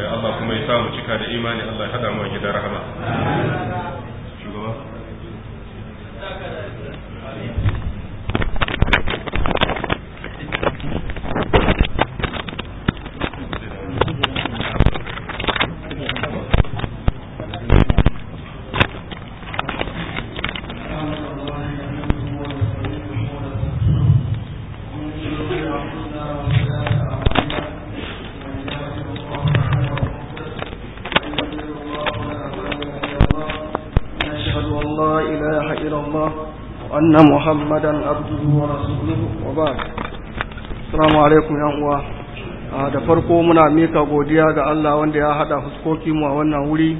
eh, Allah kuma ya sa mu cika da imani Allah ya hada mu gidan rahama أن محمدا عبده ورسوله وبعد السلام عليكم يا أخوة da farko muna mika godiya ga Allah wanda ya hada mu a wannan wuri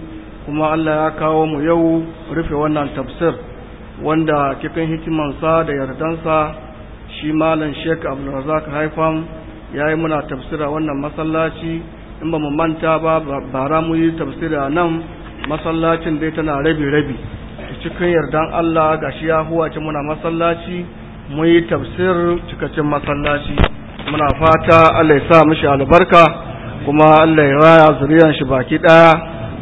kuma Allah ya kawo mu yau rufe wannan tafsir wanda cikin hikimansa da yardansa shi malam Sheikh Abdulrazak Haifam yayi muna tafsira wannan masallaci in ba mu manta ba bara mu yi tafsira nan masallacin dai tana rabi rabi cikin yardan Allah gashi ya huwace muna masallaci mu yi tafsir cikakken masallaci muna fata Allah ya sa mishi albarka kuma Allah ya raya zuriyar shi baki daya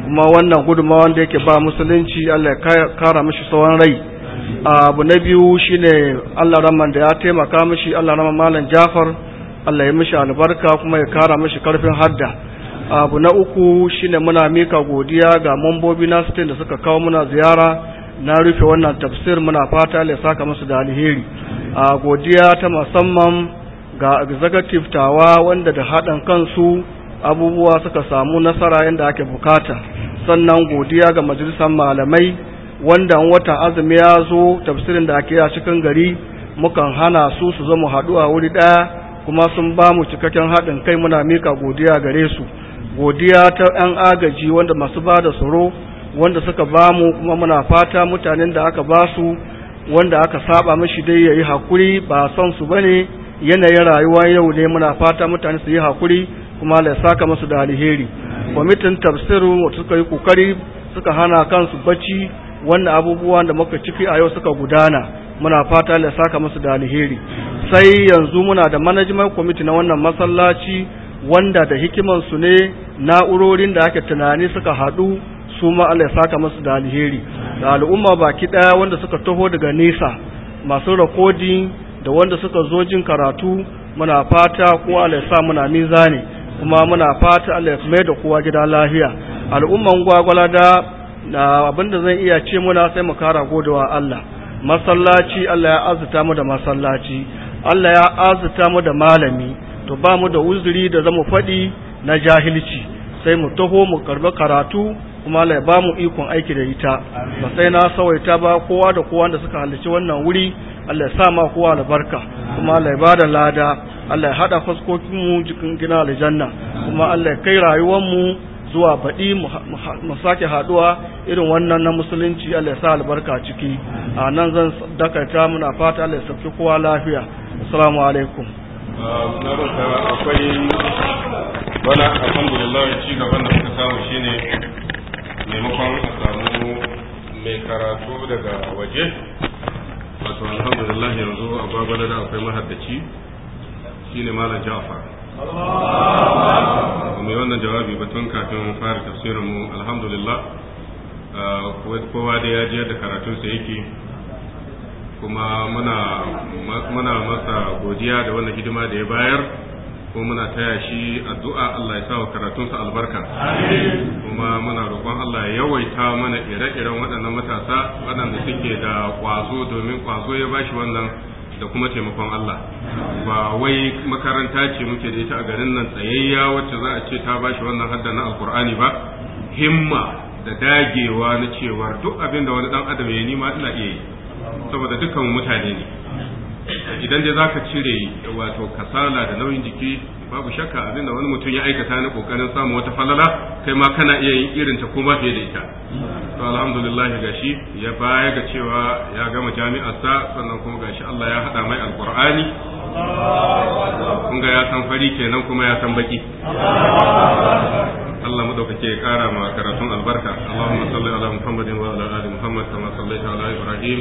kuma wannan guduma wanda yake ba musulunci Allah ya kara mishi tsawon rai abu na biyu shine Allah Ramman da ya taimaka mishi Allah Ramman malam Jafar Allah ya mishi albarka kuma ya kara mishi karfin hadda abu na uku shine muna mika godiya ga mambobi na da suka kawo muna ziyara na rufe wannan tafsir muna fata ya saka musu da alheri a godiya ta musamman ga executive tawa wanda da haɗin kansu abubuwa suka samu nasara yadda ake bukata sannan godiya ga majalisar malamai wanda wata azumi ya zo tafsirin da ake a cikin gari mukan hana su su zama haɗu a wuri ɗaya kuma sun ba mu cikakken haɗin kai muna mika godiya gare su godiya ta 'yan agaji wanda masu ba da tsaro wanda suka ba mu kuma muna fata mutanen da aka ba su wanda aka saba mashi dai ya yi hakuri ba son su bane yanayin rayuwa yau ne muna fata mutane su yi hakuri kuma Allah saka musu da alheri kwamitin tafsiru suka yi kokari suka hana kansu bacci wannan abubuwan da muka ciki a yau suka gudana muna fata Allah saka musu da alheri sai yanzu muna da management kwamiti na wannan masallaci wanda da hikimansu ne na'urorin da ake tunani suka haɗu su ma Allah ya saka masu da alheri da al'umma baki daya wanda suka taho daga nesa masu rakodi da wanda suka zo jin karatu muna fata ko Allah ya sa muna mizani kuma muna fata Allah ya mai da kowa gida lafiya al'umman gwagwala da abinda zan iya ce muna sai mu kara godewa Allah masallaci Allah ya azuta mu da masallaci Allah ya azuta mu da malami to ba mu da uzuri da zamu faɗi na jahilci sai mu taho mu karɓi karatu kuma Allah ya ba mu ikon aiki da ita ba sai na sawaita ba kowa da kowa da suka halarci wannan wuri Allah ya sa ma kowa albarka kuma Allah ya ba da lada Allah ya hada fuskokin mu cikin gina aljanna kuma Allah ya kai rayuwar mu zuwa baɗi mu sake haduwa irin wannan na musulunci Allah ya sa albarka ciki a nan zan dakata muna fata Allah ya sauki kowa lafiya assalamu alaikum ah, na rasa akwai wani alhamdulillah ci gaban da muka samu shine maimakon a samu mai karatu daga waje wato alhamdulillah yanzu a babana da akwai mahaddaci shine malam ja'far mai wannan jawabi batun kafin fara tafsirin mu alhamdulillah kowa da ya je da karatunsa yake kuma muna masa godiya da wannan hidima da ya bayar ko muna taya shi addu'a Allah ya sa wa sa albarka kuma muna roƙon Allah ya yawaita mana ire-iren waɗannan matasa waɗanda suke da ƙwazo domin kwazo ya bashi wannan da kuma taimakon Allah ba wai makaranta ce muke da ita a garin nan tsayayya wacce za a ce ta bashi wannan hadda na alkur'ani ba himma da dagewa na cewa duk abin da wani dan adam ya nima ina iya yi saboda dukkan mutane ne idan dai zaka cire wato kasala da nauyin jiki babu shakka abin da wani mutum ya aikata na kokarin samun wata falala kai ma kana iya yin irin ta kuma fiye da ita to alhamdulillah gashi ya baya ga cewa ya gama jami'ar sa sannan kuma gashi Allah ya hada mai alqur'ani kun ga ya san fari kenan kuma ya san baki Allah madaukake ya kara ma karatun albarka Allahumma salli ala Muhammadin wa ala ali Muhammad kama sallaita ala Ibrahim